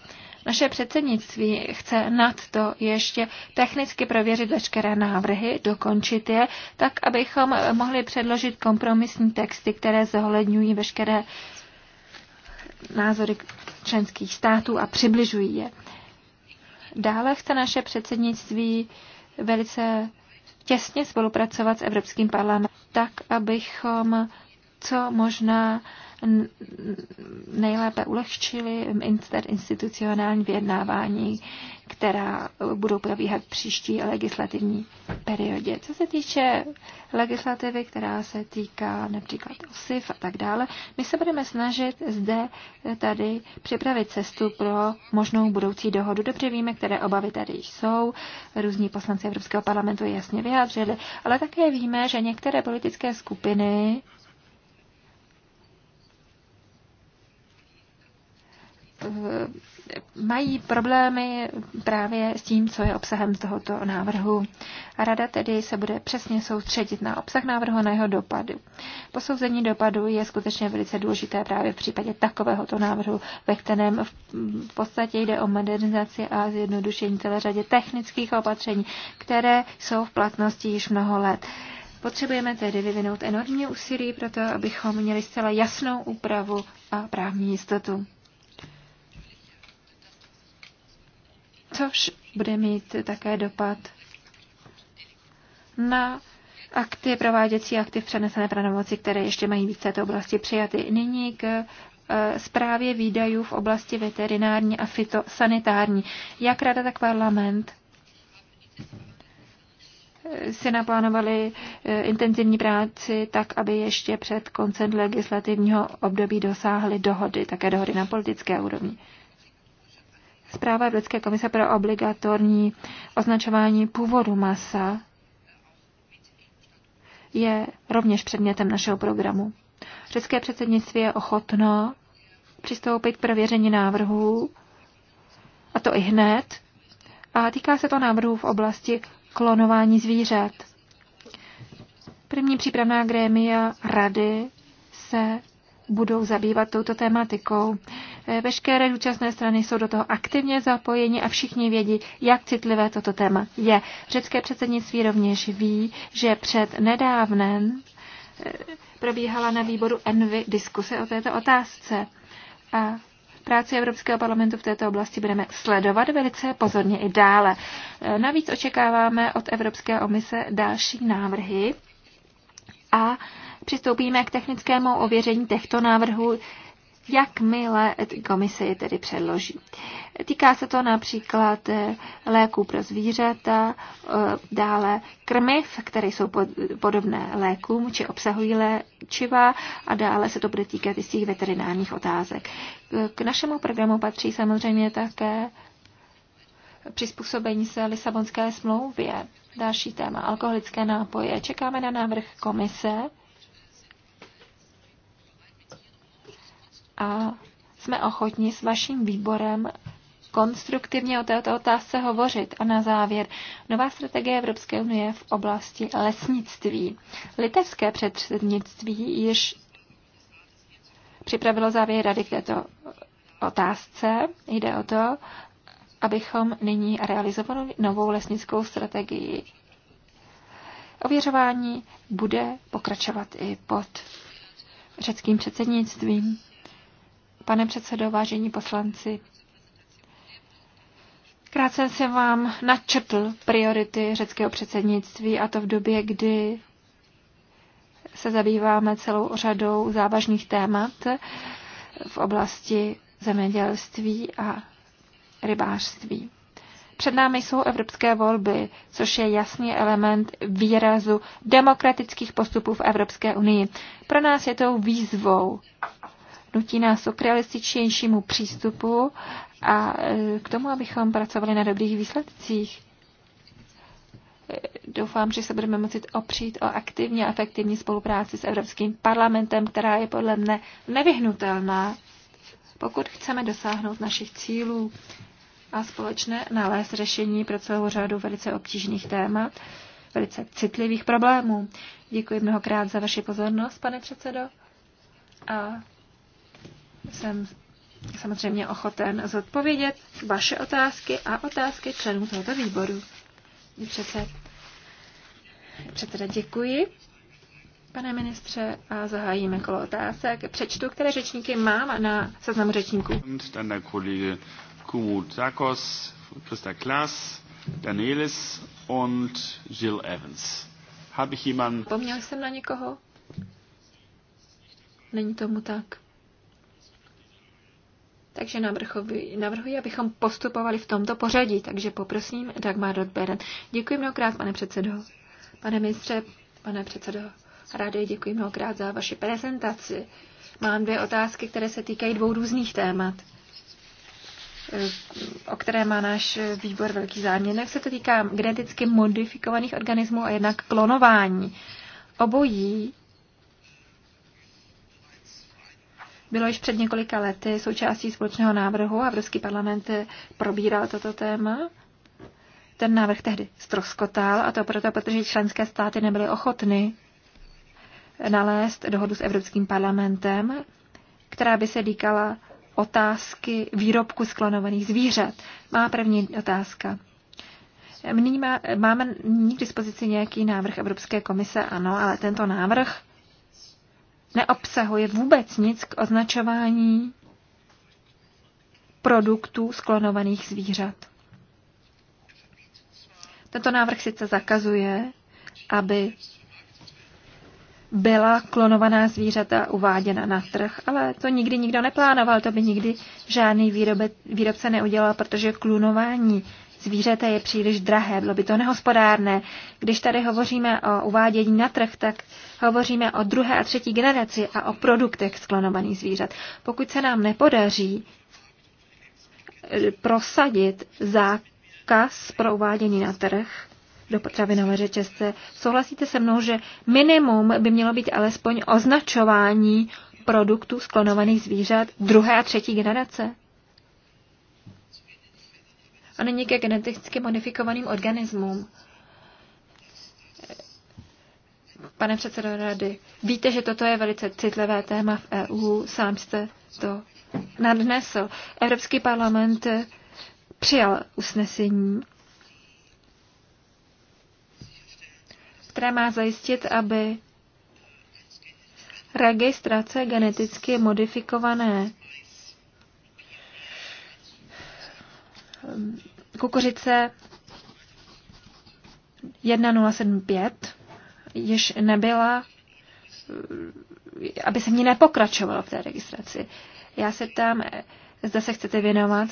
Naše předsednictví chce nad to ještě technicky prověřit veškeré návrhy, dokončit je, tak abychom mohli předložit kompromisní texty, které zohledňují veškeré názory členských států a přibližují je. Dále chce naše předsednictví velice těsně spolupracovat s Evropským parlamentem tak abychom co možná nejlépe ulehčili interinstitucionální vyjednávání, která budou probíhat v příští legislativní periodě. Co se týče legislativy, která se týká například OSIF a tak dále, my se budeme snažit zde tady připravit cestu pro možnou budoucí dohodu. Dobře víme, které obavy tady jsou, různí poslanci Evropského parlamentu jasně vyjádřili, ale také víme, že některé politické skupiny mají problémy právě s tím, co je obsahem tohoto návrhu. A rada tedy se bude přesně soustředit na obsah návrhu a na jeho dopadu. Posouzení dopadu je skutečně velice důležité právě v případě takovéhoto návrhu, ve kterém v podstatě jde o modernizaci a zjednodušení celé řadě technických opatření, které jsou v platnosti již mnoho let. Potřebujeme tedy vyvinout enormní úsilí pro to, abychom měli zcela jasnou úpravu a právní jistotu. což bude mít také dopad na akty, prováděcí akty v přenesené pravomoci, které ještě mají být v této oblasti přijaty. Nyní k e, zprávě výdajů v oblasti veterinární a fitosanitární. Jak rada, tak parlament e, si naplánovali e, intenzivní práci tak, aby ještě před koncem legislativního období dosáhly dohody, také dohody na politické úrovni. Zpráva Evropské komise pro obligatorní označování původu masa je rovněž předmětem našeho programu. České předsednictví je ochotno přistoupit k prověření návrhů, a to i hned, a týká se to návrhů v oblasti klonování zvířat. První přípravná grémia rady se budou zabývat touto tématikou. Eh, Veškeré účastné strany jsou do toho aktivně zapojeni a všichni vědí, jak citlivé toto téma je. Řecké předsednictví rovněž ví, že před nedávnem eh, probíhala na výboru Envy diskuse o této otázce. A práci Evropského parlamentu v této oblasti budeme sledovat velice pozorně i dále. Eh, navíc očekáváme od Evropské komise další návrhy a přistoupíme k technickému ověření těchto návrhů, jakmile komise je tedy předloží. Týká se to například eh, léků pro zvířata, eh, dále krmiv, které jsou podobné lékům či obsahují léčiva a dále se to bude týkat i těch veterinárních otázek. Eh, k našemu programu patří samozřejmě také přizpůsobení se Lisabonské smlouvě. Další téma, alkoholické nápoje. Čekáme na návrh komise a jsme ochotni s vaším výborem konstruktivně o této otázce hovořit. A na závěr, nová strategie Evropské unie v oblasti lesnictví. Litevské předsednictví již připravilo závěr rady k této otázce. Jde o to, abychom nyní realizovali novou lesnickou strategii. Ověřování bude pokračovat i pod řeckým předsednictvím. Pane předsedo, vážení poslanci, krátce jsem vám načrtl priority řeckého předsednictví a to v době, kdy se zabýváme celou řadou závažných témat v oblasti zemědělství a rybářství. Před námi jsou evropské volby, což je jasný element výrazu demokratických postupů v Evropské unii. Pro nás je to výzvou nutí nás k realističnějšímu přístupu a e, k tomu, abychom pracovali na dobrých výsledcích. E, doufám, že se budeme moci opřít o aktivní a efektivní spolupráci s Evropským parlamentem, která je podle mne nevyhnutelná, pokud chceme dosáhnout našich cílů a společně nalézt řešení pro celou řadu velice obtížných témat, velice citlivých problémů. Děkuji mnohokrát za vaši pozornost, pane předsedo. A jsem samozřejmě ochoten zodpovědět vaše otázky a otázky členů tohoto výboru. Přece, přece děkuji. Pane ministře, a zahájíme kolo otázek. Přečtu, které řečníky mám na seznamu řečníků. Dan Kumut Zakos, Christa Klaas, Danielis und Jill Evans. Habe ich jemanden... Pomněl jsem na někoho? Není tomu tak takže navrhuji, navrhuji, abychom postupovali v tomto pořadí. Takže poprosím Dagmar Rodberen. Děkuji mnohokrát, pane předsedo. Pane ministře, pane předsedo rady, děkuji mnohokrát za vaši prezentaci. Mám dvě otázky, které se týkají dvou různých témat eh, o které má náš výbor velký zájem. Jednak se to týká geneticky modifikovaných organismů a jednak klonování. Obojí bylo již před několika lety součástí společného návrhu a Evropský parlament probíral toto téma. Ten návrh tehdy stroskotal a to proto, protože členské státy nebyly ochotny nalézt dohodu s Evropským parlamentem, která by se týkala otázky výrobku sklonovaných zvířat. Má první otázka. Nyní má, máme nyní k dispozici nějaký návrh Evropské komise, ano, ale tento návrh neobsahuje vůbec nic k označování produktů sklonovaných zvířat. Tento návrh sice zakazuje, aby byla klonovaná zvířata uváděna na trh, ale to nikdy nikdo neplánoval, to by nikdy žádný výrobe, výrobce neudělal, protože klonování zvířete je příliš drahé, bylo by to nehospodárné. Když tady hovoříme o uvádění na trh, tak hovoříme o druhé a třetí generaci a o produktech sklonovaných zvířat. Pokud se nám nepodaří eh, prosadit zákaz pro uvádění na trh, do potravinové řetězce. Souhlasíte se mnou, že minimum by mělo být alespoň označování produktů sklonovaných zvířat druhé a třetí generace? A není ke geneticky modifikovaným organismům. Pane předsedo rady, víte, že toto je velice citlivé téma v EU, sám jste to nadnesl. Evropský parlament přijal usnesení, které má zajistit, aby registrace geneticky modifikované Eh, kukuřice 1075 již nebyla, eh, aby se mě nepokračovalo v té registraci. Já se tam, eh, zda se chcete věnovat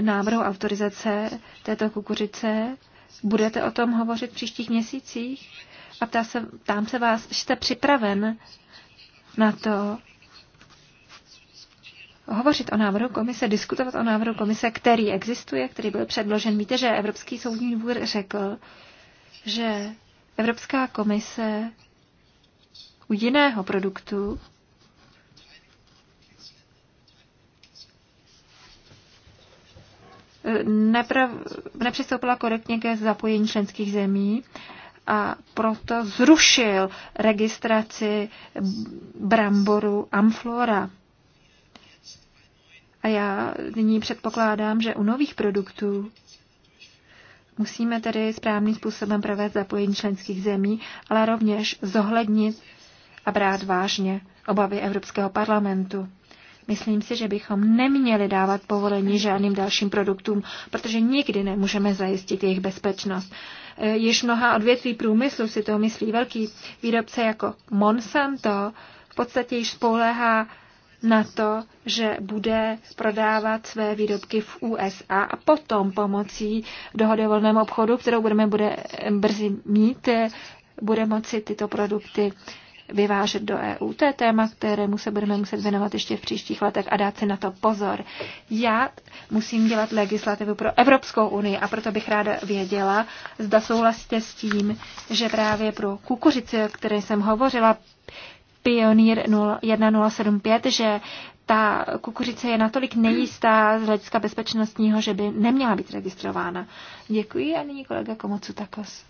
návrhu autorizace této kukuřice, budete o tom hovořit v příštích měsících a ptá se, ptám se vás, jste připraven na to, hovořit o návrhu komise, diskutovat o návrhu komise, který existuje, který byl předložen. Víte, že Evropský soudní dvůr řekl, že Evropská komise u jiného produktu neprav, nepřistoupila korektně ke zapojení členských zemí a proto zrušil registraci bramboru Amflora. A já nyní předpokládám, že u nových produktů musíme tedy správným způsobem provést zapojení členských zemí, ale rovněž zohlednit a brát vážně obavy Evropského parlamentu. Myslím si, že bychom neměli dávat povolení žádným dalším produktům, protože nikdy nemůžeme zajistit jejich bezpečnost. E, již mnoha odvětví průmyslu si to myslí velký výrobce jako Monsanto v podstatě již spoléhá na to, že bude prodávat své výrobky v USA a potom pomocí dohody o volném obchodu, kterou budeme bude brzy mít, bude moci tyto produkty vyvážet do EU. To je téma, kterému se budeme muset věnovat ještě v příštích letech a dát si na to pozor. Já musím dělat legislativu pro Evropskou unii a proto bych ráda věděla, zda souhlasíte s tím, že právě pro kukuřici, o které jsem hovořila, Pioneer 1075, že ta kukuřice je natolik nejistá z hlediska bezpečnostního, že by neměla být registrována. Děkuji a nyní kolega Komocu Takos.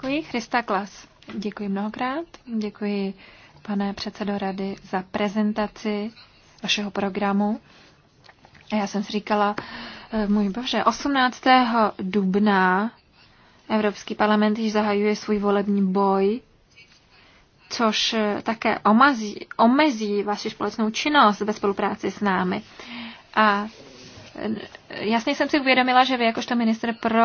Děkuji, Christa Klas. Děkuji mnohokrát. Děkuji, pane předsedo rady, za prezentaci vašeho programu. A já jsem si říkala, eh, můj bože, 18. dubna Evropský parlament již zahajuje svůj volební boj, což eh, také omazí, omezí vaši společnou činnost ve spolupráci s námi. A eh, jasně jsem si uvědomila, že vy jakožto minister pro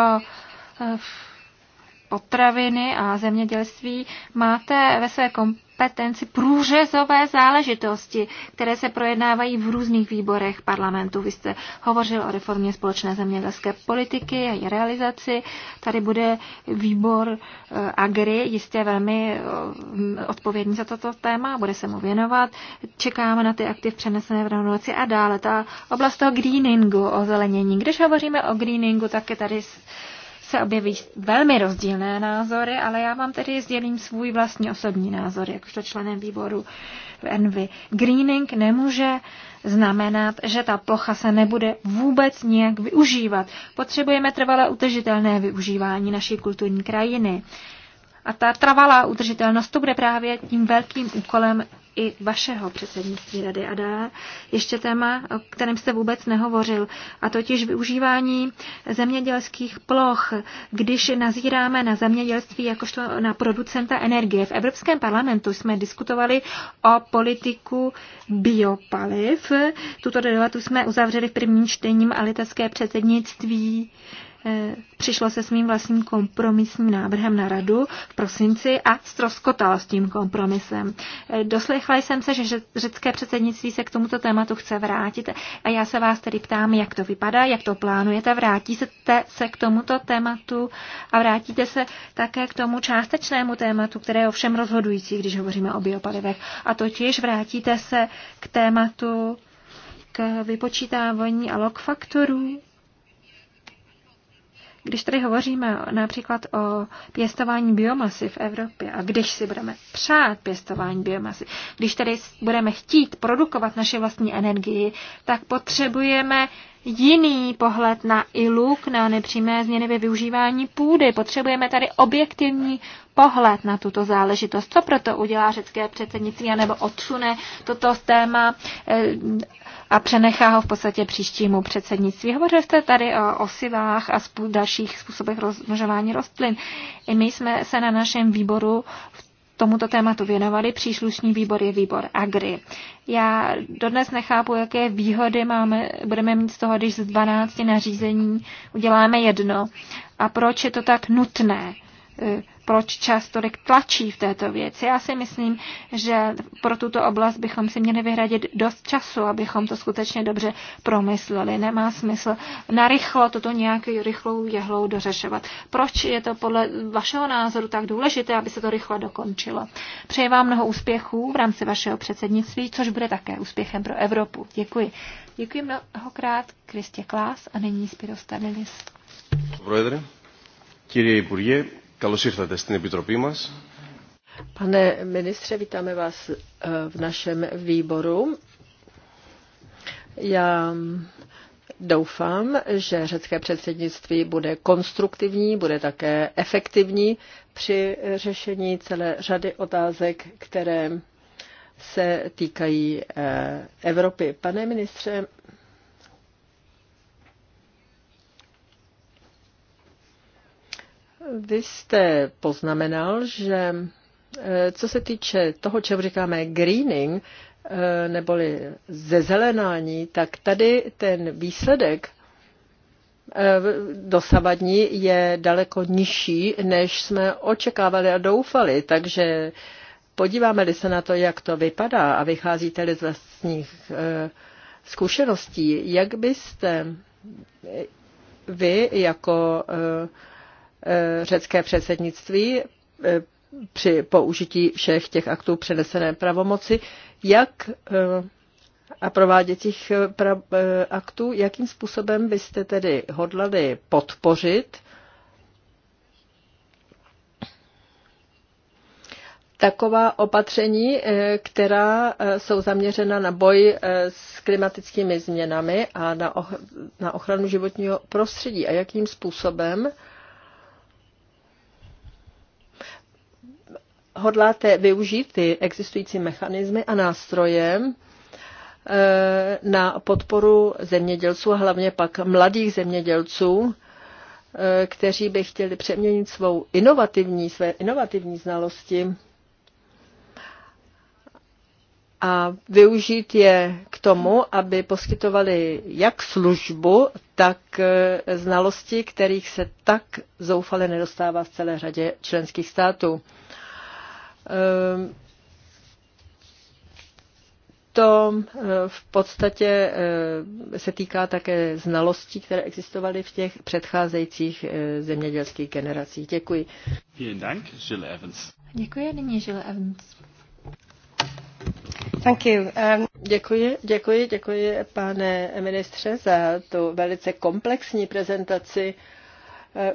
potraviny a zemědělství máte ve své kompetenci průřezové záležitosti, které se projednávají v různých výborech parlamentu. Vy jste hovořil o reformě společné zemědělské politiky a její realizaci. Tady bude výbor eh, Agri jistě velmi eh, odpovědný za toto téma, bude se mu věnovat. Čekáme na ty aktiv přenesené v rovnoci a dále. Ta oblast toho greeningu, o zelenění. Když hovoříme o greeningu, tak je tady se objeví velmi rozdílné názory, ale já vám tedy sdělím svůj vlastní osobní názor, jakožto členem výboru v Envy. Greening nemůže znamenat, že ta plocha se nebude vůbec nějak využívat. Potřebujeme trvalé utržitelné využívání naší kulturní krajiny. A ta trvalá udržitelnost, to bude právě tím velkým úkolem i vašeho předsednictví rady. A dále ještě téma, o kterém jste vůbec nehovořil, a totiž využívání zemědělských ploch, když nazíráme na zemědělství jakožto na producenta energie. V Evropském parlamentu jsme diskutovali o politiku biopaliv. Tuto debatu jsme uzavřeli v prvním čtením a litevské předsednictví Eh, přišlo se svým vlastním kompromisním návrhem na radu v prosinci a stroskotalo s tím kompromisem. Eh, doslechla jsem se, že řecké předsednictví se k tomuto tématu chce vrátit a já se vás tedy ptám, jak to vypadá, jak to plánujete, vrátí se, se k tomuto tématu a vrátíte se také k tomu částečnému tématu, které je ovšem rozhodující, když hovoříme o biopalivech. A totiž vrátíte se k tématu k vypočítávání a log faktorů když tady hovoříme například o pěstování biomasy v Evropě a když si budeme přát pěstování biomasy, když tady budeme chtít produkovat naše vlastní energii, tak potřebujeme jiný pohled na iluk, na nepřímé změny ve využívání půdy. Potřebujeme tady objektivní pohled na tuto záležitost. Co proto udělá řecké předsednictví, anebo odsune toto téma eh, a přenechá ho v podstatě příštímu předsednictví. Hovořil jste tady o osivách a spů- dalších způsobech rozmnožování rostlin. I my jsme se na našem výboru v tomuto tématu věnovali. Příslušný výbor je výbor Agri. Já dodnes nechápu, jaké výhody máme, budeme mít z toho, když z 12 nařízení uděláme jedno. A proč je to tak nutné? proč čas tolik tlačí v této věci. Já si myslím, že pro tuto oblast bychom si měli vyhradit dost času, abychom to skutečně dobře promysleli. Nemá smysl narychlo toto nějak rychlou jehlou dořešovat. Proč je to podle vašeho názoru tak důležité, aby se to rychle dokončilo? Přeji vám mnoho úspěchů v rámci vašeho předsednictví, což bude také úspěchem pro Evropu. Děkuji. Děkuji mnohokrát Kristě Klás a nyní Spiro Stanilis. Kyrie Υπουργέ, Καλώς ήρθατε στην Επιτροπή μας. Pane ministře, βιτάμε βάς eh, v našem výboru. Já doufám, že řecké předsednictví bude konstruktivní, bude také efektivní při řešení celé řady otázek, které se týkají eh, Evropy. Pane ministře, Vy jste poznamenal, že eh, co se týče toho, čemu říkáme greening, eh, neboli zezelenání, tak tady ten výsledek eh, dosavadní je daleko nižší, než jsme očekávali a doufali. Takže podíváme-li se na to, jak to vypadá a vycházíte-li z vlastních zkušeností, jak byste vy jako Eh, řecké předsednictví eh, při použití všech těch aktů přenesené pravomoci, jak eh, a prováděcích pra, aktů, jakým způsobem byste tedy hodlali podpořit taková opatření, která jsou zaměřena na boj s klimatickými změnami a oh, na ochranu životního prostředí a jakým způsobem hodláte využít ty existující mechanismy a nástroje eh, na podporu zemědělců a hlavně pak mladých zemědělců, eh, kteří by chtěli přeměnit svou inovativní, své inovativní znalosti a využít je k tomu, aby poskytovali jak službu, tak eh, znalosti, kterých se tak zoufale nedostává v celé řadě členských států. Ehm, to eh, v podstatě eh, se týká také znalostí, které existovaly v těch předcházejících eh, zemědělských generacích. Děkuji. Dank, Jill Evans. Děkuji, nyní Jill Evans. Thank you. Um... Děkuji, děkuji, děkuji, pane ministře, za tu velice komplexní prezentaci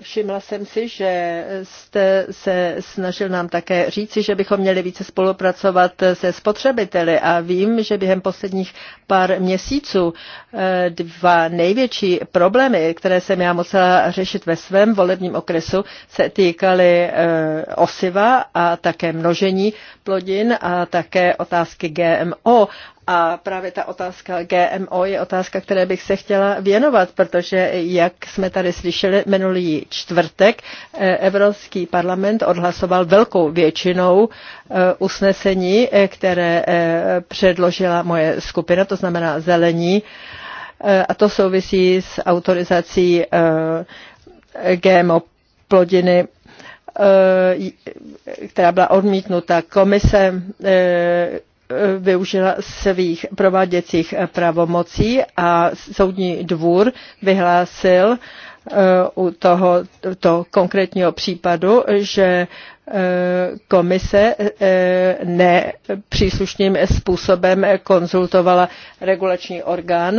Všimla jsem si, že jste se snažil nám také říci, že bychom měli více spolupracovat se spotřebiteli a vím, že během posledních pár měsíců eh, dva největší problémy, které jsem já musela řešit ve svém volebním okresu, se týkaly eh, osiva a také množení plodin a také otázky GMO a právě ta otázka GMO je otázka, které bych se chtěla věnovat, protože, jak jsme tady slyšeli minulý čtvrtek, e, Evropský parlament odhlasoval velkou většinou e, usnesení, e, které předložila moje skupina, to znamená zelení, a to souvisí s autorizací GMO plodiny která byla odmítnuta. Komise využila svých prováděcích pravomocí a soudní dvůr vyhlásil e, u toho to konkrétního případu, že e, komise e, nepříslušným způsobem konzultovala regulační orgán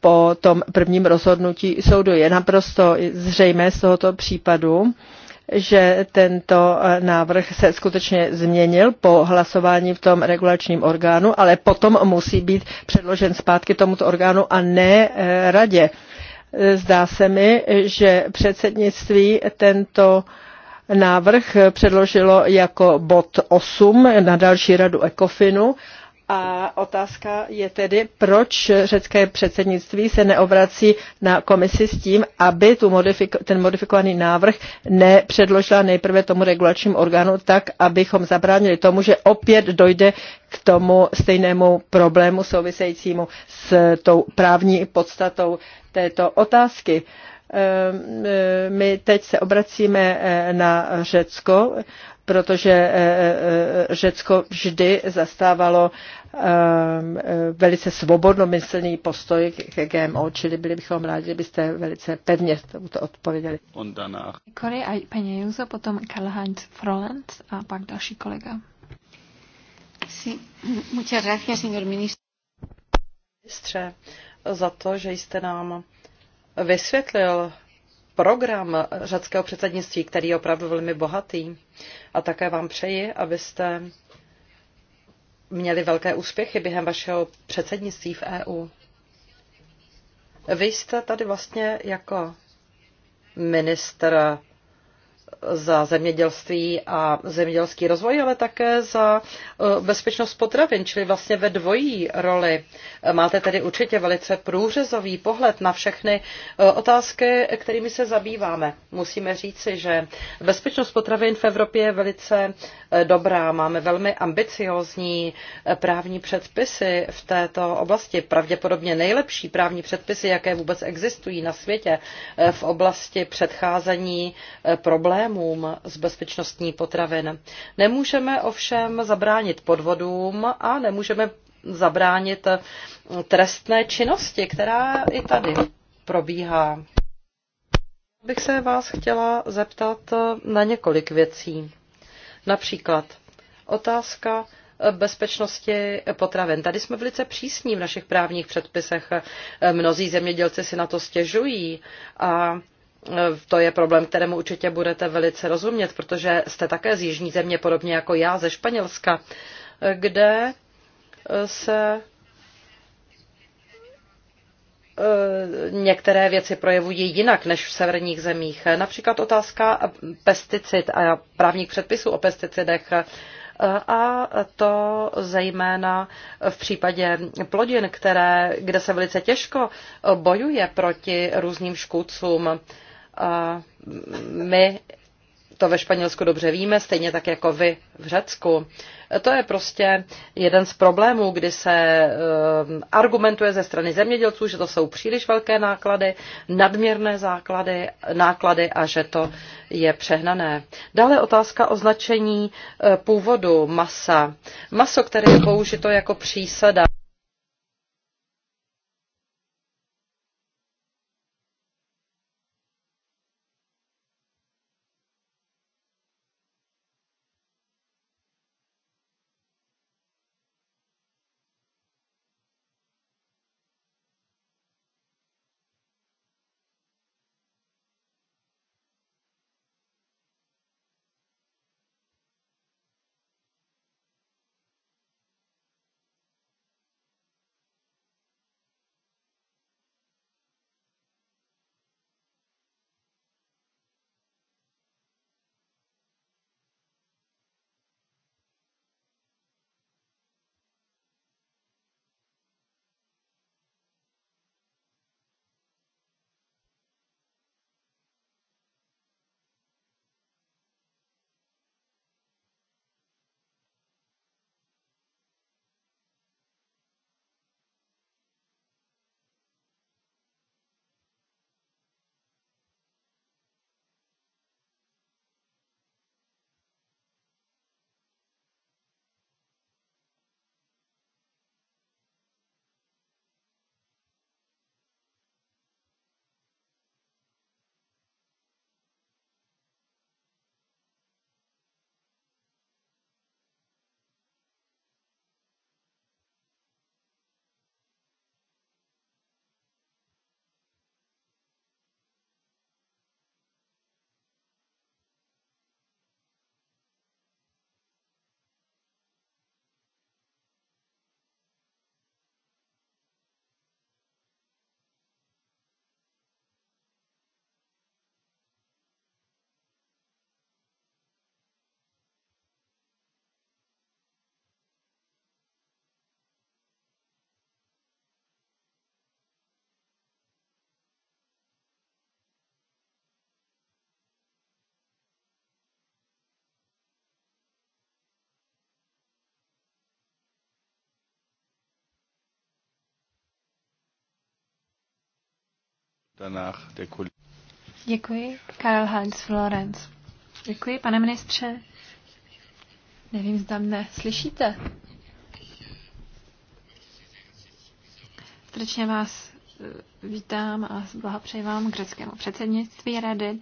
po tom prvním rozhodnutí soudu. Je naprosto zřejmé z tohoto případu, že tento eh, návrh se skutečně změnil po hlasování v tom regulačním orgánu, ale potom musí být předložen zpátky tomuto orgánu a ne eh, radě. Eh, zdá se mi, že předsednictví tento návrh předložilo jako bod 8 na další radu ECOFINu a otázka je tedy, proč řecké předsednictví se neobrací na komisi s tím, aby tu ten modifikovaný návrh nepředložila nejprve tomu regulačnímu orgánu tak, abychom zabránili tomu, že opět dojde k tomu stejnému problému souvisejícímu s tou právní podstatou této otázky. Ehm, my teď se obracíme eh, na Řecko, protože eh, eh, Řecko vždy zastávalo Ehm, e, velice svobodnomyslný postoj k GMO, čili byli bychom rádi, kdybyste velice pevně to odpověděli. Děkuji a paní Juzo, potom Karl-Heinz Froland a pak další kolega. Sí. Muchas gracias, señor ministro. Ministře, za to, že jste nám vysvětlil program řeckého předsednictví, který je opravdu velmi bohatý. A také vám přeji, abyste měli velké úspěchy během vašeho předsednictví v EU. Vy jste tady vlastně jako ministr za zemědělství a zemědělský rozvoj, ale také za e, bezpečnost potravin, čili vlastně ve dvojí roli. Máte tedy určitě velice průřezový pohled na všechny e, otázky, kterými se zabýváme. Musíme říci, že bezpečnost potravin v Evropě je velice e, dobrá. Máme velmi ambiciozní právní předpisy v této oblasti. Pravděpodobně nejlepší právní předpisy, jaké vůbec existují na světě v oblasti předcházení problémů problémům s bezpečností potravin. Nemůžeme ovšem zabránit podvodům a nemůžeme zabránit trestné činnosti, která i tady probíhá. Bych se vás chtěla zeptat na několik věcí. Například otázka bezpečnosti potravin. Tady jsme velice přísní v našich právních předpisech. Mnozí zemědělci si na to stěžují a Eh, to je problém, kterému určitě budete velice rozumět, protože jste také z jižní země, podobně jako já ze Španělska, eh, kde eh, se některé věci projevují jinak než v severních zemích. Například otázka pesticid a právních předpisů o pesticidech a to zejména v případě plodin, které, kde se velice těžko bojuje proti různým škůdcům. A my to ve Španělsku dobře víme, stejně tak jako vy v Řecku. To je prostě jeden z problémů, kdy se ehm, argumentuje ze strany zemědělců, že to jsou příliš velké náklady, nadměrné základy, náklady a že to je přehnané. Dále otázka označení eh, původu masa. Maso, které je použito jako přísada, Danach der Kollege. Děkuji. Karel Heinz Florenz. Děkuji, pane ministře. Nevím, zda mne slyšíte. Srdečně vás eh, vítám a blahopřeji vám k řeckému předsednictví rady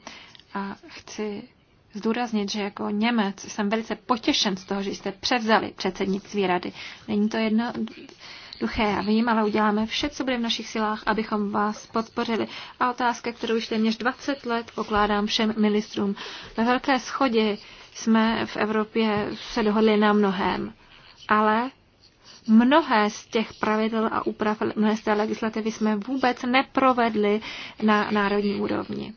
a chci zdůraznit, že jako Němec jsem velice potěšen z toho, že jste převzali předsednictví rady. Není to jedno Duché, já vím, ale uděláme vše, co bude v našich silách, abychom vás podpořili. A otázka, kterou už téměř 20 let pokládám všem ministrům. Ve velké schodě jsme v Evropě se dohodli na mnohem, ale mnohé z těch pravidel a úprav mnohé z té legislativy jsme vůbec neprovedli na národní úrovni.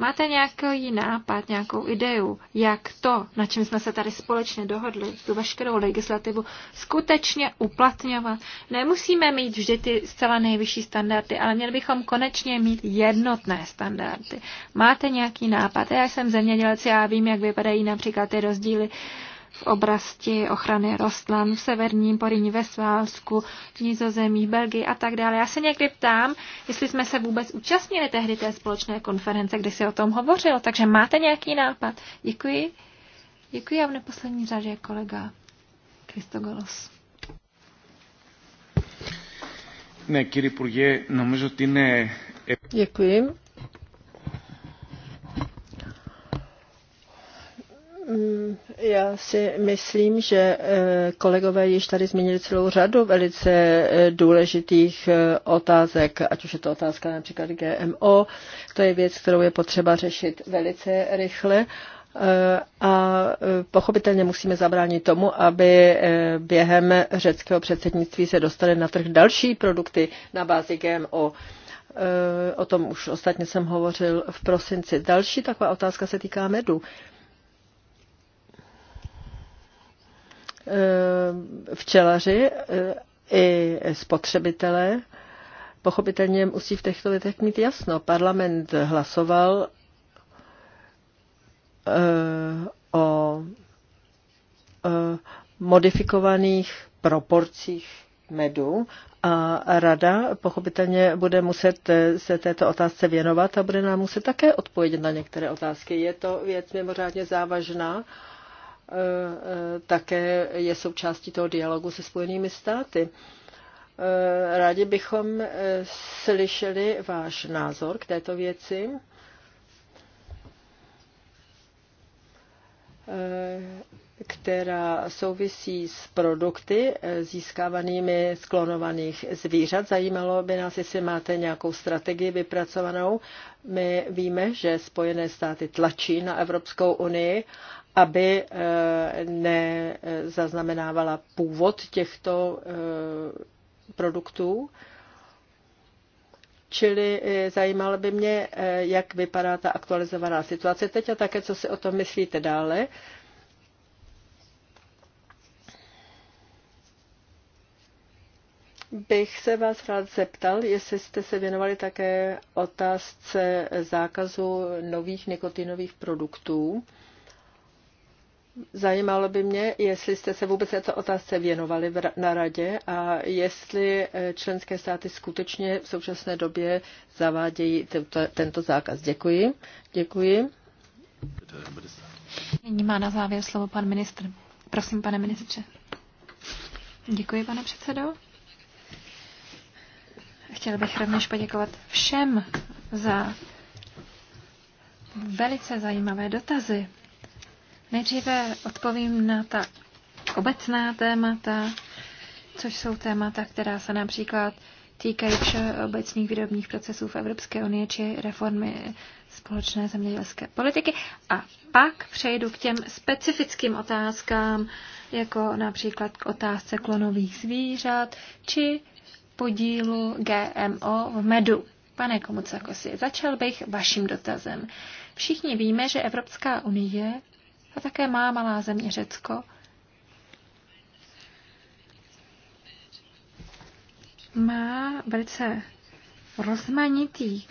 Máte nějaký nápad, nějakou ideu, jak to, na čem jsme se tady společně dohodli, tu veškerou legislativu, skutečně uplatňovat? Nemusíme mít vždy ty zcela nejvyšší standardy, ale měli bychom konečně mít jednotné standardy. Máte nějaký nápad? Já jsem zemědělec, já vím, jak vypadají například ty rozdíly v oblasti ochrany rostlin v severním Poríní ve Svalsku, v Nizozemí, Belgii a tak dále. Já se někdy ptám, jestli jsme se vůbec účastnili tehdy té společné konference, kdy se o tom hovořilo, takže máte nějaký nápad. Děkuji. Děkuji a v neposlední řadě kolega Kristogolos. Ne, Kyrie Purgě, νομίζω ότι είναι... Děkuji. Mm, já si myslím, že eh, kolegové již tady zmínili celou řadu velice eh, důležitých eh, otázek, ať už je to otázka například GMO, to je věc, kterou je potřeba řešit velice rychle a pochopitelně musíme zabránit tomu, aby během řeckého předsednictví se dostaly na trh další produkty na bázi GMO. O tom už ostatně jsem hovořil v prosinci. Další taková otázka se týká medu. Eh, včelaři eh, i spotřebitelé pochopitelně musí v těchto věcech mít jasno. Parlament hlasoval eh, o modifikovaných proporcích medu a rada pochopitelně bude muset se této otázce věnovat a bude nám muset také odpovědět na některé otázky. Je to věc mimořádně závažná také je součástí toho dialogu se Spojenými státy. Rádi bychom slyšeli váš názor k této věci. která souvisí s produkty získávanými z klonovaných zvířat. Zajímalo by nás, jestli máte nějakou strategii vypracovanou. My víme, že Spojené státy tlačí na Evropskou unii, aby eh, nezaznamenávala původ těchto eh, produktů. Čili eh, zajímalo by mě, jak vypadá ta aktualizovaná situace teď a také, co si o tom myslíte dále. bych se vás rád zeptal, jestli jste se věnovali také otázce zákazu nových nikotinových produktů. Zajímalo by mě, jestli jste se vůbec této otázce věnovali na radě a jestli eh, členské státy skutečně v současné době zavádějí tento, tento zákaz. Děkuji. Děkuji. Nyní má na závěr slovo pan ministr. Prosím, pane ministře. Děkuji, pane předsedo. Chtěl bych rovněž poděkovat všem za velice zajímavé dotazy. Nejdříve odpovím na ta obecná témata, což jsou témata, která se například týkají všeobecných výrobních procesů v Evropské unii či reformy společné zemědělské politiky. A pak přejdu k těm specifickým otázkám, jako například k otázce klonových zvířat či podílu GMO v medu. Pane Komucakosi, začal bych vaším dotazem. Všichni víme, že Evropská unie a také má malá země Řecko. Má velice rozmanitý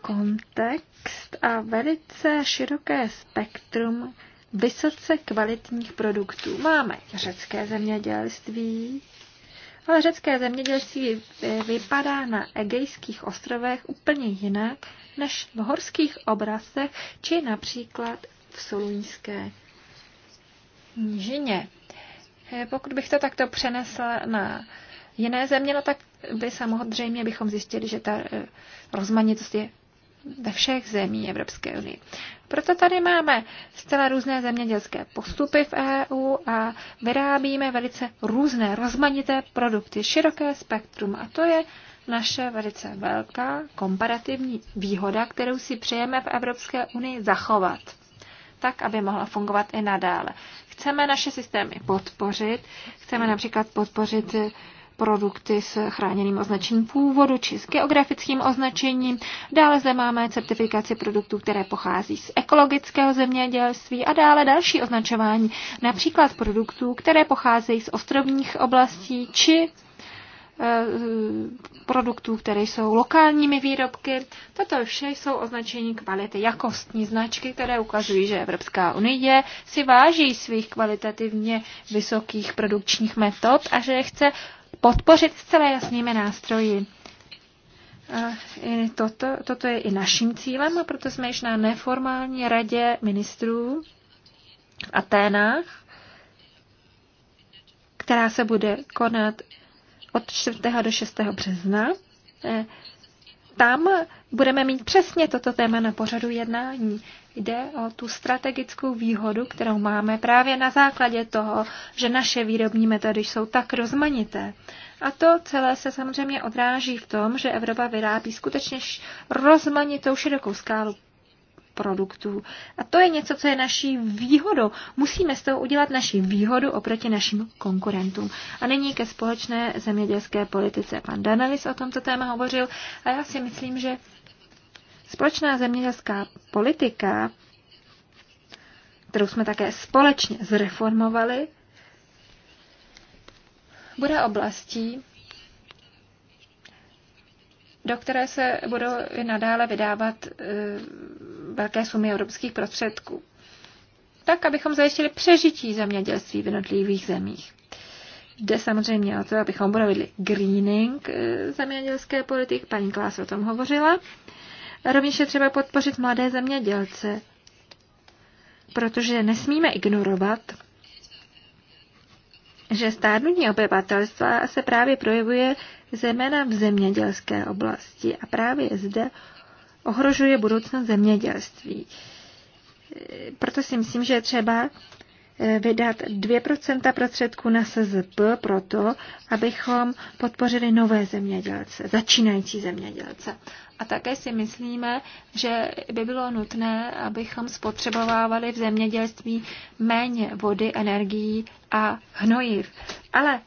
kontext a velice široké spektrum vysoce kvalitních produktů. Máme řecké zemědělství, ale řecké zemědělství vypadá na egejských ostrovech úplně jinak než v horských obrazech či například v Solunské nížině. Eh, pokud bych to takto přenesla na jiné země, no tak by samozřejmě bychom zjistili, že ta eh, rozmanitost je ve všech zemí Evropské unie. Proto tady máme zcela různé zemědělské postupy v EU a vyrábíme velice různé, rozmanité produkty, široké spektrum. A to je naše velice velká komparativní výhoda, kterou si přejeme v Evropské unii zachovat, tak, aby mohla fungovat i nadále. Chceme naše systémy podpořit, chceme například podpořit produkty s chráněným označením původu či s geografickým označením. Dále zde máme certifikaci produktů, které pochází z ekologického zemědělství a dále další označování, například produktů, které pocházejí z ostrovních oblastí či e, produktů, které jsou lokálními výrobky. Toto vše jsou označení kvality, jakostní značky, které ukazují, že Evropská unie si váží svých kvalitativně vysokých produkčních metod a že je chce podpořit zcela jasnými nástroji. I toto, toto je i naším cílem a proto jsme již na neformální radě ministrů v Aténách, která se bude konat od 4. do 6. března tam budeme mít přesně toto téma na pořadu jednání. Jde o tu strategickou výhodu, kterou máme právě na základě toho, že naše výrobní metody jsou tak rozmanité. A to celé se samozřejmě odráží v tom, že Evropa vyrábí skutečně rozmanitou širokou skálu produktů. A to je něco, co je naší výhodou. Musíme z toho udělat naši výhodu oproti našim konkurentům. A nyní ke společné zemědělské politice. Pan Danelis o tomto téma hovořil a já si myslím, že společná zemědělská politika, kterou jsme také společně zreformovali, bude oblastí, do které se budou nadále vydávat eh, velké sumy evropských prostředků. Tak, abychom zajistili přežití zemědělství v jednotlivých zemích. Jde samozřejmě o to, abychom budovili greening e, zemědělské politik, paní Klás o tom hovořila. Rovněž je třeba podpořit mladé zemědělce, protože nesmíme ignorovat, že stárnutí obyvatelstva se právě projevuje zejména v zemědělské oblasti a právě zde ohrožuje budoucnost zemědělství. Proto si myslím, že je třeba eh, vydat 2% prostředků na SZP proto, abychom podpořili nové zemědělce, začínající zemědělce. A také si myslíme, že by bylo nutné, abychom spotřebovávali v zemědělství méně vody, energií a hnojiv. Ale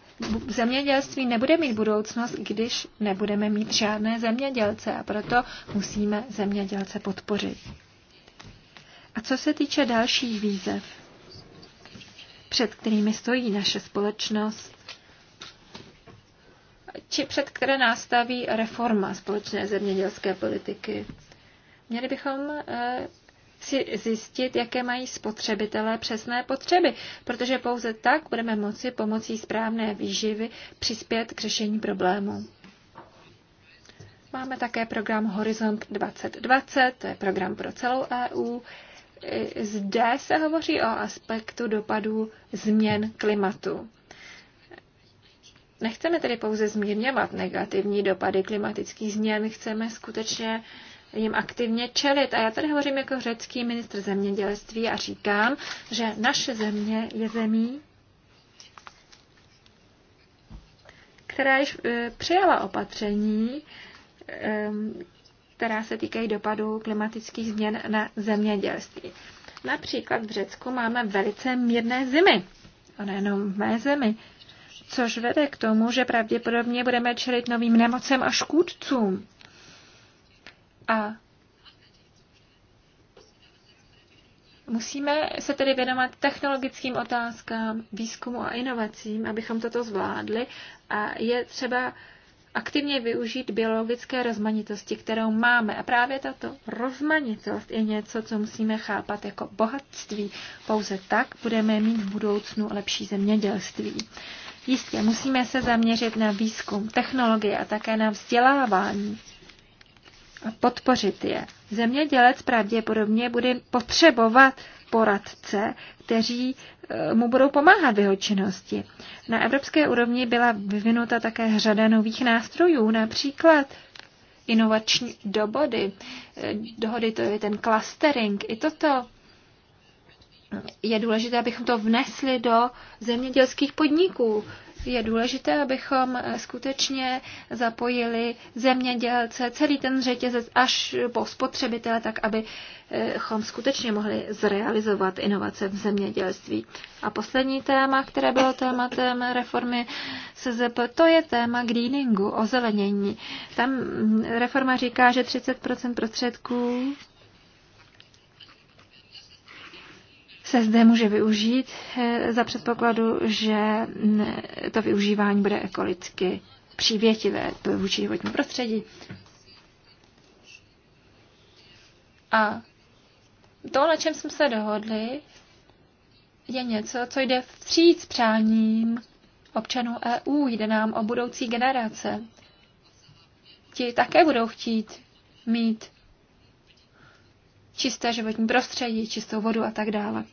zemědělství nebude mít budoucnost, když nebudeme mít žádné zemědělce a proto musíme zemědělce podpořit. A co se týče dalších výzev, před kterými stojí naše společnost, či před které nástaví reforma společné zemědělské politiky, měli bychom eh, si zjistit, jaké mají spotřebitelé přesné potřeby, protože pouze tak budeme moci pomocí správné výživy přispět k řešení problému. Máme také program Horizont 2020, to je program pro celou EU. Zde se hovoří o aspektu dopadů změn klimatu. Nechceme tedy pouze zmírňovat negativní dopady klimatických změn, chceme skutečně jim aktivně čelit. A já tady hovořím jako řecký ministr zemědělství a říkám, že naše země je zemí, která již e, přijala opatření, e, která se týkají dopadu klimatických změn na zemědělství. Například v Řecku máme velice mírné zimy. A nejenom v mé zemi. Což vede k tomu, že pravděpodobně budeme čelit novým nemocem a škůdcům. A musíme se tedy věnovat technologickým otázkám, výzkumu a inovacím, abychom toto zvládli. A je třeba aktivně využít biologické rozmanitosti, kterou máme. A právě tato rozmanitost je něco, co musíme chápat jako bohatství. Pouze tak budeme mít v budoucnu lepší zemědělství. Jistě musíme se zaměřit na výzkum, technologie a také na vzdělávání podpořit je. Zemědělec pravděpodobně bude potřebovat poradce, kteří eh, mu budou pomáhat v jeho činnosti. Na evropské úrovni byla vyvinuta také řada nových nástrojů, například inovační dohody. Eh, dohody to je ten clustering. I toto je důležité, abychom to vnesli do zemědělských podniků je důležité, abychom eh, skutečně zapojili zemědělce, celý ten řetězec až po spotřebitele, tak abychom eh, skutečně mohli zrealizovat inovace v zemědělství. A poslední téma, které bylo tématem reformy SZP, to je téma greeningu, ozelenění. Tam mm, reforma říká, že 30 prostředků se zde může využít eh, za předpokladu, že mm, to využívání bude ekologicky přívětivé vůči životnímu prostředí. A to, na čem jsme se dohodli, je něco, co jde vstříc přáním občanů EU. Jde nám o budoucí generace. Ti také budou chtít mít čisté životní prostředí, čistou vodu a tak dále.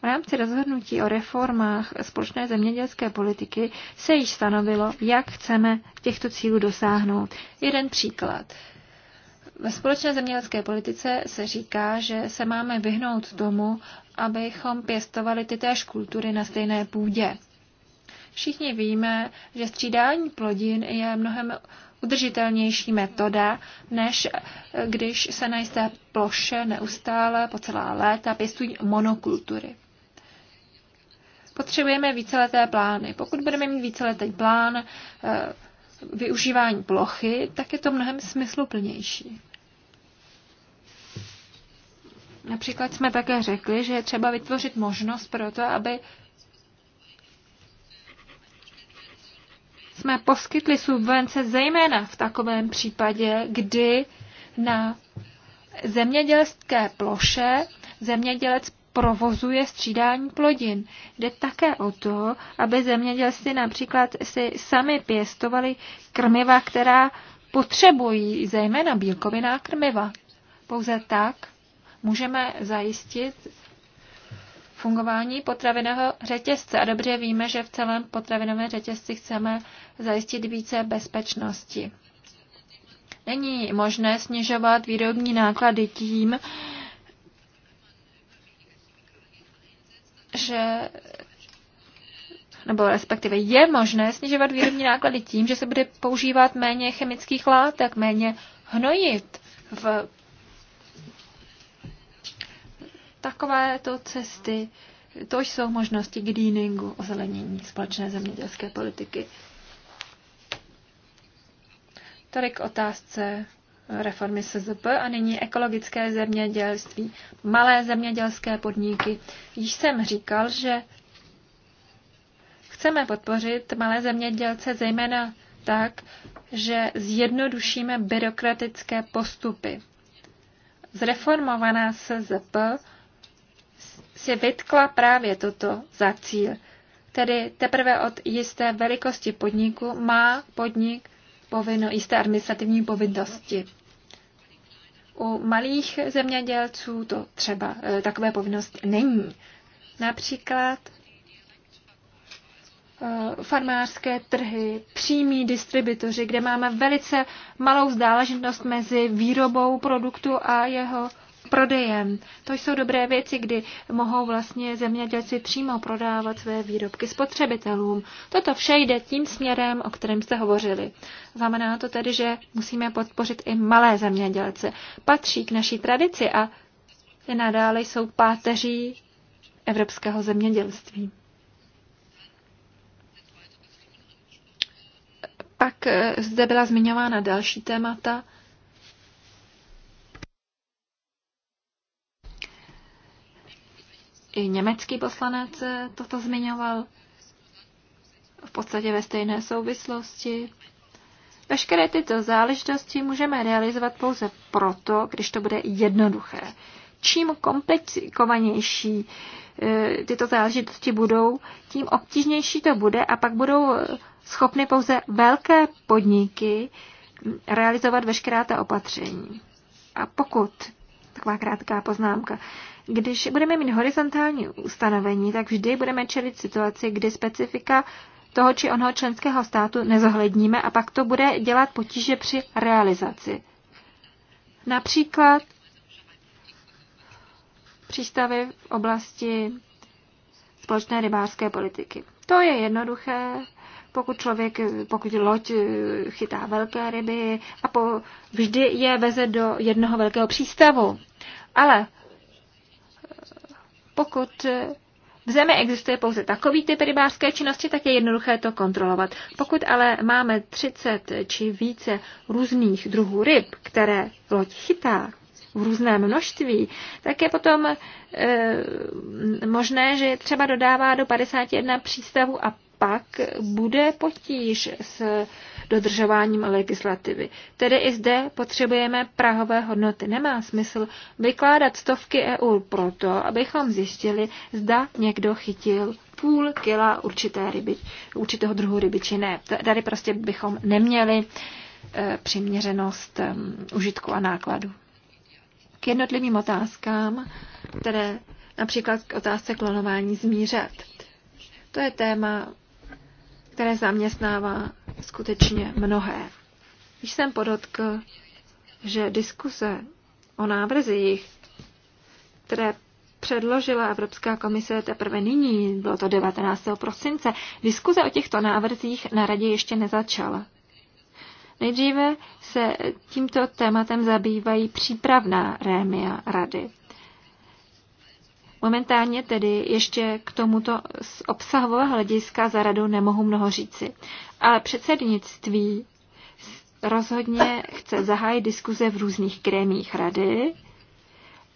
V rámci rozhodnutí o reformách společné zemědělské politiky se již stanovilo, jak chceme těchto cílů dosáhnout. Jeden příklad. Ve společné zemědělské politice se říká, že se máme vyhnout tomu, abychom pěstovali ty též kultury na stejné půdě. Všichni víme, že střídání plodin je mnohem udržitelnější metoda, než když se na jisté ploše neustále po celá léta pěstují monokultury. Potřebujeme víceleté plány. Pokud budeme mít víceletý plán eh, využívání plochy, tak je to mnohem smysluplnější. Například jsme také řekli, že je třeba vytvořit možnost pro to, aby jsme poskytli subvence zejména v takovém případě, kdy na zemědělské ploše zemědělec provozuje střídání plodin. Jde také o to, aby zemědělci například si sami pěstovali krmiva, která potřebují, zejména bílkoviná krmiva. Pouze tak můžeme zajistit fungování potravinového řetězce. A dobře víme, že v celém potravinovém řetězci chceme zajistit více bezpečnosti. Není možné snižovat výrobní náklady tím, že nebo respektive je možné snižovat výrobní náklady tím, že se bude používat méně chemických látek, méně hnojit v takovéto cesty. To jsou možnosti greeningu, ozelenění společné zemědělské politiky. k otázce reformy SZP a nyní ekologické zemědělství, malé zemědělské podniky. Již jsem říkal, že chceme podpořit malé zemědělce zejména tak, že zjednodušíme byrokratické postupy. Zreformovaná SZP si vytkla právě toto za cíl. Tedy teprve od jisté velikosti podniku má podnik povinno, jisté administrativní povinnosti. U malých zemědělců to třeba eh, takové povinnost není. Například eh, farmářské trhy, přímí distributoři, kde máme velice malou vzdáležitost mezi výrobou produktu a jeho prodejem. To jsou dobré věci, kdy mohou vlastně zemědělci přímo prodávat své výrobky spotřebitelům. Toto vše jde tím směrem, o kterém jste hovořili. Znamená to tedy, že musíme podpořit i malé zemědělce. Patří k naší tradici a i nadále jsou páteří evropského zemědělství. Pak eh, zde byla zmiňována další témata, I německý poslanec toto zmiňoval v podstatě ve stejné souvislosti. Veškeré tyto záležitosti můžeme realizovat pouze proto, když to bude jednoduché. Čím komplikovanější e, tyto záležitosti budou, tím obtížnější to bude a pak budou schopny pouze velké podniky realizovat veškerá ta opatření. A pokud taková krátká poznámka. Když budeme mít horizontální ustanovení, tak vždy budeme čelit situaci, kdy specifika toho či onoho členského státu nezohledníme a pak to bude dělat potíže při realizaci. Například přístavy v oblasti společné rybářské politiky. To je jednoduché, pokud člověk, pokud loď chytá velké ryby a po, vždy je veze do jednoho velkého přístavu. Ale pokud v zemi existuje pouze takový typ rybářské činnosti, tak je jednoduché to kontrolovat. Pokud ale máme 30 či více různých druhů ryb, které loď chytá v různém množství, tak je potom e, možné, že třeba dodává do 51 přístavů a pak bude potíž s dodržováním legislativy. Tedy i zde potřebujeme prahové hodnoty. Nemá smysl vykládat stovky EU proto, abychom zjistili, zda někdo chytil půl kila určité ryby, určitého druhu ryby, či ne. Tady prostě bychom neměli e, přiměřenost e, užitku a nákladu. K jednotlivým otázkám, které například k otázce klonování zmířat. To je téma, které zaměstnává skutečně mnohé. Když jsem podotkl, že diskuse o návrzích, které předložila Evropská komise teprve nyní, bylo to 19. prosince, diskuze o těchto návrzích na radě ještě nezačala. Nejdříve se tímto tématem zabývají přípravná rémia rady. Momentálně tedy ještě k tomuto z obsahového hlediska za radu nemohu mnoho říci. Ale předsednictví rozhodně chce zahájit diskuze v různých krémích rady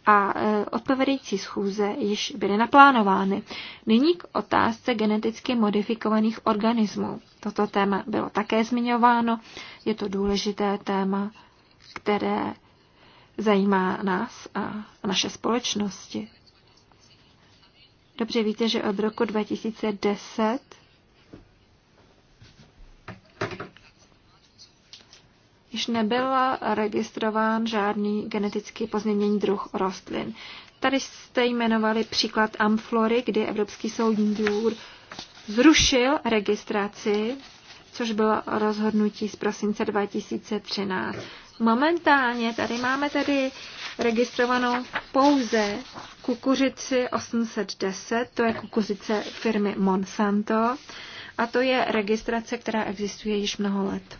a e, odpovědající schůze již byly naplánovány. Nyní k otázce geneticky modifikovaných organismů. Toto téma bylo také zmiňováno, je to důležité téma, které zajímá nás a naše společnosti. Dobře víte, že od roku 2010 již nebyl registrován žádný geneticky pozměněný druh rostlin. Tady jste jmenovali příklad Amflory, kdy Evropský soudní důr zrušil registraci, což bylo rozhodnutí z prosince 2013. Momentálně tady máme tedy registrovanou pouze kukuřici 810, to je kukuřice firmy Monsanto a to je registrace, která existuje již mnoho let.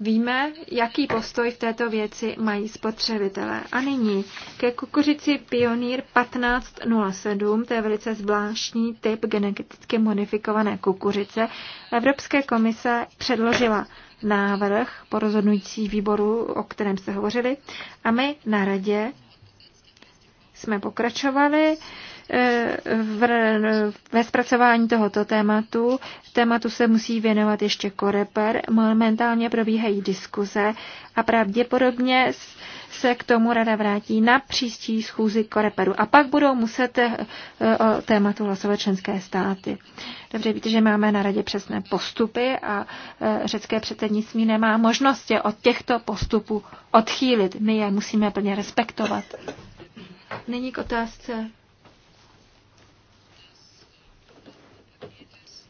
Víme, jaký postoj v této věci mají spotřebitelé. A nyní ke kukuřici Pionýr 1507, to je velice zvláštní typ geneticky modifikované kukuřice. Evropské komise předložila návrh po rozhodnutí výboru, o kterém jste hovořili, a my na radě jsme pokračovali eh, v, ve zpracování tohoto tématu. Tématu se musí věnovat ještě koreper. Momentálně probíhají diskuze a pravděpodobně se k tomu rada vrátí na příští schůzi koreperu. A pak budou muset eh, o tématu hlasovat členské státy. Dobře, víte, že máme na radě přesné postupy a eh, řecké předsednictví nemá možnosti od těchto postupů odchýlit. My je musíme plně respektovat. Nyní k otázce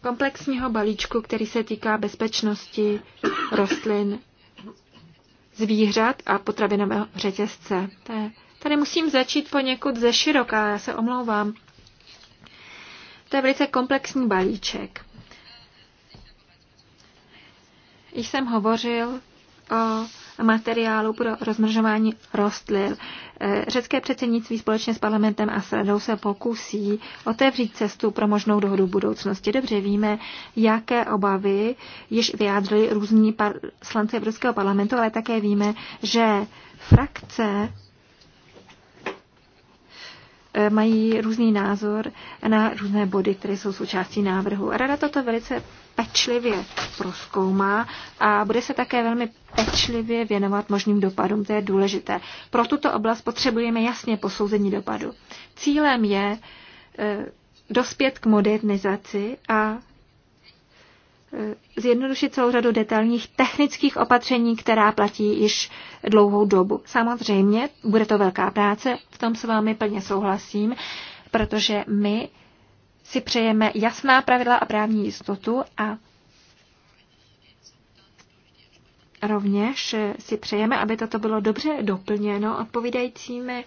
komplexního balíčku, který se týká bezpečnosti rostlin, zvířat a potravinového řetězce. Tady musím začít poněkud ze široká, já se omlouvám. To je velice komplexní balíček. Již jsem hovořil o materiálu pro rozmržování rostlin. Eh, Řecké předsednictví společně s parlamentem a s se pokusí otevřít cestu pro možnou dohodu v budoucnosti. Dobře víme, jaké obavy již vyjádřili různí poslanci Evropského parlamentu, ale také víme, že frakce E, mají různý názor na různé body, které jsou součástí návrhu. Rada toto velice pečlivě proskoumá a bude se také velmi pečlivě věnovat možným dopadům, to je důležité. Pro tuto oblast potřebujeme jasně posouzení dopadu. Cílem je e, dospět k modernizaci a Eh, zjednodušit celou řadu detailních technických opatření, která platí již dlouhou dobu. Samozřejmě bude to velká práce, v tom s vámi plně souhlasím, protože my si přejeme jasná pravidla a právní jistotu a rovněž si přejeme, aby toto bylo dobře doplněno odpovídajícími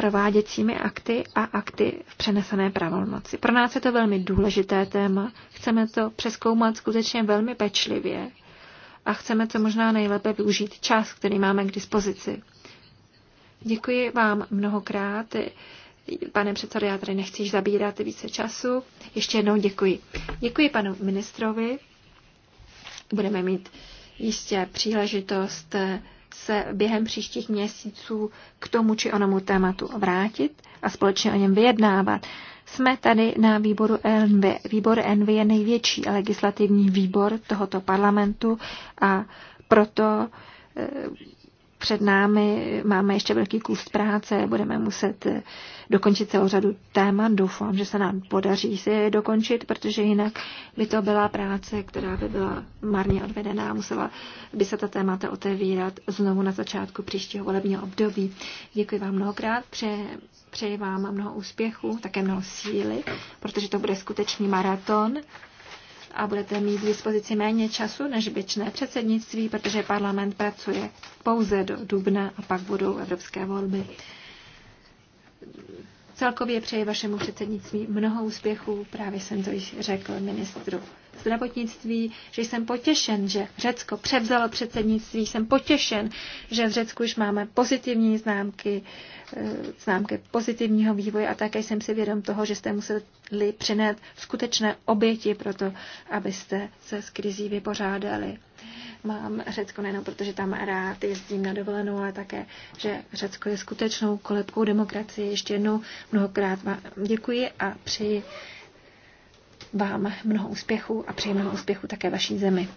prováděcími akty a akty v přenesené pravomoci. Pro nás je to velmi důležité téma, chceme to přeskoumat skutečně velmi pečlivě a chceme to možná nejlépe využít čas, který máme k dispozici. Děkuji vám mnohokrát. Pane předsedo, já tady nechci zabírat více času. Ještě jednou děkuji. Děkuji panu ministrovi. Budeme mít jistě příležitost se během příštích měsíců k tomu či onomu tématu vrátit a společně o něm vyjednávat. Jsme tady na výboru NV. Výbor NV je největší legislativní výbor tohoto parlamentu a proto eh, před námi máme ještě velký kus práce, budeme muset eh, dokončit celou řadu témat. Doufám, že se nám podaří si je dokončit, protože jinak by to byla práce, která by byla marně odvedená. Musela by se ta témata otevírat znovu na začátku příštího volebního období. Děkuji vám mnohokrát, přeji, přeji vám mnoho úspěchu, také mnoho síly, protože to bude skutečný maraton a budete mít k dispozici méně času než běžné předsednictví, protože parlament pracuje pouze do dubna a pak budou evropské volby. Celkově přeji vašemu předsednictví mnoho úspěchů, právě jsem to již řekl ministru zdravotnictví, že jsem potěšen, že Řecko převzalo předsednictví, jsem potěšen, že v Řecku už máme pozitivní známky, eh, známky pozitivního vývoje a také jsem si vědom toho, že jste museli přinést skutečné oběti pro to, abyste se s krizí vypořádali. Mám Řecko nejenom protože tam rád jezdím na dovolenou, ale také, že Řecko je skutečnou kolebkou demokracie. Ještě jednou mnohokrát vám děkuji a přeji vám mnoho úspěchů a přeji mnoho úspěchů také vaší zemi.